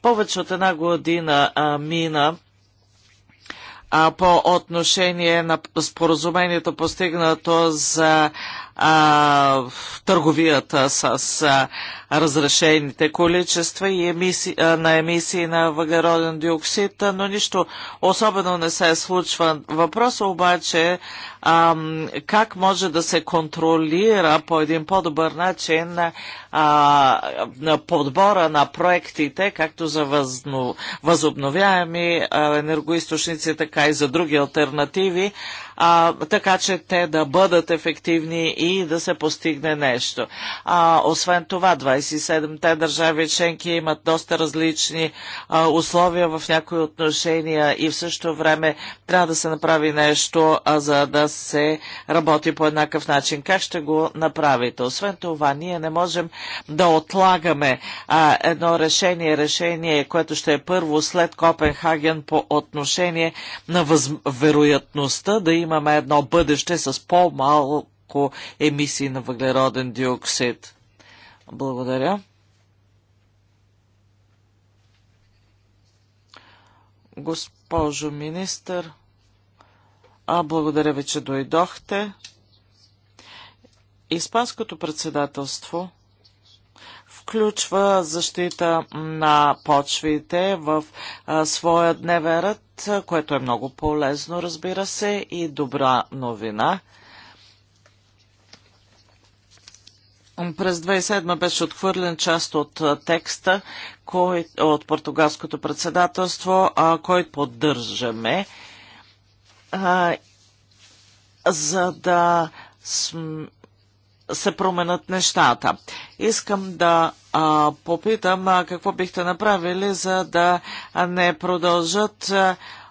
S2: Повече от една година а, мина по отношение на споразумението постигнато за а, в търговията с а, разрешените количества и емиси, а, на емисии на въглероден диоксид, но нищо особено не се случва. Въпросът обаче а, как може да се контролира по един по-добър начин а, на подбора на проектите, както за възно, възобновяеми а, енергоисточници, така и за други альтернативи, а, така че те да бъдат ефективни и да се постигне нещо. А, освен това, 27-те държави членки имат доста различни а, условия в някои отношения и в същото време трябва да се направи нещо, а, за да се работи по еднакъв начин. Как ще го направите? Освен това, ние не можем да отлагаме а, едно решение, решение, което ще е първо след Копенхаген по отношение на въз... вероятността да има имаме едно бъдеще с по-малко емисии на въглероден диоксид. Благодаря. Госпожо министър, а благодаря ви, че дойдохте. Испанското председателство включва защита на почвите в а, своя дневен ред което е много полезно, разбира се, и добра новина. През 2007 беше отхвърлен част от текста кой, от португалското председателство, а, кой поддържаме, а, за да се променят нещата. Искам да а, попитам а, какво бихте направили, за да не продължат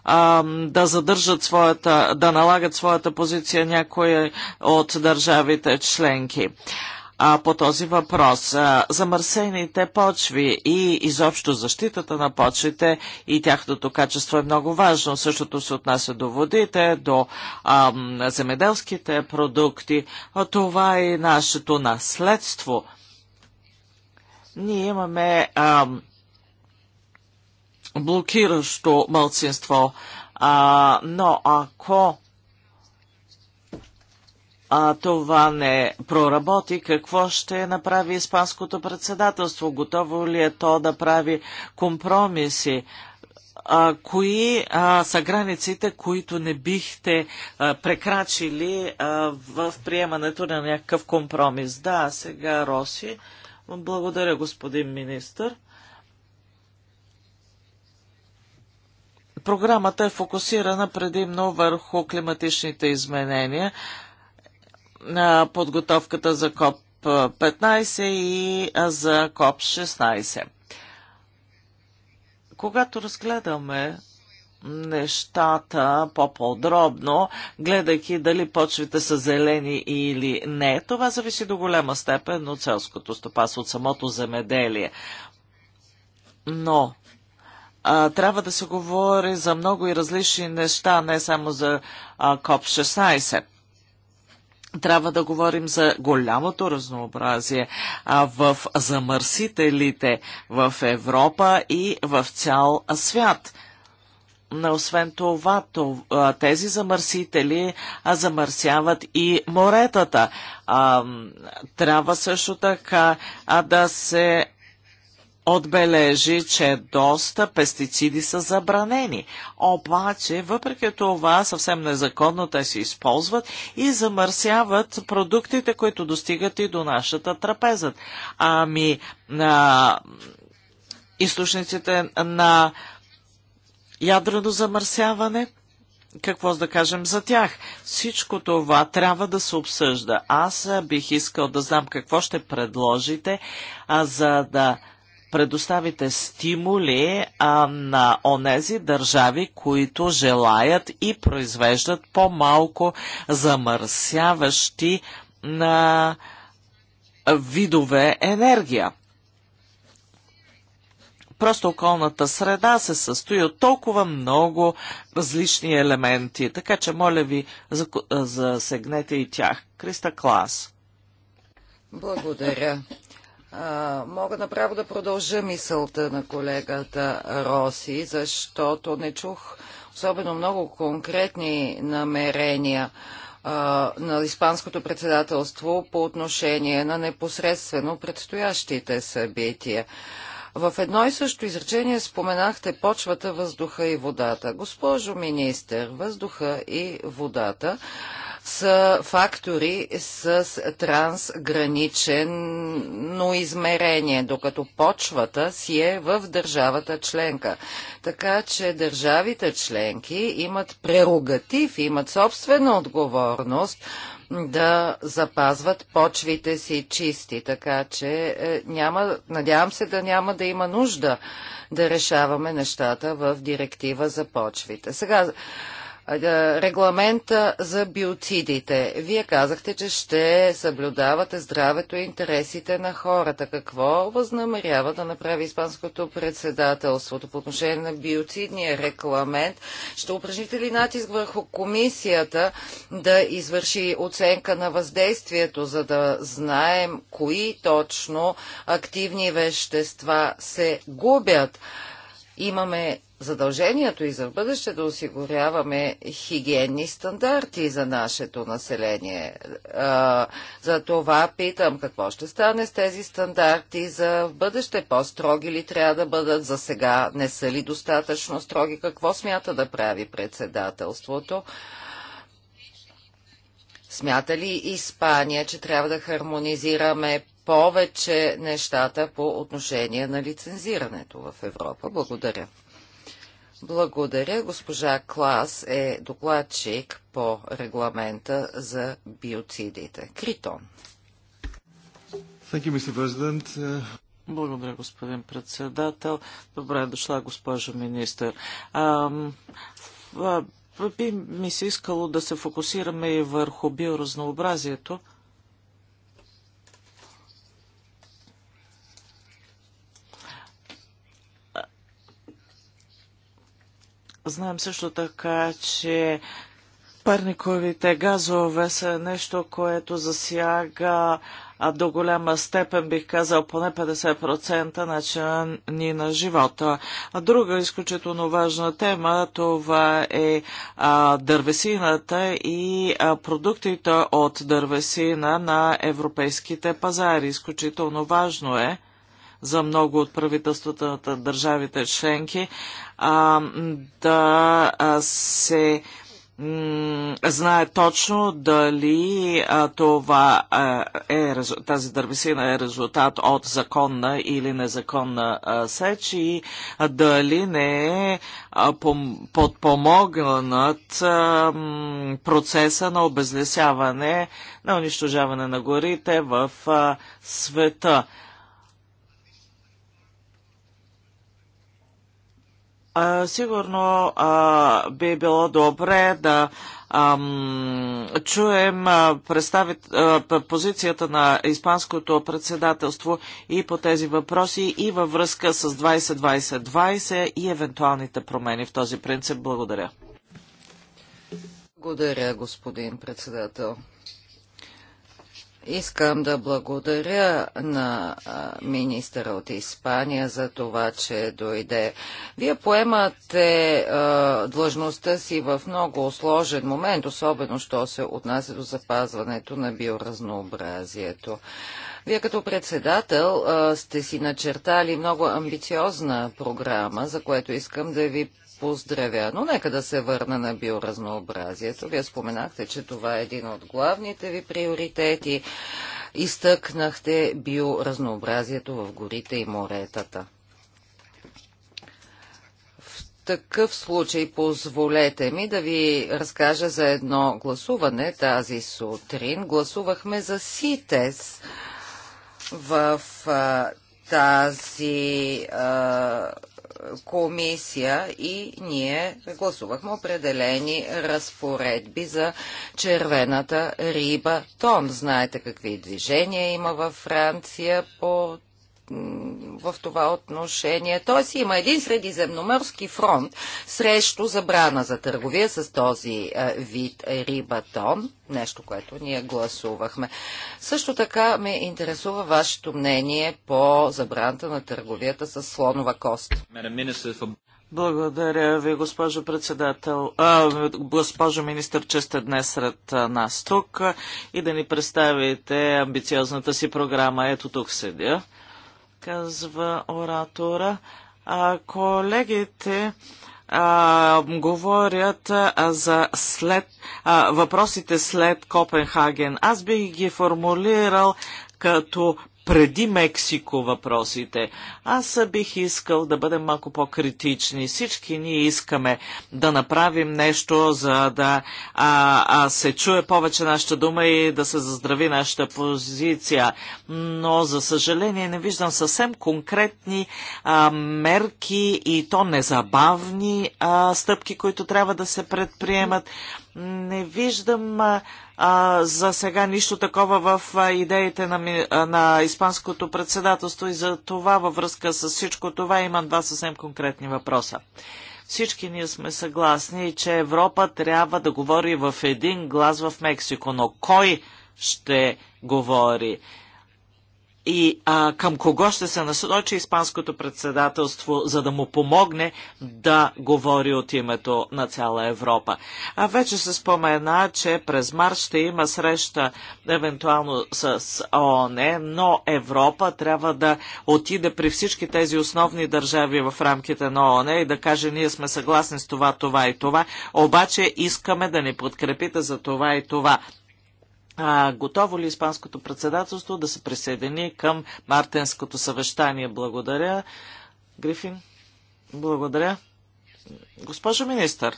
S2: а, да задържат своята, да налагат своята позиция някои от държавите членки а, по този въпрос. А, замърсените почви и изобщо защитата на почвите и тяхното качество е много важно. Същото се отнася до водите, до а, земеделските продукти. А това е нашето наследство. Ние имаме а, блокиращо мълцинство, а, но ако а, това не проработи, какво ще направи Испанското председателство? Готово ли е то да прави компромиси? а, кои а, са границите, които не бихте а, прекрачили а, в, приемането на някакъв компромис. Да, сега Роси. Благодаря, господин министр. Програмата е фокусирана предимно върху климатичните изменения, подготовката за КОП 15 и за КОП 16. Когато разгледаме нещата по-подробно, гледайки дали почвите са зелени или не. Това зависи до голяма степен от селското стопанство, от самото земеделие. Но а, трябва да се говори за много и различни неща, не само за а, КОП-16 трябва да говорим за голямото разнообразие а, в замърсителите в Европа и в цял свят. Но освен това, тези замърсители замърсяват и моретата. трябва също така да се отбележи, че доста пестициди са забранени. Обаче, въпреки това, съвсем незаконно те се използват и замърсяват продуктите, които достигат и до нашата трапеза. Ами, а, източниците на ядрено замърсяване, какво да кажем за тях? Всичко това трябва да се обсъжда. Аз бих искал да знам какво ще предложите, а за да предоставите стимули а, на онези държави, които желаят и произвеждат по-малко замърсяващи на видове енергия. Просто околната среда се състои от толкова много различни елементи, така че моля ви, засегнете и тях. Криста Клас.
S1: Благодаря мога направо да продължа мисълта на колегата Роси, защото не чух особено много конкретни намерения на Испанското председателство по отношение на непосредствено предстоящите събития. В едно и също изречение споменахте почвата, въздуха и водата. Госпожо министър, въздуха и водата са фактори с трансграничено измерение, докато почвата си е в държавата членка. Така че държавите членки имат прерогатив, имат собствена отговорност да запазват почвите си чисти, така че е, няма, надявам се да няма да има нужда да решаваме нещата в директива за почвите. Сега, регламента за биоцидите. Вие казахте, че ще съблюдавате здравето и интересите на хората. Какво възнамерява да направи Испанското председателството по отношение на биоцидния регламент? Ще упражните ли натиск върху комисията да извърши оценка на въздействието, за да знаем кои точно активни вещества се губят? Имаме задължението и за бъдеще да осигуряваме хигиенни стандарти за нашето население. А, за това питам какво ще стане с тези стандарти за бъдеще. По-строги ли трябва да бъдат за сега? Не са ли достатъчно строги? Какво смята да прави председателството? Смята ли Испания, че трябва да хармонизираме повече нещата по отношение на лицензирането в Европа? Благодаря. Благодаря. Госпожа Клас е докладчик по регламента за биоцидите. Критон.
S2: Благодаря, господин председател. Добре е дошла, госпожо министър. би ми се искало да се фокусираме и върху биоразнообразието, Знаем също така, че парниковите газове са нещо, което засяга а до голяма степен, бих казал, поне 50% начина ни на живота. А друга изключително важна тема, това е а, дървесината и а, продуктите от дървесина на европейските пазари. Изключително важно е за много от правителствата на държавите членки а, да се знае точно дали а, това а, е, тази дървесина е резултат от законна или незаконна а, сеч и а, дали не е подпомогнат а, процеса на обезлесяване, на унищожаване на горите в а, света. а, сигурно а, би било добре да чуем а, а, позицията на Испанското председателство и по тези въпроси и във връзка с 2020 2020 и евентуалните промени в този принцип. Благодаря.
S1: Благодаря, господин председател. Искам да благодаря на министъра от Испания за това, че дойде. Вие поемате длъжността си в много сложен момент, особено що се отнася до запазването на биоразнообразието. Вие като председател сте си начертали много амбициозна програма, за което искам да ви поздравя. Но нека да се върна на биоразнообразието. Вие споменахте, че това е един от главните ви приоритети. Изтъкнахте биоразнообразието в горите и моретата В такъв случай позволете ми да ви разкажа за едно гласуване тази сутрин. Гласувахме за СИТЕС в тази а, комисия и ние гласувахме определени разпоредби за червената риба тон. Знаете какви движения има във Франция по в това отношение. той си има един средиземноморски фронт срещу забрана за търговия с този е, вид рибатон, нещо, което ние гласувахме. Също така ме интересува вашето мнение по забраната на търговията с слонова кост.
S2: Благодаря ви, госпожо председател, а, госпожо министър, че сте днес сред нас тук и да ни представите амбициозната си програма. Ето тук седя казва оратора. А, колегите а, говорят а, за след, а, въпросите след Копенхаген. Аз бих ги формулирал като преди Мексико въпросите. Аз бих искал да бъдем малко по-критични. Всички ние искаме да направим нещо, за да а, а се чуе повече нашата дума и да се заздрави нашата позиция. Но, за съжаление, не виждам съвсем конкретни а, мерки и то незабавни а, стъпки, които трябва да се предприемат. Не виждам а, за сега нищо такова в идеите на, на Испанското председателство и за това във връзка с всичко това имам два съвсем конкретни въпроса. Всички ние сме съгласни, че Европа трябва да говори в един глас в Мексико, но кой ще говори? и а, към кого ще се насочи Испанското председателство, за да му помогне да говори от името на цяла Европа. А вече се спомена, че през март ще има среща евентуално с ООН, но Европа трябва да отиде при всички тези основни държави в рамките на ООН и да каже ние сме съгласни с това, това и това, обаче искаме да ни подкрепите за това и това а, готово ли е Испанското председателство да се присъедини към Мартенското съвещание? Благодаря. Грифин, благодаря. Госпожо министър,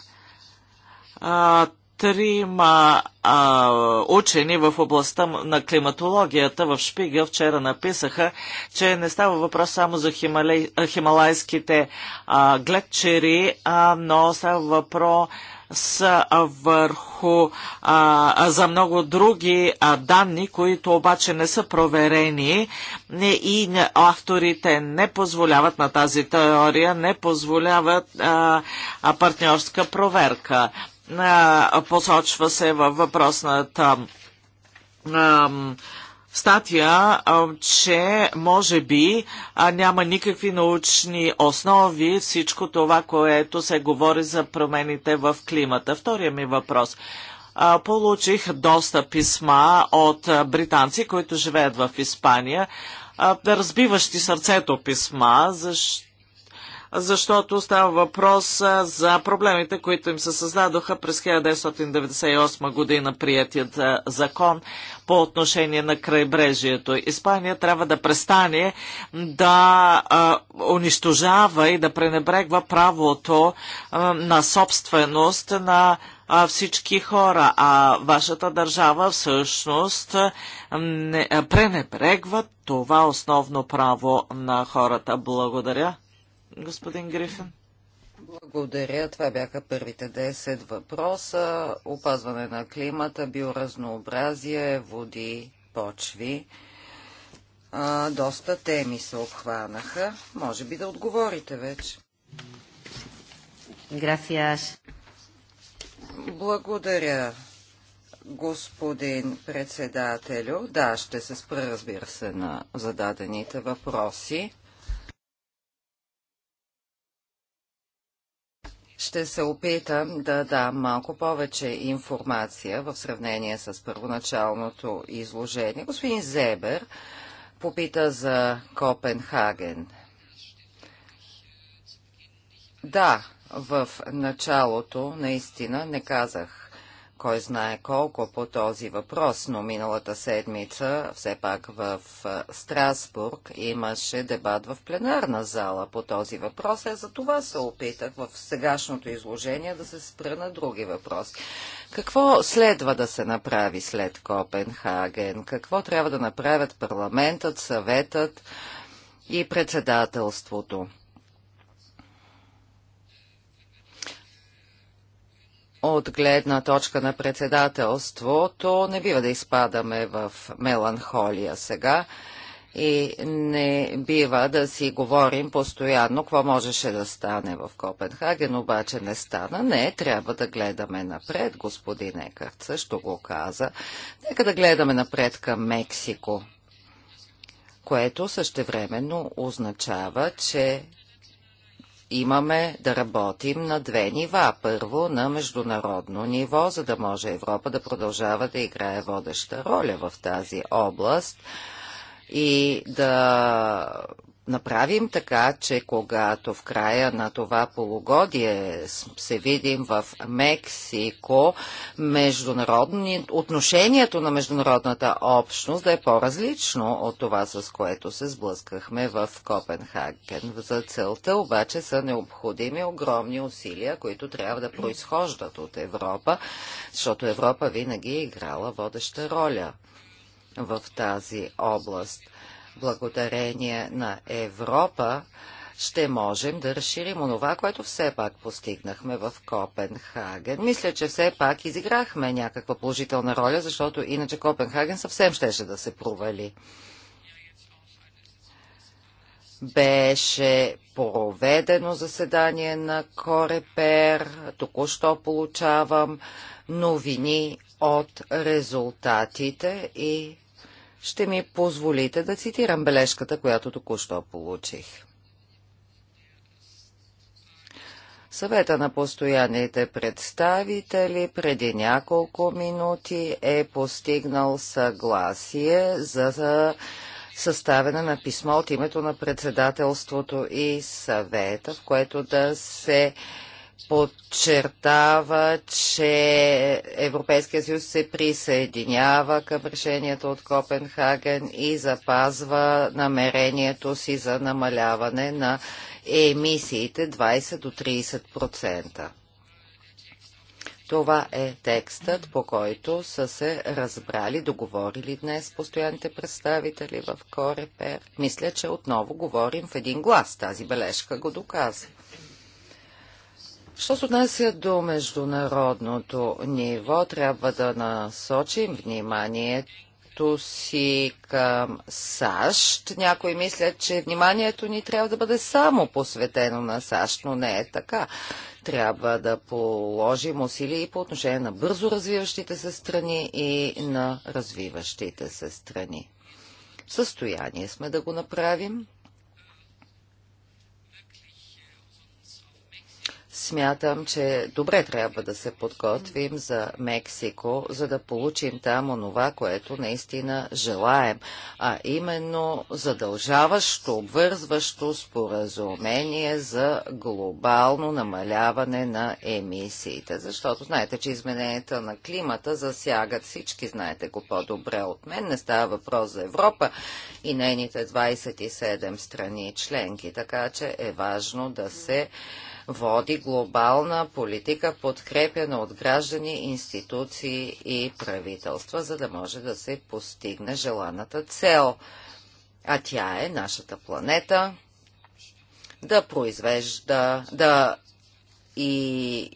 S2: а, трима а, учени в областта на климатологията в Шпигел вчера написаха, че не става въпрос само за хималей, хималайските а, гледчери, а, но става въпрос са върху а, за много други а, данни, които обаче не са проверени и не, авторите не позволяват на тази теория, не позволяват а, а, партньорска проверка. А, посочва се във въпросната а, статия, че може би няма никакви научни основи всичко това, което се говори за промените в климата. Втория ми въпрос получих доста писма от британци, които живеят в Испания, разбиващи сърцето писма, защото защото става въпрос за проблемите, които им се създадоха през 1998 година приятият закон по отношение на крайбрежието. Испания трябва да престане да а, унищожава и да пренебрегва правото а, на собственост на а, всички хора, а вашата държава всъщност не, пренебрегва това основно право на хората. Благодаря
S1: господин Грифен. Благодаря. Това бяха първите 10 въпроса. Опазване на климата, биоразнообразие, води, почви. А, доста теми се обхванаха. Може би да отговорите вече. Gracias. Благодаря, господин председателю. Да, ще се спра, разбира се, на зададените въпроси. Ще се опитам да дам малко повече информация в сравнение с първоначалното изложение. Господин Зебер попита за Копенхаген. Да, в началото наистина не казах кой знае колко по този въпрос, но миналата седмица, все пак в Страсбург, имаше дебат в пленарна зала по този въпрос. Е, за това се опитах в сегашното изложение да се спра на други въпроси. Какво следва да се направи след Копенхаген? Какво трябва да направят парламентът, съветът и председателството? от гледна точка на председателството не бива да изпадаме в меланхолия сега и не бива да си говорим постоянно какво можеше да стане в Копенхаген, обаче не стана. Не, трябва да гледаме напред, господин Екарт също го каза. Нека да гледаме напред към Мексико, което същевременно означава, че имаме да работим на две нива. Първо на международно ниво, за да може Европа да продължава да играе водеща роля в тази област и да направим така, че когато в края на това полугодие се видим в Мексико, международни... отношението на международната общност да е по-различно от това, с което се сблъскахме в Копенхаген. За целта обаче са необходими огромни усилия, които трябва да произхождат от Европа, защото Европа винаги е играла водеща роля в тази област – благодарение на Европа, ще можем да разширим онова, което все пак постигнахме в Копенхаген. Мисля, че все пак изиграхме някаква положителна роля, защото иначе Копенхаген съвсем щеше да се провали. Беше проведено заседание на Корепер. Току-що получавам новини от резултатите и ще ми позволите да цитирам бележката, която току-що получих. Съвета на постоянните представители преди няколко минути е постигнал съгласие за съставяне на писмо от името на председателството и съвета, в което да се подчертава, че Европейския съюз се присъединява към решението от Копенхаген и запазва намерението си за намаляване на емисиите 20 до 30%. Това е текстът, по който са се разбрали, договорили днес постоянните представители в Корепер. Мисля, че отново говорим в един глас. Тази бележка го доказва. Що се отнася до международното ниво, трябва да насочим вниманието си към САЩ. Някои мислят, че вниманието ни трябва да бъде само посветено на САЩ, но не е така. Трябва да положим усилия и по отношение на бързо развиващите се страни и на развиващите се страни. В състояние сме да го направим. Смятам, че добре трябва да се подготвим за Мексико, за да получим там онова, което наистина желаем, а именно задължаващо, обвързващо споразумение за глобално намаляване на емисиите. Защото знаете, че измененията на климата засягат всички, знаете го по-добре от мен. Не става въпрос за Европа и нейните 27 страни членки, така че е важно да се води глобална политика, подкрепена от граждани, институции и правителства, за да може да се постигне желаната цел. А тя е нашата планета да произвежда, да и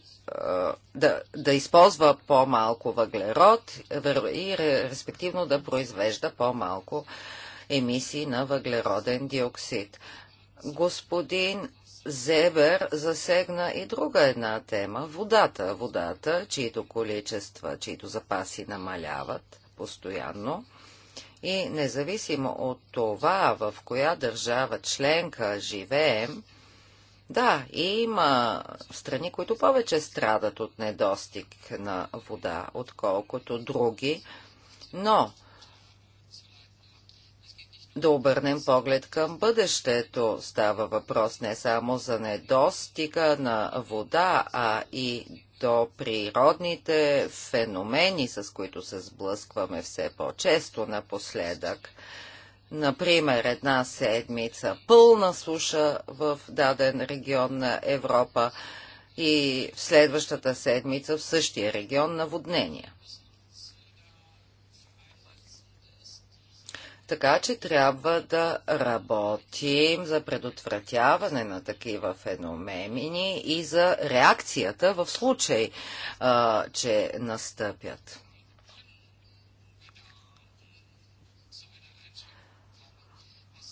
S1: да, да използва по-малко въглерод и респективно да произвежда по-малко емисии на въглероден диоксид. Господин Зебер засегна и друга една тема – водата. Водата, чието количества, чието запаси намаляват постоянно. И независимо от това, в коя държава членка живеем, да, има страни, които повече страдат от недостиг на вода, отколкото други, но да обърнем поглед към бъдещето. Става въпрос не само за недостига на вода, а и до природните феномени, с които се сблъскваме все по-често напоследък. Например, една седмица пълна суша в даден регион на Европа и в следващата седмица в същия регион наводнения. Така че трябва да работим за предотвратяване на такива феномени и за реакцията в случай, а, че настъпят.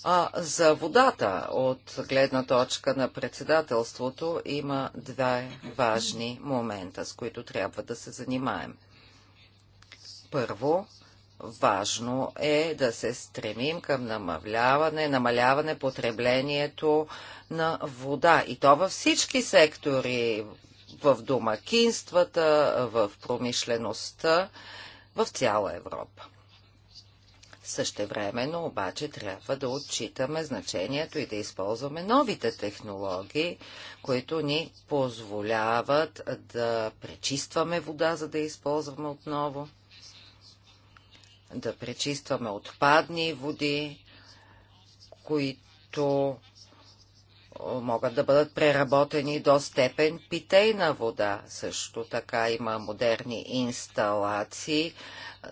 S1: А за водата от гледна точка на председателството има два важни момента, с които трябва да се занимаем. Първо, важно е да се стремим към намаляване, намаляване потреблението на вода. И то във всички сектори, в домакинствата, в промишлеността, в цяла Европа. Същевременно обаче трябва да отчитаме значението и да използваме новите технологии, които ни позволяват да пречистваме вода, за да използваме отново да пречистваме отпадни води, които могат да бъдат преработени до степен питейна вода. Също така има модерни инсталации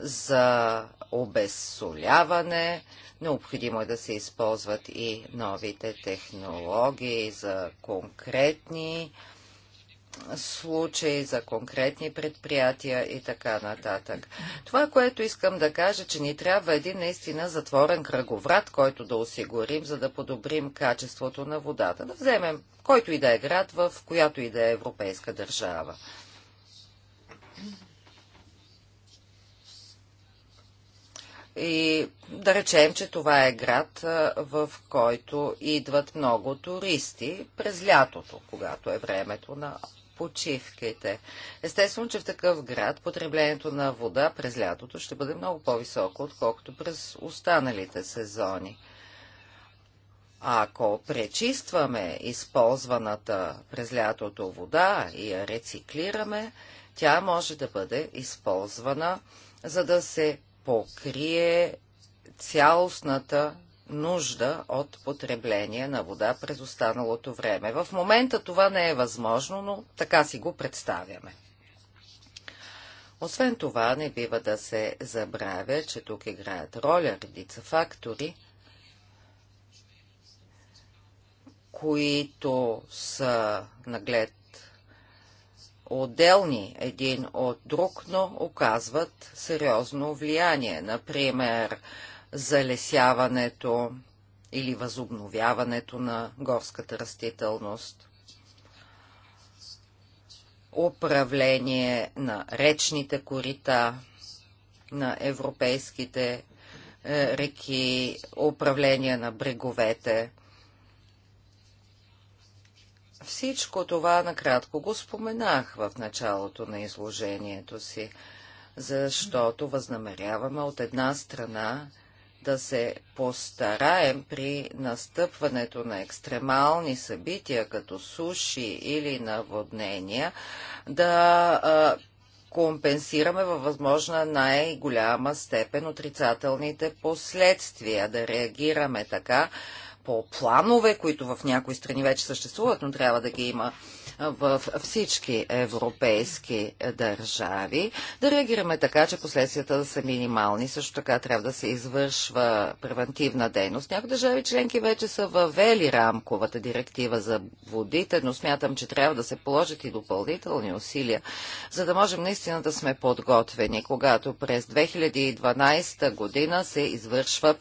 S1: за обезсоляване. Необходимо е да се използват и новите технологии за конкретни случаи, за конкретни предприятия и така нататък. Това, което искам да кажа, че ни трябва един наистина затворен кръговрат, който да осигурим, за да подобрим качеството на водата. Да вземем който и да е град, в която и да е европейска държава. И да речем, че това е град, в който идват много туристи през лятото, когато е времето на почивките. Естествено, че в такъв град потреблението на вода през лятото ще бъде много по-високо, отколкото през останалите сезони. Ако пречистваме използваната през лятото вода и я рециклираме, тя може да бъде използвана, за да се покрие цялостната нужда от потребление на вода през останалото време. В момента това не е възможно, но така си го представяме. Освен това, не бива да се забравя, че тук играят роля редица фактори, които са наглед отделни един от друг, но оказват сериозно влияние. Например, залесяването или възобновяването на горската растителност, управление на речните корита на европейските е, реки, управление на бреговете. Всичко това накратко го споменах в началото на изложението си, защото възнамеряваме от една страна да се постараем при настъпването на екстремални събития, като суши или наводнения, да компенсираме във възможна най-голяма степен отрицателните последствия, да реагираме така по планове, които в някои страни вече съществуват, но трябва да ги има в всички европейски държави, да реагираме така, че последствията да са минимални. Също така трябва да се извършва превентивна дейност. Някои държави членки вече са въвели рамковата директива за водите, но смятам, че трябва да се положат и допълнителни усилия, за да можем наистина да сме подготвени, когато през 2012 година се извършва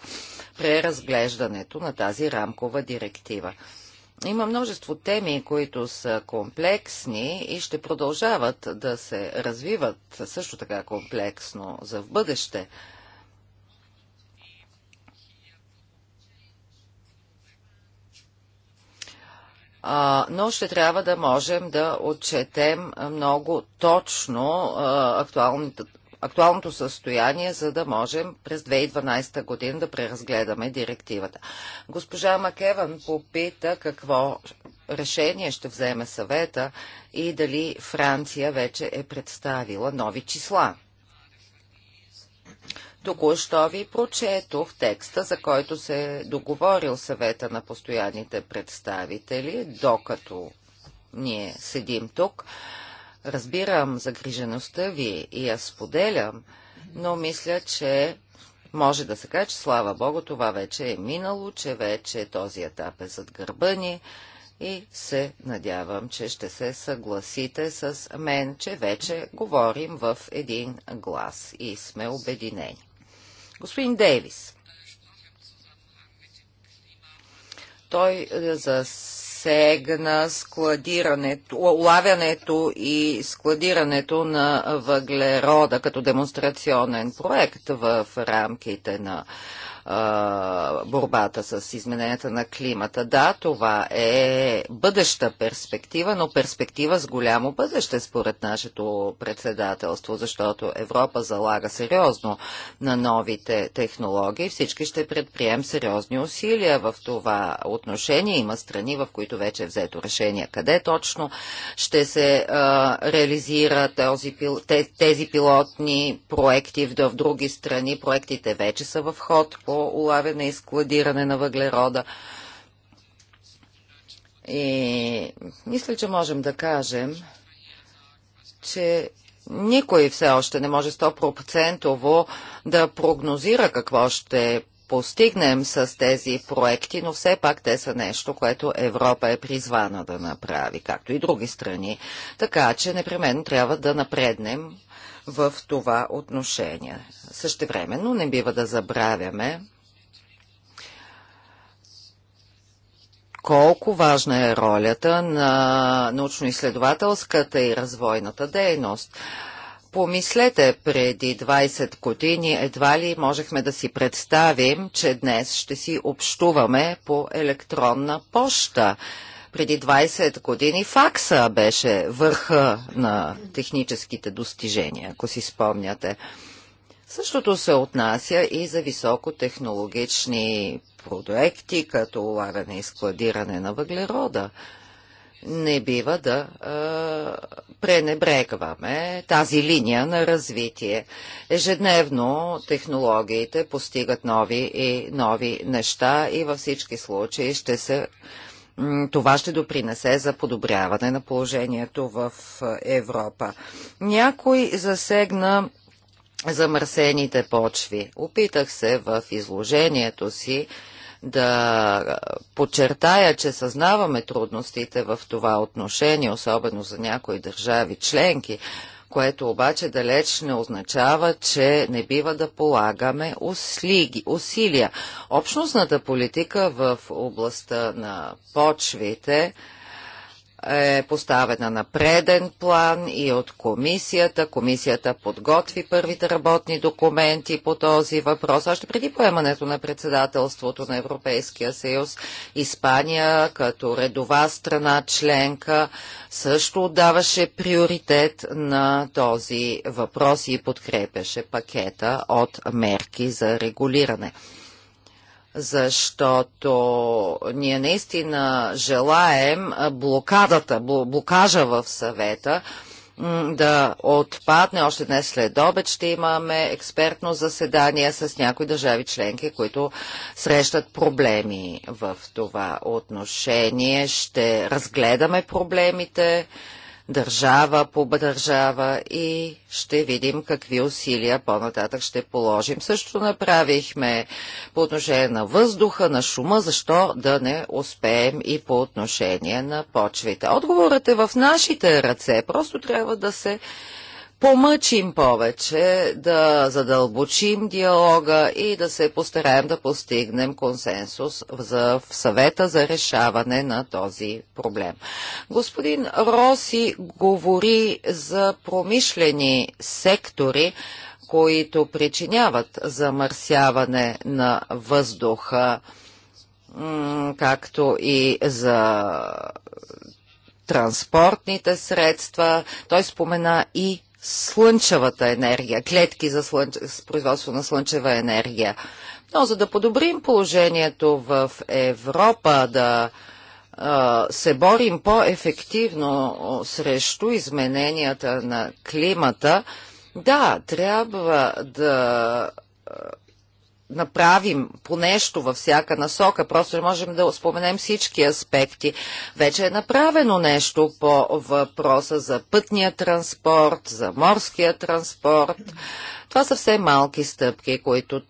S1: преразглеждането на тази рамкова директива. Има множество теми, които са комплексни и ще продължават да се развиват също така комплексно за в бъдеще. но ще трябва да можем да отчетем много точно актуалните актуалното състояние, за да можем през 2012 година да преразгледаме директивата. Госпожа Макеван попита какво решение ще вземе съвета и дали Франция вече е представила нови числа. Току-що ви прочетох текста, за който се е договорил съвета на постоянните представители, докато ние седим тук. Разбирам загрижеността ви и я споделям, но мисля, че може да се каже, че слава Богу, това вече е минало, че вече този етап е зад гърба ни и се надявам, че ще се съгласите с мен, че вече говорим в един глас и сме обединени. Господин Дейвис, той е, за засегна складирането, улавянето и складирането на въглерода като демонстрационен проект в рамките на а, борбата с измененията на климата. Да, това е бъдеща перспектива, но перспектива с голямо бъдеще според нашето председателство, защото Европа залага сериозно на новите технологии. Всички ще предприем сериозни усилия в това отношение. Има страни, в които вече е взето решение къде точно ще се а, реализира този, тези пилотни проекти в други страни. Проектите вече са в ход по по улавяне и складиране на въглерода. И мисля, че можем да кажем, че никой все още не може 100% да прогнозира какво ще постигнем с тези проекти, но все пак те са нещо, което Европа е призвана да направи, както и други страни. Така че непременно трябва да напреднем в това отношение. Същевременно не бива да забравяме, колко важна е ролята на научно-изследователската и развойната дейност. Помислете, преди 20 години едва ли можехме да си представим, че днес ще си общуваме по електронна поща. Преди 20 години факса беше върха на техническите достижения, ако си спомняте. Същото се отнася и за високотехнологични проекти, като улавяне и складиране на въглерода. Не бива да е, пренебрегваме тази линия на развитие. Ежедневно технологиите постигат нови и нови неща и във всички случаи ще се това ще допринесе за подобряване на положението в Европа. Някой засегна замърсените почви. Опитах се в изложението си да подчертая, че съзнаваме трудностите в това отношение, особено за някои държави членки, което обаче далеч не означава, че не бива да полагаме услиги, усилия. Общностната политика в областта на почвите – е поставена на преден план и от комисията. Комисията подготви първите работни документи по този въпрос. Още преди поемането на председателството на Европейския съюз, Испания като редова страна членка също отдаваше приоритет на този въпрос и подкрепяше пакета от мерки за регулиране защото ние наистина желаем блокадата, блокажа в съвета да отпадне. Още днес след обед ще имаме експертно заседание с някои държави членки, които срещат проблеми в това отношение. Ще разгледаме проблемите държава по държава и ще видим какви усилия по-нататък ще положим. Също направихме по отношение на въздуха, на шума, защо да не успеем и по отношение на почвите. Отговорът е в нашите ръце. Просто трябва да се помъчим повече, да задълбочим диалога и да се постараем да постигнем консенсус за, в съвета за решаване на този проблем. Господин Роси говори за промишлени сектори, които причиняват замърсяване на въздуха, както и за транспортните средства. Той спомена и слънчевата енергия, клетки за слънч... производство на слънчева енергия. Но за да подобрим положението в Европа, да а, се борим по-ефективно срещу измененията на климата, да, трябва да направим по нещо във всяка насока, просто не можем да споменем всички аспекти. Вече е направено нещо по въпроса за пътния транспорт, за морския транспорт. Това са все малки стъпки, които...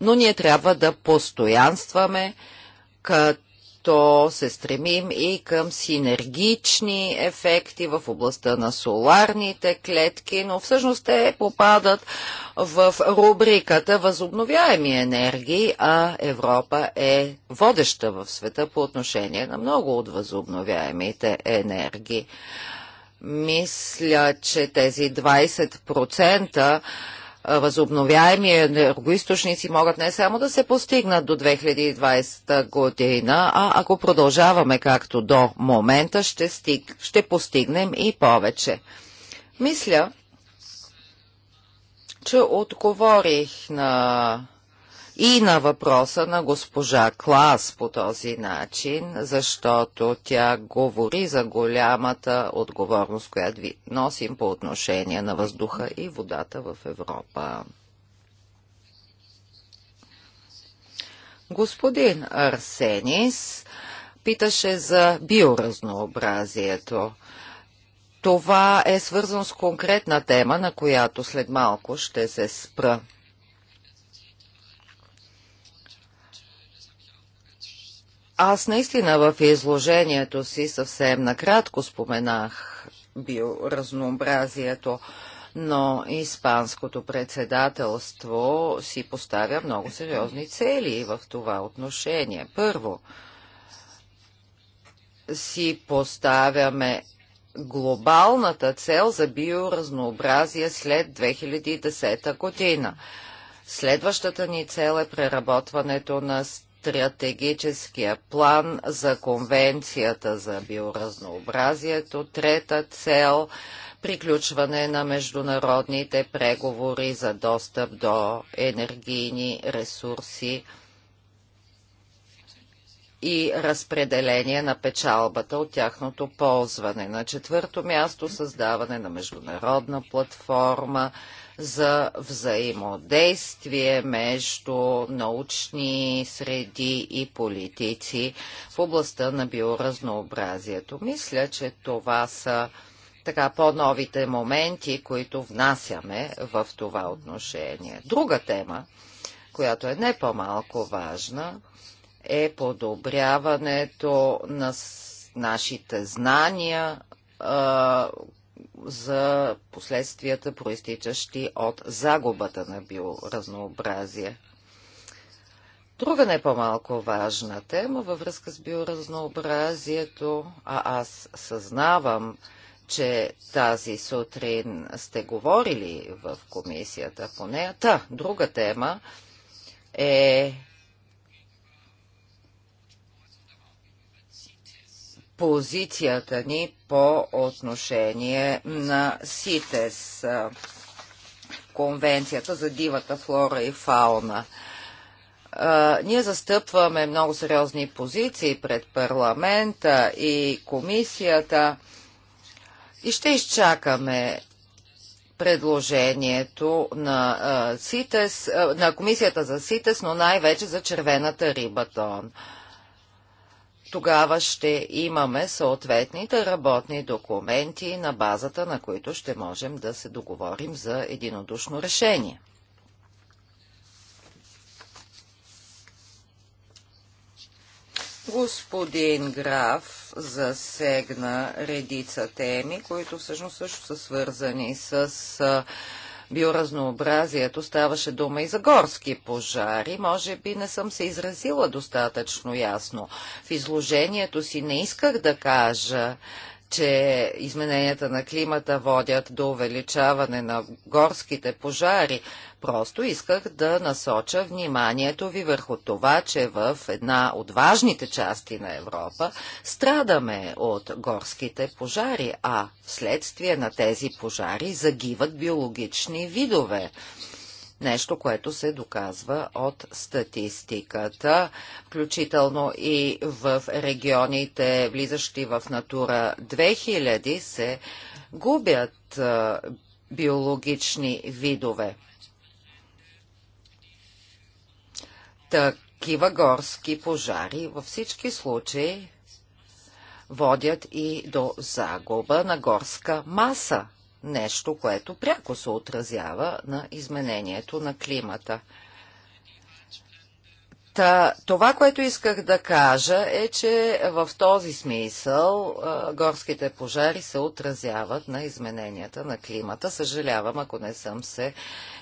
S1: Но ние трябва да постоянстваме, като то се стремим и към синергични ефекти в областта на соларните клетки, но всъщност те попадат в рубриката Възобновяеми енергии, а Европа е водеща в света по отношение на много от възобновяемите енергии. Мисля, че тези 20% възобновяеми енергоисточници могат не само да се постигнат до 2020 година, а ако продължаваме както до момента, ще, стиг, ще постигнем и повече. Мисля, че отговорих на и на въпроса на госпожа Клас по този начин, защото тя говори за голямата отговорност, която ви носим по отношение на въздуха и водата в Европа. Господин Арсенис питаше за биоразнообразието. Това е свързано с конкретна тема, на която след малко ще се спра. Аз наистина в изложението си съвсем накратко споменах биоразнообразието, но Испанското председателство си поставя много сериозни цели в това отношение. Първо, си поставяме глобалната цел за биоразнообразие след 2010 година. Следващата ни цел е преработването на стратегическия план за Конвенцията за биоразнообразието. Трета цел – приключване на международните преговори за достъп до енергийни ресурси и разпределение на печалбата от тяхното ползване. На четвърто място – създаване на международна платформа – за взаимодействие между научни среди и политици в областта на биоразнообразието. Мисля, че това са така по-новите моменти, които внасяме в това отношение. Друга тема, която е не по-малко важна, е подобряването на нашите знания, за последствията, проистичащи от загубата на биоразнообразие. Друга не по-малко важна тема във връзка с биоразнообразието, а аз съзнавам, че тази сутрин сте говорили в комисията по нея. Та, друга тема е позицията ни по отношение на СИТЕС, Конвенцията за дивата флора и фауна. ние застъпваме много сериозни позиции пред парламента и комисията и ще изчакаме предложението на, СИТЕС, на комисията за СИТЕС, но най-вече за червената риба тон тогава ще имаме съответните работни документи, на базата на които ще можем да се договорим за единодушно решение. Господин Граф засегна редица теми, които всъщност също са свързани с биоразнообразието ставаше дума и за горски пожари. Може би не съм се изразила достатъчно ясно. В изложението си не исках да кажа, че измененията на климата водят до увеличаване на горските пожари. Просто исках да насоча вниманието ви върху това, че в една от важните части на Европа страдаме от горските пожари, а вследствие на тези пожари загиват биологични видове нещо, което се доказва от статистиката, включително и в регионите, влизащи в Натура 2000, се губят биологични видове. Такива горски пожари във всички случаи водят и до загуба на горска маса, нещо, което пряко се отразява на изменението на климата. Та, това, което исках да кажа е, че в този смисъл горските пожари се отразяват на измененията на климата. Съжалявам, ако не съм се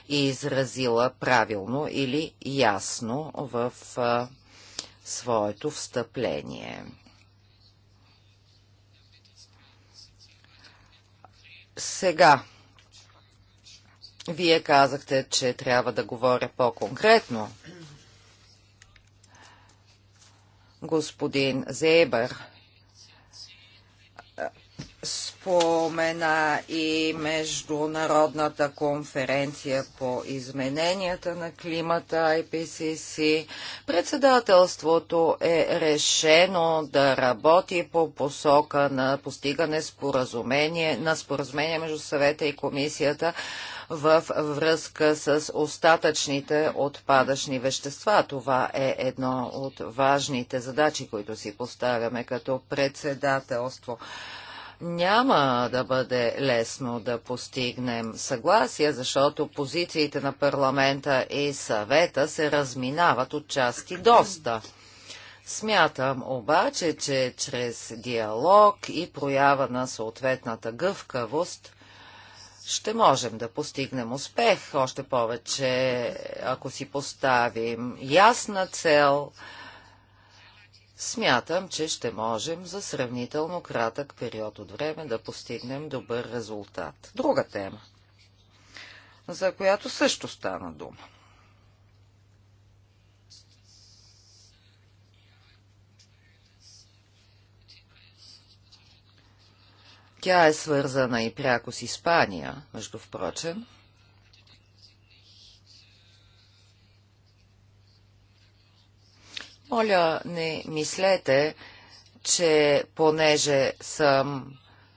S1: изразила правилно или ясно в своето встъпление. Сега, вие казахте, че трябва да говоря по-конкретно. Господин Зебър спомена и Международната конференция по измененията на климата IPCC. Председателството е решено да работи по посока на постигане споразумение, на споразумение между съвета и комисията в връзка с остатъчните отпадъчни вещества. Това е едно от важните задачи, които си поставяме като председателство. Няма да бъде лесно да постигнем съгласие, защото позициите на парламента и съвета се разминават от части доста. Смятам обаче, че чрез диалог и проява на съответната гъвкавост ще можем да постигнем успех, още повече ако си поставим ясна цел – Смятам, че ще можем за сравнително кратък период от време да постигнем добър резултат. Друга тема, за която също стана дума. Тя е свързана и пряко с Испания, между впрочем. Моля, не мислете, че понеже съм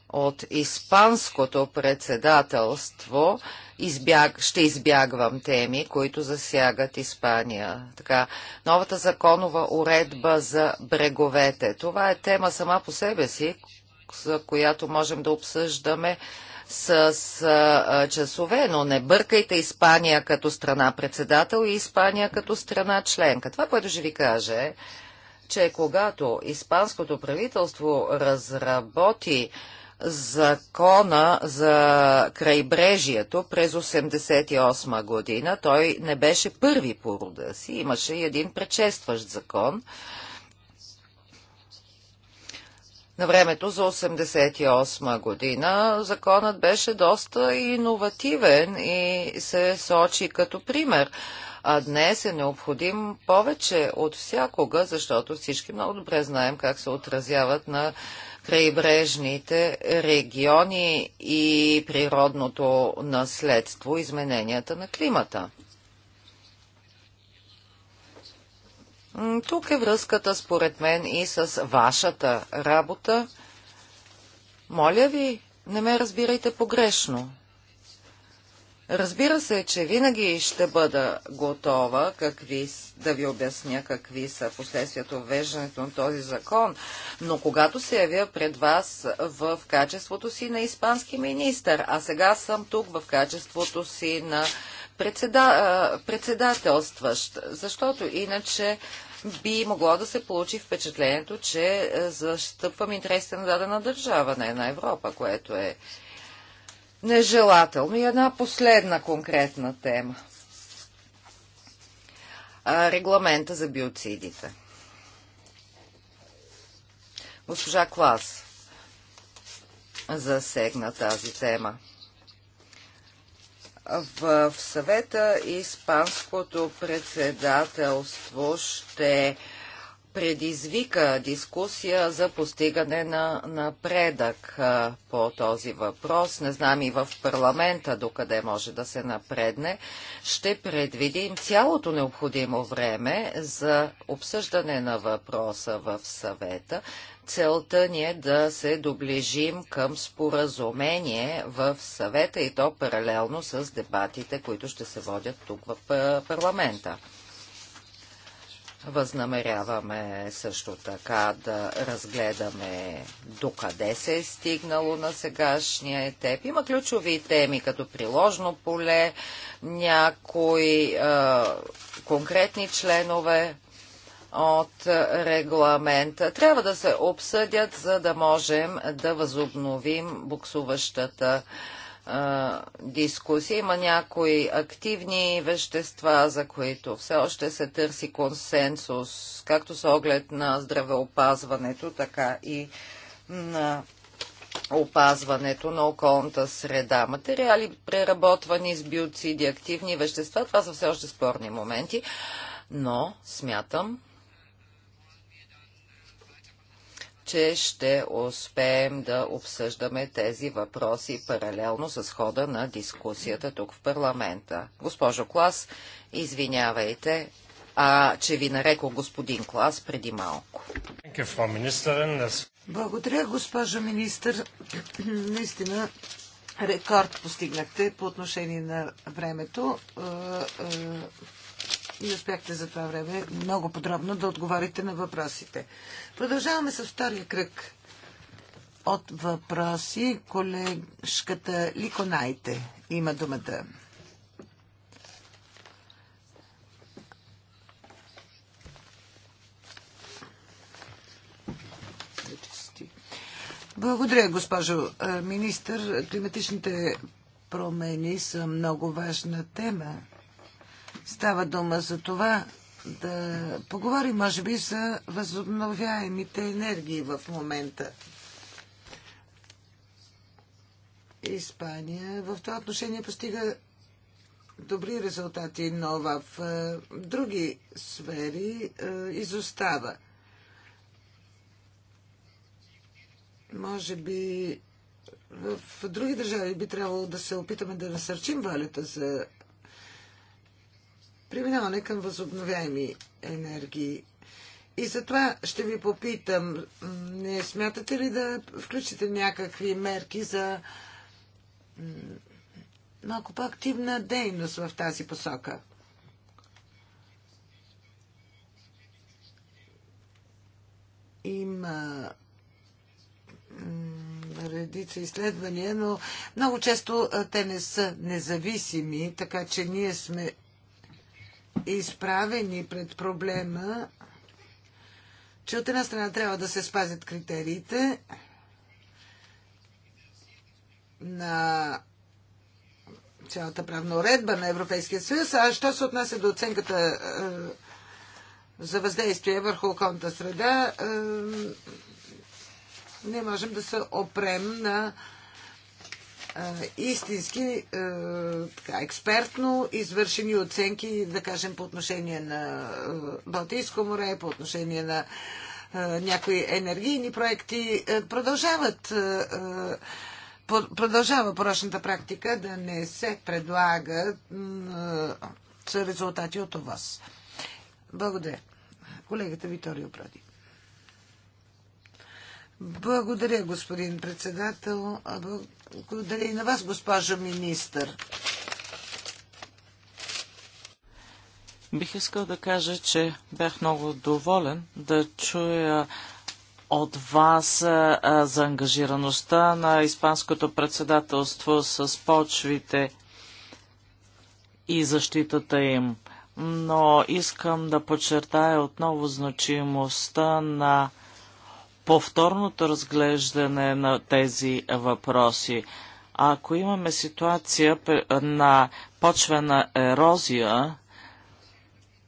S1: от Испанското председателство, избяг, ще избягвам теми, които засягат Испания. Така, новата законова уредба за бреговете. Това е тема сама по себе си, за която можем да обсъждаме с а, часове, но не бъркайте Испания като страна председател и Испания като страна членка. Това, което ще ви кажа е, че когато испанското правителство разработи закона за крайбрежието през 1988 година, той не беше първи по рода си, имаше един предшестващ закон, на времето за 88 година. Законът беше доста иновативен и се сочи като пример. А днес е необходим повече от всякога, защото всички много добре знаем как се отразяват на крайбрежните региони и природното наследство, измененията на климата. Тук е връзката, според мен, и с вашата работа. Моля ви, не ме разбирайте погрешно. Разбира се, че винаги ще бъда готова какви, да ви обясня какви са последствията ввеждането веждането на този закон, но когато се явя пред вас в качеството си на испански министър, а сега съм тук в качеството си на председа, председателстващ, защото иначе би могло да се получи впечатлението, че застъпвам интересите на дадена държава, не на Европа, което е нежелателно. И една последна конкретна тема. Регламента за биоцидите. Госпожа Клас засегна тази тема. В съвета Испанското председателство ще предизвика дискусия за постигане на напредък по този въпрос. Не знам и в парламента докъде може да се напредне. Ще предвидим цялото необходимо време за обсъждане на въпроса в съвета. Целта ни е да се доближим към споразумение в съвета и то паралелно с дебатите, които ще се водят тук в парламента. Възнамеряваме също така да разгледаме докъде се е стигнало на сегашния етеп. Има ключови теми като приложно поле, някои е, конкретни членове от регламента. Трябва да се обсъдят, за да можем да възобновим буксуващата е, дискусия. Има някои активни вещества, за които все още се търси консенсус, както с оглед на здравеопазването, така и на опазването на околната среда. Материали, преработвани с биоциди, активни вещества, това са все още спорни моменти, но смятам, че ще успеем да обсъждаме тези въпроси паралелно с хода на дискусията тук в парламента. Госпожо Клас, извинявайте, а, че ви нареко господин Клас преди малко.
S3: Благодаря, госпожо министър. Наистина рекорд постигнахте по отношение на времето. Е, е, и успяхте за това време много подробно да отговорите на въпросите. Продължаваме с втория кръг от въпроси. Колежката Ликонайте има думата. Благодаря, госпожо министър. Климатичните промени са много важна тема Става дума за това да поговорим, може би, за възобновяемите енергии в момента. Испания в това отношение постига добри резултати, но в е, други сфери е, изостава. Може би в други държави би трябвало да се опитаме да насърчим волята за преминаване към възобновяеми енергии. И затова ще ви попитам, не смятате ли да включите някакви мерки за малко по-активна дейност в тази посока? Има редица изследвания, но много често те не са независими, така че ние сме изправени пред проблема, че от една страна трябва да се спазят критериите на цялата правна уредба на Европейския съюз, а що се отнася до оценката е, за въздействие върху околната среда, е, не можем да се опрем на истински така, експертно извършени оценки, да кажем, по отношение на Балтийско море, по отношение на някои енергийни проекти. Е, продължават продължава порочната практика да не се предлага резултати от вас. Благодаря. Колегата Виторио Бради. Благодаря, господин председател.
S2: Благодаря и на вас, госпожо министър. Бих искал да кажа, че бях много доволен да чуя от вас за ангажираността на Испанското председателство с почвите и защитата им. Но искам да подчертая отново значимостта на повторното разглеждане на тези въпроси. А ако имаме ситуация на почвена ерозия,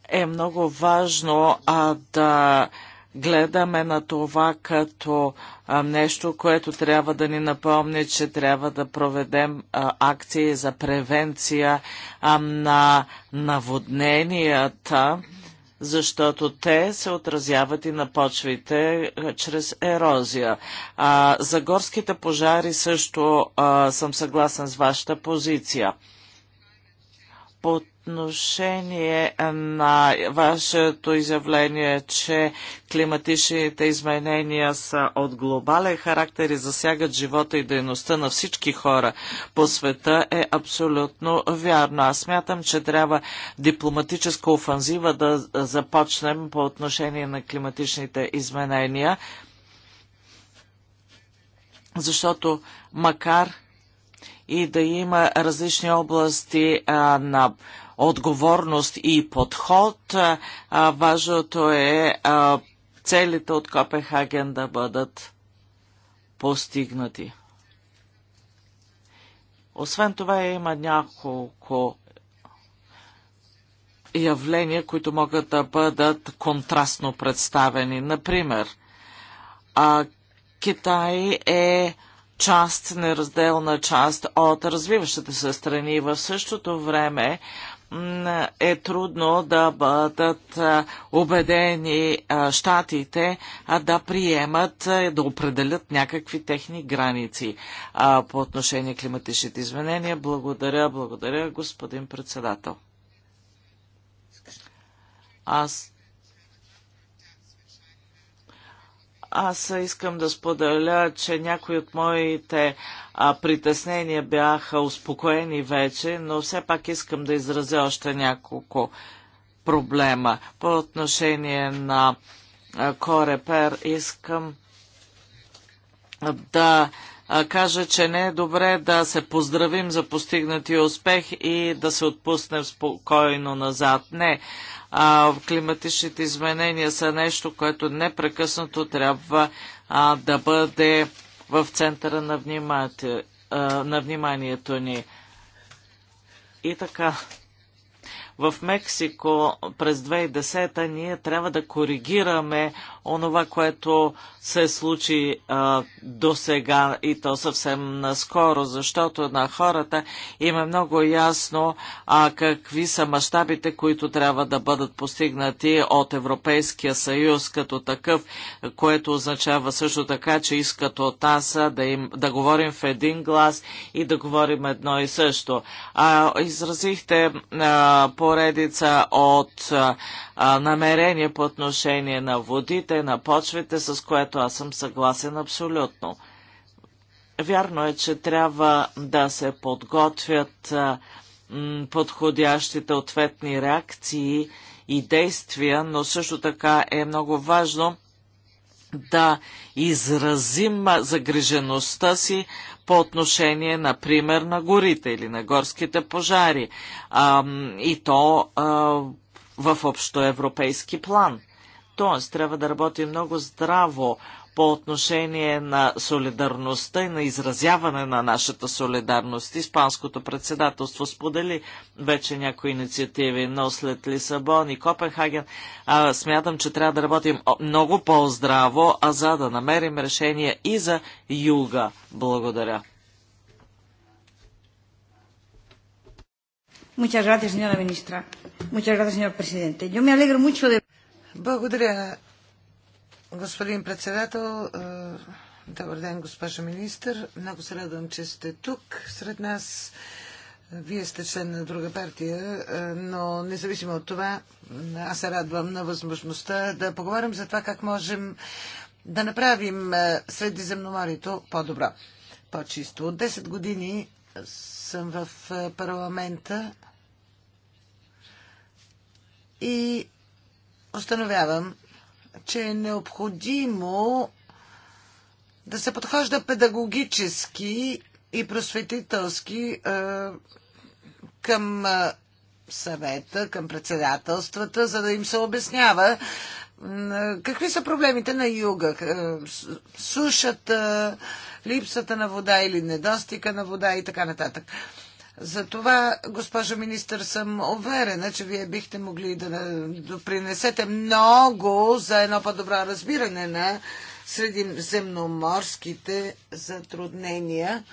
S2: е много важно а, да гледаме на това като а, нещо, което трябва да ни напомни, че трябва да проведем а, акции за превенция а, на наводненията защото те се отразяват и на почвите чрез ерозия. А, за горските пожари също а, съм съгласен с вашата позиция. По отношение на вашето изявление, че климатичните изменения са от глобален характер и засягат живота и дейността на всички хора по света е абсолютно вярно. Аз смятам, че трябва дипломатическа офанзива да започнем по отношение на климатичните изменения, защото макар и да има различни области а, на отговорност и подход. Важното е целите от Копенхаген да бъдат постигнати. Освен това има няколко явления, които могат да бъдат контрастно представени. Например, а, Китай е част, неразделна част от развиващите се страни. В същото време е трудно да бъдат убедени щатите да приемат, да определят някакви техни граници по отношение климатичните изменения. Благодаря, благодаря, господин председател. Аз Аз искам да споделя, че някои от моите а, притеснения бяха успокоени вече, но все пак искам да изразя още няколко проблема. По отношение на а, Корепер искам да кажа, че не е добре да се поздравим за постигнати успех и да се отпуснем спокойно назад. Не, а, климатичните изменения са нещо, което непрекъснато трябва а, да бъде в центъра на, внимати, а, на вниманието ни. И така, в Мексико през 2010 ние трябва да коригираме онова, което се случи а, до сега и то съвсем наскоро, защото на хората им е много ясно а, какви са мащабите, които трябва да бъдат постигнати от Европейския съюз като такъв, което означава също така, че искат от нас да, им, да говорим в един глас и да говорим едно и също. А, изразихте а, по поредица от намерения по отношение на водите, на почвите, с което аз съм съгласен абсолютно. Вярно е, че трябва да се подготвят подходящите ответни реакции и действия, но също така е много важно да изразим загрижеността си по отношение, например, на горите или на горските пожари. А, и то а, в общоевропейски план. Тоест, трябва да работи много здраво по отношение на солидарността и на изразяване на нашата солидарност. Испанското председателство сподели вече някои инициативи, но след Лисабон и Копенхаген а, смятам, че трябва да работим много по-здраво, а за да намерим решение и за юга. Благодаря.
S3: Muchas gracias, señora ministra. Muchas gracias, señor presidente. Yo me alegro mucho de... Благодаря, Господин председател, е, добър ден, госпожа министър. Много се радвам, че сте тук сред нас. Вие сте член на друга партия, е, но независимо от това, аз се радвам на възможността да поговорим за това как можем да направим е, Средиземноморието по-добро, по-чисто. От 10 години съм в парламента и установявам, че е необходимо да се подхожда педагогически и просветителски е, към е, съвета, към председателствата, за да им се обяснява какви са проблемите на юга. Е, сушата, липсата на вода или недостига на вода и така нататък. Затова, госпожо министър, съм уверена, че вие бихте могли да допринесете много за едно по-добро разбиране на средиземноморските затруднения.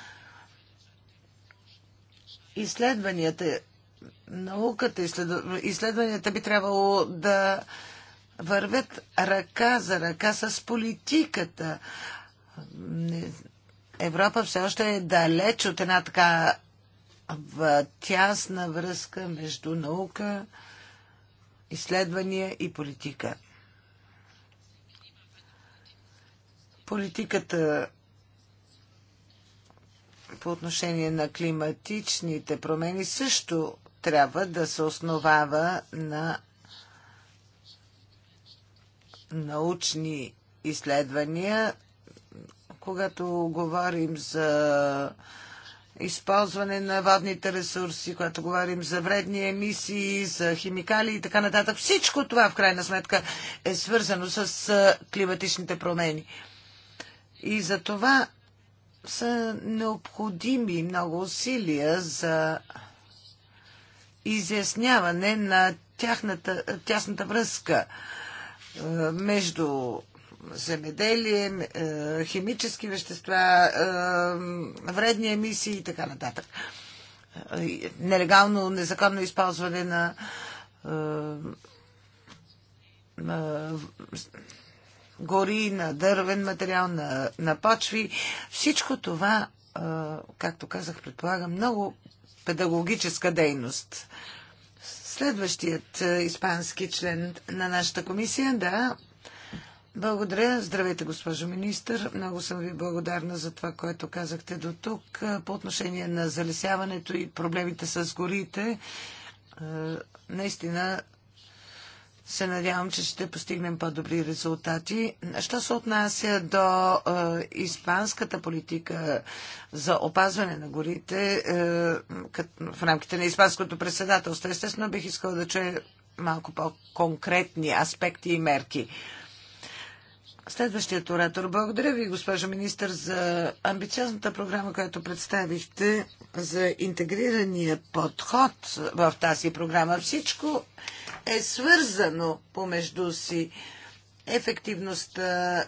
S3: Изследванията, науката, изследванията би трябвало да вървят ръка за ръка с политиката. Европа все още е далеч от една така в тясна връзка между наука, изследвания и политика. Политиката по отношение на климатичните промени също трябва да се основава на научни изследвания. Когато говорим за използване на водните ресурси, когато говорим за вредни емисии, за химикали и така нататък. Всичко това, в крайна сметка, е свързано с климатичните промени. И за това са необходими много усилия за изясняване на тяхната, тясната връзка между земеделие, е, химически вещества, е, вредни емисии и така нататък. Е, нелегално, незаконно използване на гори, на дървен материал, на, на почви. Всичко това, както казах, предполага много педагогическа дейност. Следващият испански член на нашата комисия, да, благодаря. Здравейте, госпожо министър. Много съм ви благодарна за това, което казахте до тук по отношение на залесяването и проблемите с горите. Наистина се надявам, че ще постигнем по-добри резултати. Що се отнася до е, испанската политика за опазване на горите е, в рамките на испанското председателство, естествено бих искала да чуя малко по-конкретни аспекти и мерки. Е, Следващият оратор. Благодаря ви, госпожо министър, за амбициозната програма, която представихте за интегрирания подход в тази програма. Всичко е свързано помежду си. Ефективността,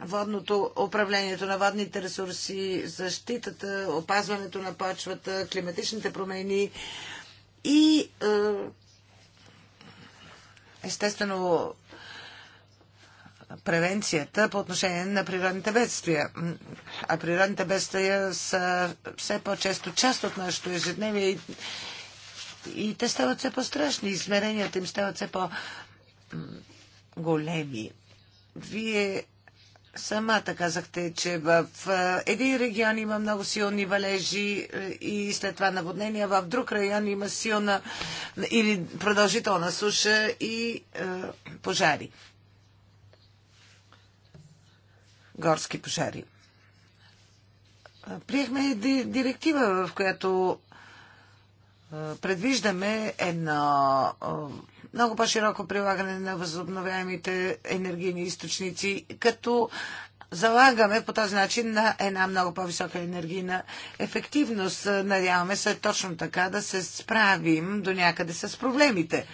S3: водното, управлението на водните ресурси, защитата, опазването на почвата, климатичните промени и е, естествено превенцията по отношение на природните бедствия. А природните бедствия са все по-често част от нашето ежедневие и, и те стават все по-страшни. Измеренията им стават все по-големи. Вие самата казахте, че в един регион има много силни валежи е, и след това наводнения, в друг район има силна или продължителна суша и е, пожари. горски пожари. Приехме директива, в която предвиждаме едно много по-широко прилагане на възобновяемите енергийни източници, като залагаме по този начин на една много по-висока енергийна ефективност. Надяваме се точно така да се справим до някъде с проблемите.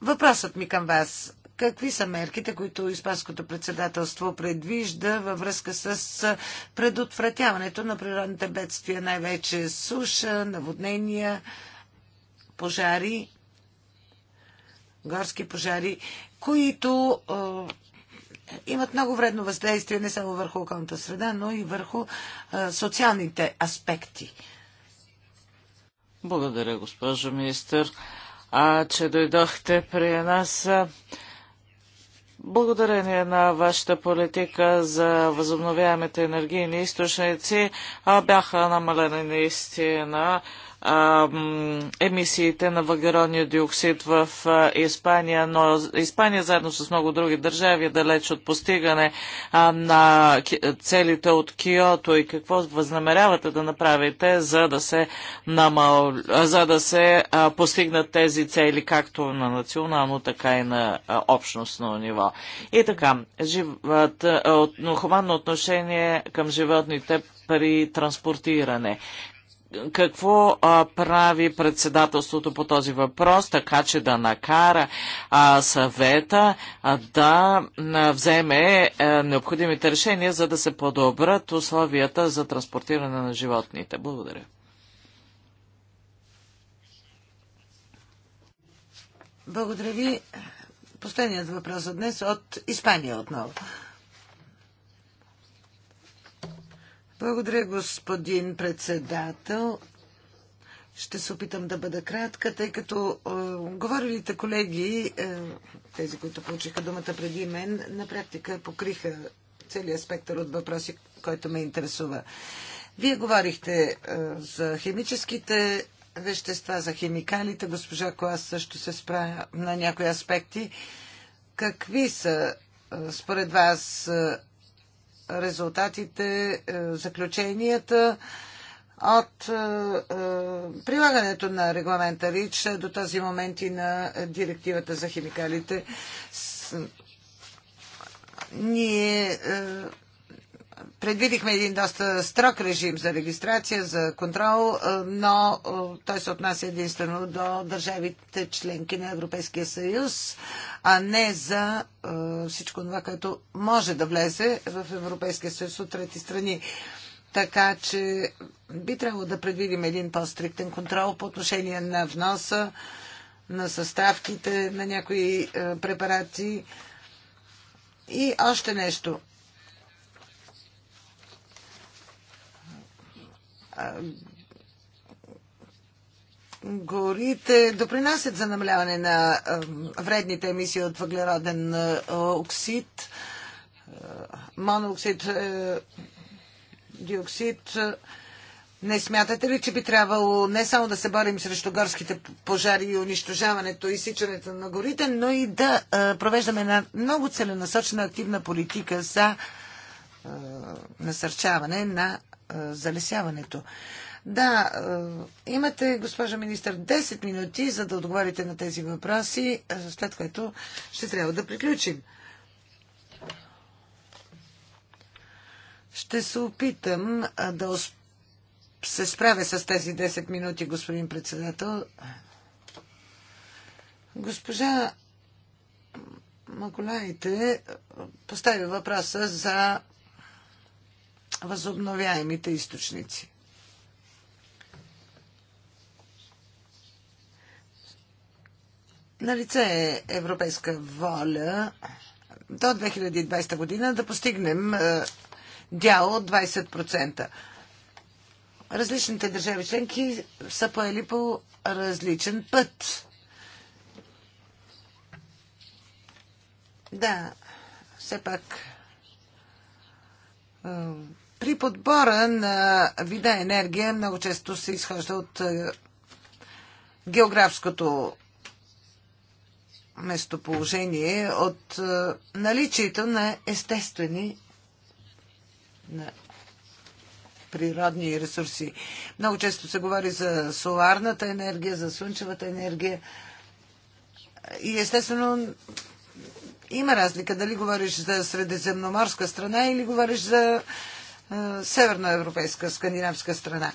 S3: Въпросът ми към вас какви са мерките, които Испанското председателство предвижда във връзка с предотвратяването на природните бедствия, най-вече суша, наводнения, пожари, горски пожари, които имат много вредно въздействие не само върху околната среда, но и върху а, социалните аспекти.
S2: Благодаря, госпожо министър, а, че дойдохте при нас благодарение на вашата политика за възобновяемите енергийни източници бяха намалени наистина а, емисиите на въглеродния диоксид в Испания, но Испания заедно с много други държави е далеч от постигане а, на целите от Киото и какво възнамерявате да направите, за да се, намал... за да се а, постигнат тези цели както на национално, така и на а, общностно ниво. И така, живът, от, хуманно отношение към животните при транспортиране какво а, прави председателството по този въпрос, така че да накара а, съвета а, да а, вземе а, необходимите решения, за да се подобрат условията за транспортиране на животните. Благодаря.
S3: Благодаря ви. Последният въпрос за днес от Испания отново. Благодаря, господин председател. Ще се опитам да бъда кратка, тъй като е, говорилите колеги, е, тези, които получиха думата преди мен, на практика покриха целият спектър от въпроси, който ме интересува. Вие говорихте е, за химическите вещества, за химикалите. Госпожа Коас също се справя на някои аспекти. Какви са е, според вас е, резултатите, е, заключенията от е, е, прилагането на регламента РИЧ до този момент и на директивата за химикалите. Ние предвидихме един доста строг режим за регистрация, за контрол, но той се отнася единствено до държавите членки на Европейския съюз, а не за всичко това, което може да влезе в Европейския съюз от трети страни. Така че би трябвало да предвидим един по-стриктен контрол по отношение на вноса, на съставките на някои препарати. И още нещо. горите допринасят за намаляване на вредните емисии от въглероден оксид, монооксид, диоксид. Не смятате ли, че би трябвало не само да се борим срещу горските пожари и унищожаването и сичането на горите, но и да провеждаме една много целенасочена активна политика за насърчаване на залесяването. Да, имате, госпожа министр, 10 минути, за да отговорите на тези въпроси, след което ще трябва да приключим. Ще се опитам да се справя с тези 10 минути, господин председател. Госпожа Маколаите постави въпроса за възобновяемите източници. Налице е европейска воля до 2020 година да постигнем е, дял от 20%. Различните държави членки са поели по различен път. Да, все пак е, при подбора на вида енергия много често се изхожда от е, географското местоположение, от е, наличието на естествени на природни ресурси. Много често се говори за соларната енергия, за слънчевата енергия. И естествено има разлика дали говориш за средиземноморска страна или говориш за е, северноевропейска, скандинавска страна.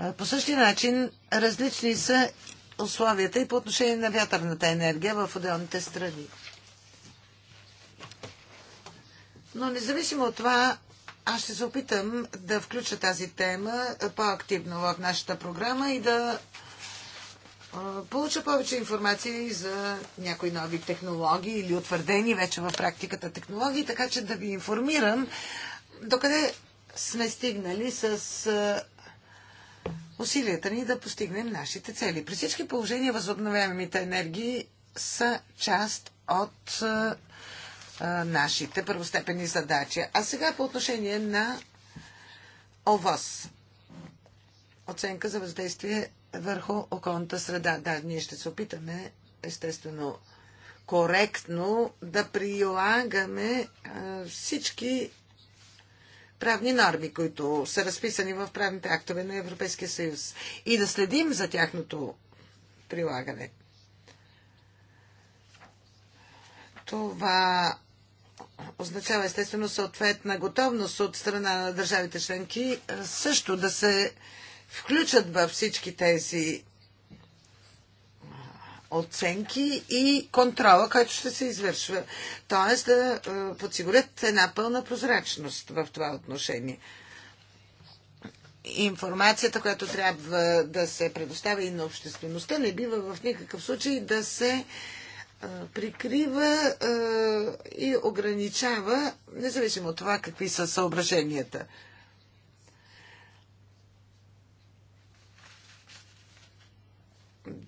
S3: Е, по същия начин различни са условията и по отношение на вятърната енергия в отделните страни. Но независимо от това, аз ще се опитам да включа тази тема по-активно в нашата програма и да е, получа повече информация и за някои нови технологии или утвърдени вече в практиката технологии, така че да ви информирам докъде сме стигнали с усилията ни да постигнем нашите цели. При всички положения възобновяемите енергии са част от нашите първостепени задачи. А сега по отношение на ОВОС. Оценка за въздействие върху околната среда. Да, ние ще се опитаме, естествено, коректно да прилагаме всички правни норми, които са разписани в правните актове на Европейския съюз и да следим за тяхното прилагане. Това означава естествено съответна готовност от страна на държавите членки също да се включат във всички тези оценки и контрола, който ще се извършва. Тоест да е, подсигурят една пълна прозрачност в това отношение. Информацията, която трябва да се предоставя и на обществеността, не бива в никакъв случай да се е, прикрива е, и ограничава, независимо от това какви са съображенията.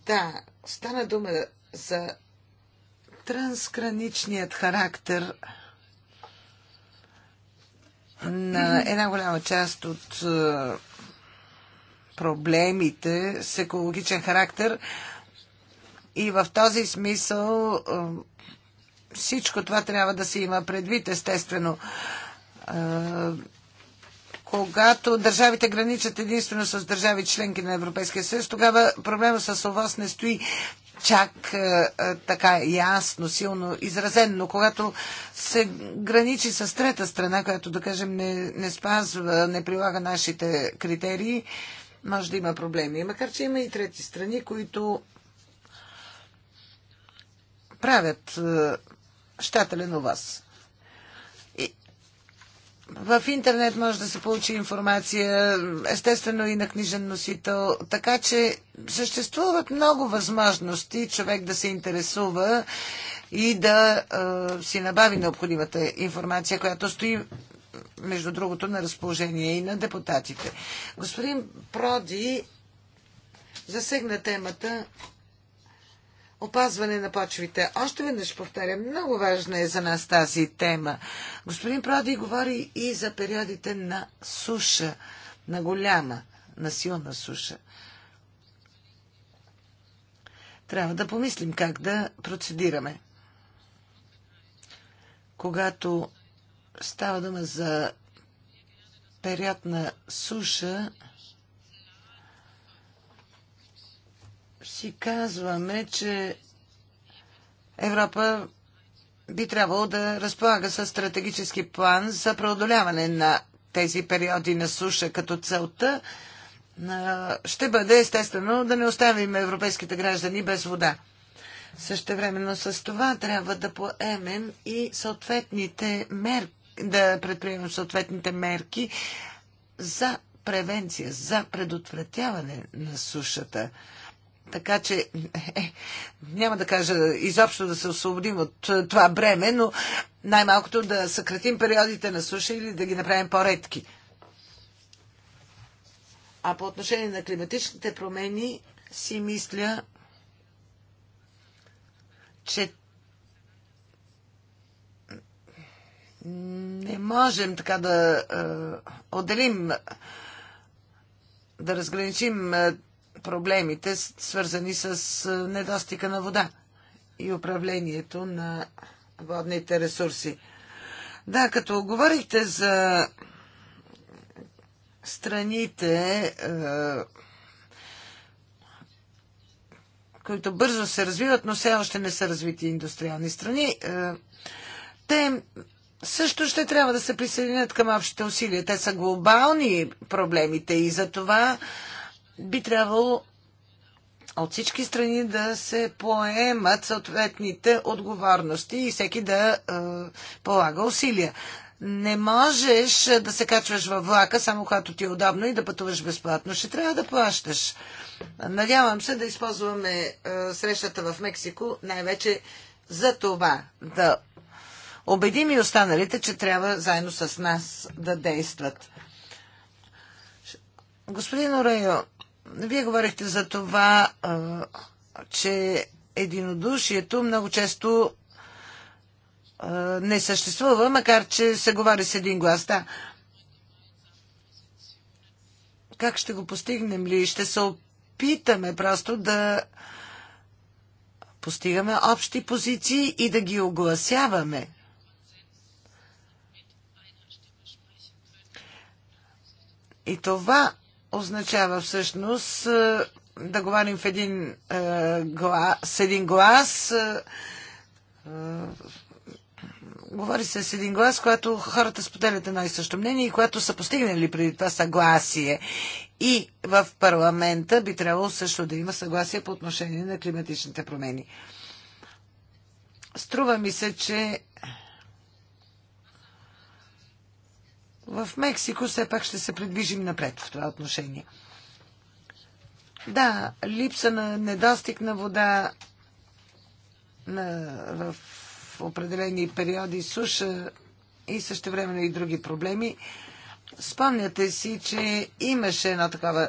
S3: Да, стана дума за трансграничният характер на една голяма част от е, проблемите с екологичен характер. И в този смисъл е, всичко това трябва да се има предвид, естествено. Е, когато държавите граничат единствено с държави членки на Европейския съюз, тогава проблема с ОВОС не стои чак е, е, така ясно, силно изразен, но когато се граничи с трета страна, която да кажем не, не спазва, не прилага нашите критерии, може да има проблеми. Макар, че има и трети страни, които правят е, щателен у вас. В интернет може да се получи информация, естествено и на книжен носител, така че съществуват много възможности човек да се интересува и да е, си набави необходимата информация, която стои между другото на разположение и на депутатите. Господин Проди засегна темата опазване на почвите. Още веднъж повтарям, много важна е за нас тази тема. Господин Проди говори и за периодите на суша, на голяма, на силна суша. Трябва да помислим как да процедираме. Когато става дума за период на суша, си казваме, че Европа би трябвало да разполага със стратегически план за преодоляване на тези периоди на суша, като целта ще бъде естествено да не оставим европейските граждани без вода. Същевременно с това трябва да поемем и съответните мерки, да предприемем съответните мерки за превенция, за предотвратяване на сушата. Така че е, няма да кажа изобщо да се освободим от е, това бреме, но най-малкото да съкратим периодите на суша или да ги направим по-редки. А по отношение на климатичните промени си мисля, че не можем така да е, отделим, да разграничим е, проблемите, свързани с недостига на вода и управлението на водните ресурси. Да, като говорихте за страните, които бързо се развиват, но все още не са развити индустриални страни, те също ще трябва да се присъединят към общите усилия. Те са глобални проблемите и за това би трябвало от всички страни да се поемат съответните отговорности и всеки да е, полага усилия. Не можеш да се качваш във влака, само когато ти е удобно и да пътуваш безплатно. Ще трябва да плащаш. Надявам се да използваме е, срещата в Мексико най-вече за това. Да убедим и останалите, че трябва заедно с нас да действат. Господин Орео, вие говорихте за това, че единодушието много често не съществува, макар че се говори с един глас. Да. Как ще го постигнем ли? Ще се опитаме просто да постигаме общи позиции и да ги огласяваме. И това означава всъщност е, да говорим в един, е, с един глас. Е, говори се с един глас, когато хората споделят едно и също мнение и когато са постигнали преди това съгласие. И в парламента би трябвало също да има съгласие по отношение на климатичните промени. Струва ми се, че в Мексико все пак ще се придвижим напред в това отношение. Да, липса на недостиг на вода на, в определени периоди, суша и също времено и други проблеми. Спомняте си, че имаше едно такова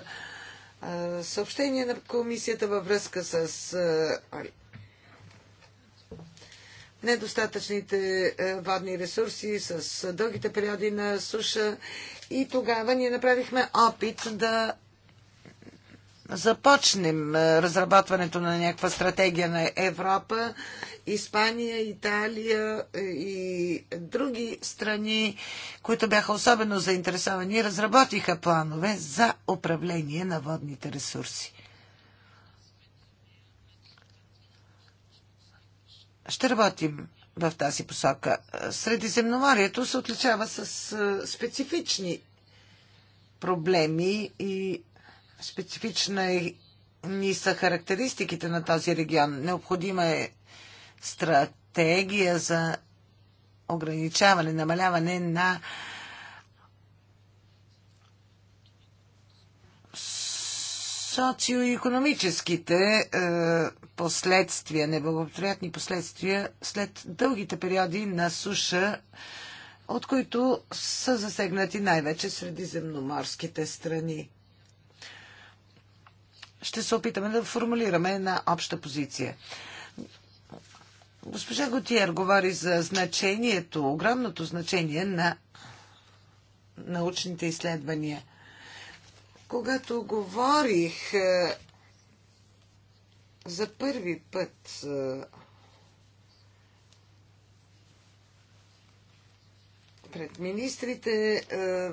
S3: съобщение на комисията във връзка с недостатъчните е, водни ресурси, с е, дългите периоди на суша. И тогава ние направихме опит да започнем е, разработването на някаква стратегия на Европа, Испания, Италия и други страни, които бяха особено заинтересовани, разработиха планове за управление на водните ресурси. ще работим в тази посока. Средиземноморието се отличава с специфични проблеми и специфична е, ни са характеристиките на този регион. Необходима е стратегия за ограничаване, намаляване на социоекономическите е, последствия, неблагоприятни последствия след дългите периоди на суша, от които са засегнати най-вече средиземноморските страни. Ще се опитаме да формулираме една обща позиция. Госпожа Готиер говори за значението, огромното значение на научните изследвания – когато говорих е, за първи път е, пред министрите, е,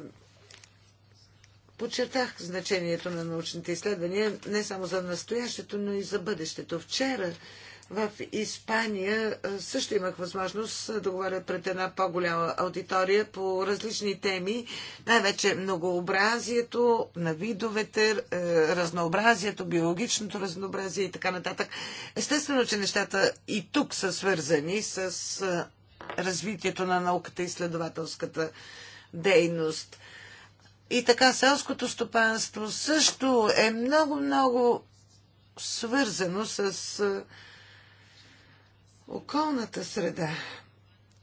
S3: подчертах значението на научните изследвания не само за настоящето, но и за бъдещето. Вчера в Испания също имах възможност да говоря пред една по-голяма аудитория по различни теми, най-вече многообразието на видовете, е, разнообразието, биологичното разнообразие и така нататък. Естествено, че нещата и тук са свързани с развитието на науката и следователската дейност. И така селското стопанство също е много-много свързано с околната среда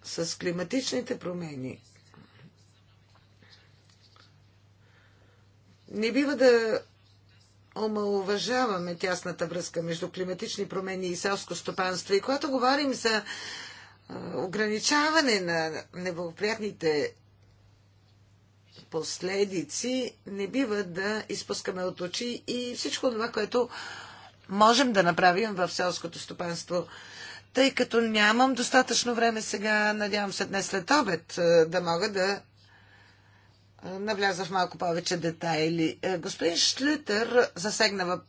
S3: с климатичните промени не бива да омалуважаваме тясната връзка между климатични промени и селско стопанство. И когато говорим за ограничаване на неблагоприятните последици, не бива да изпускаме от очи и всичко това, което можем да направим в селското стопанство. Тъй като нямам достатъчно време сега, надявам се днес след обед е, да мога да е, навляза в малко повече детайли. Е, господин Шлютер засегна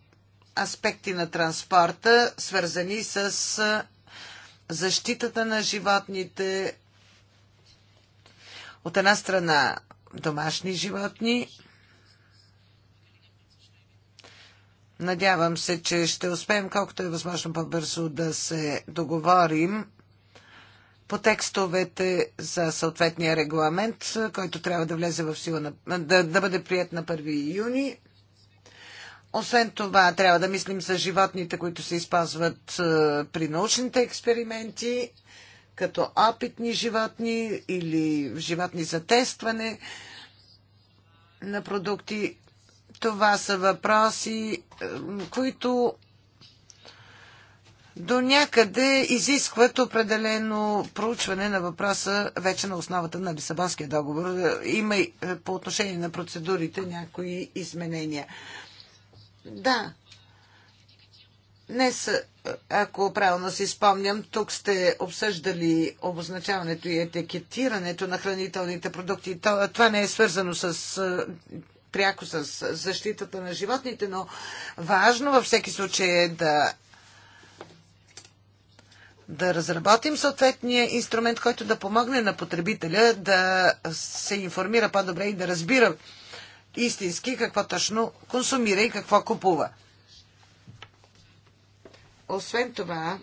S3: аспекти на транспорта, свързани с защитата на животните. От една страна домашни животни, Надявам се, че ще успеем колкото е възможно по-бързо да се договорим по текстовете за съответния регламент, който трябва да влезе в сила на, да, да бъде прият на 1 юни. Освен това, трябва да мислим за животните, които се използват е, при научните експерименти, като опитни животни или животни за тестване на продукти. Това са въпроси, които до някъде изискват определено проучване на въпроса вече на основата на Лисабонския договор. Има и е, по отношение на процедурите някои изменения. Да. Днес, е, ако правилно си спомням, тук сте обсъждали обозначаването и етикетирането на хранителните продукти. Това не е свързано с е, пряко с защитата на животните, но важно във всеки случай е да да разработим съответния инструмент, който да помогне на потребителя да се информира по-добре и да разбира истински какво точно консумира и какво купува. Освен това,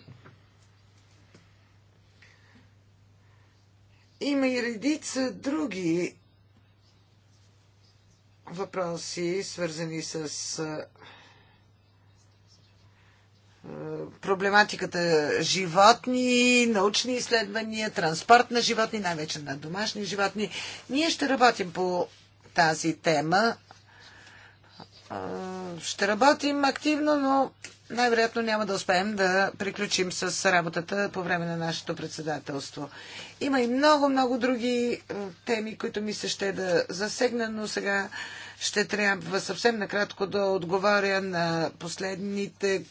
S3: има и редица други въпроси, свързани с проблематиката животни, научни изследвания, транспорт на животни, най-вече на домашни животни. Ние ще работим по тази тема ще работим активно, но най-вероятно няма да успеем да приключим с работата по време на нашето председателство. Има и много-много други е, теми, които ми се ще да засегна, но сега ще трябва съвсем накратко да отговоря на последните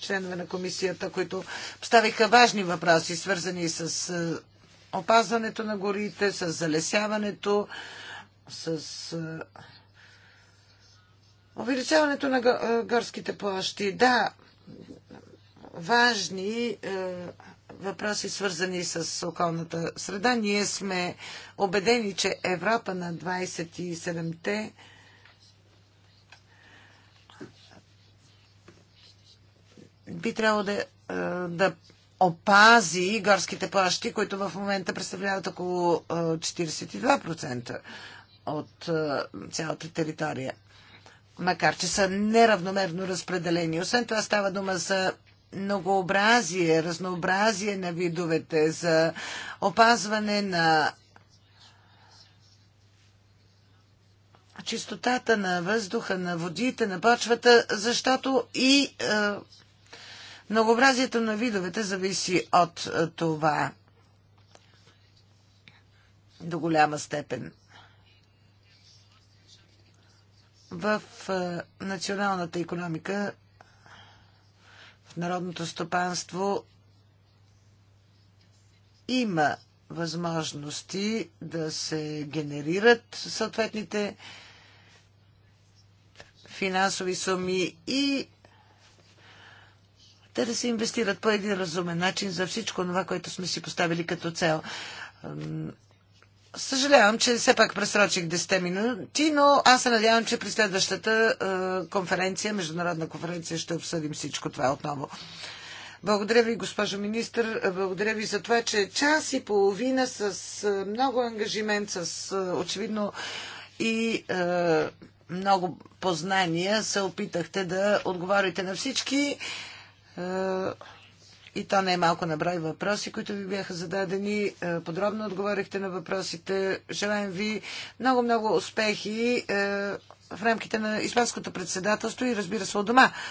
S3: членове на комисията, които поставиха важни въпроси, свързани с е, опазването на горите, с залесяването, с е, Увеличаването на горските площи. Да, важни е, въпроси, свързани с околната среда. Ние сме убедени, че Европа на 27-те би трябвало да, е, да опази горските плащи, които в момента представляват около 42% е, от цялата територия макар че са неравномерно разпределени. Освен това става дума за многообразие, разнообразие на видовете, за опазване на чистотата на въздуха, на водите, на почвата, защото и е, многообразието на видовете зависи от е, това до голяма степен в националната економика, в народното стопанство има възможности да се генерират съответните финансови суми и те да се инвестират по един разумен начин за всичко това, което сме си поставили като цел. Съжалявам, че все пак пресрочих 10 минути, но аз се надявам, че при следващата е, конференция, международна конференция, ще обсъдим всичко това отново. Благодаря ви, госпожо министр. Благодаря ви за това, че час и половина с е, много ангажимент, с е, очевидно и е, много познания се опитахте да отговорите на всички. Е, и то не е малко наброй въпроси, които ви бяха зададени. Е, подробно отговорихте на въпросите. Желаем ви много-много успехи е, в рамките на Испанското председателство и разбира се от дома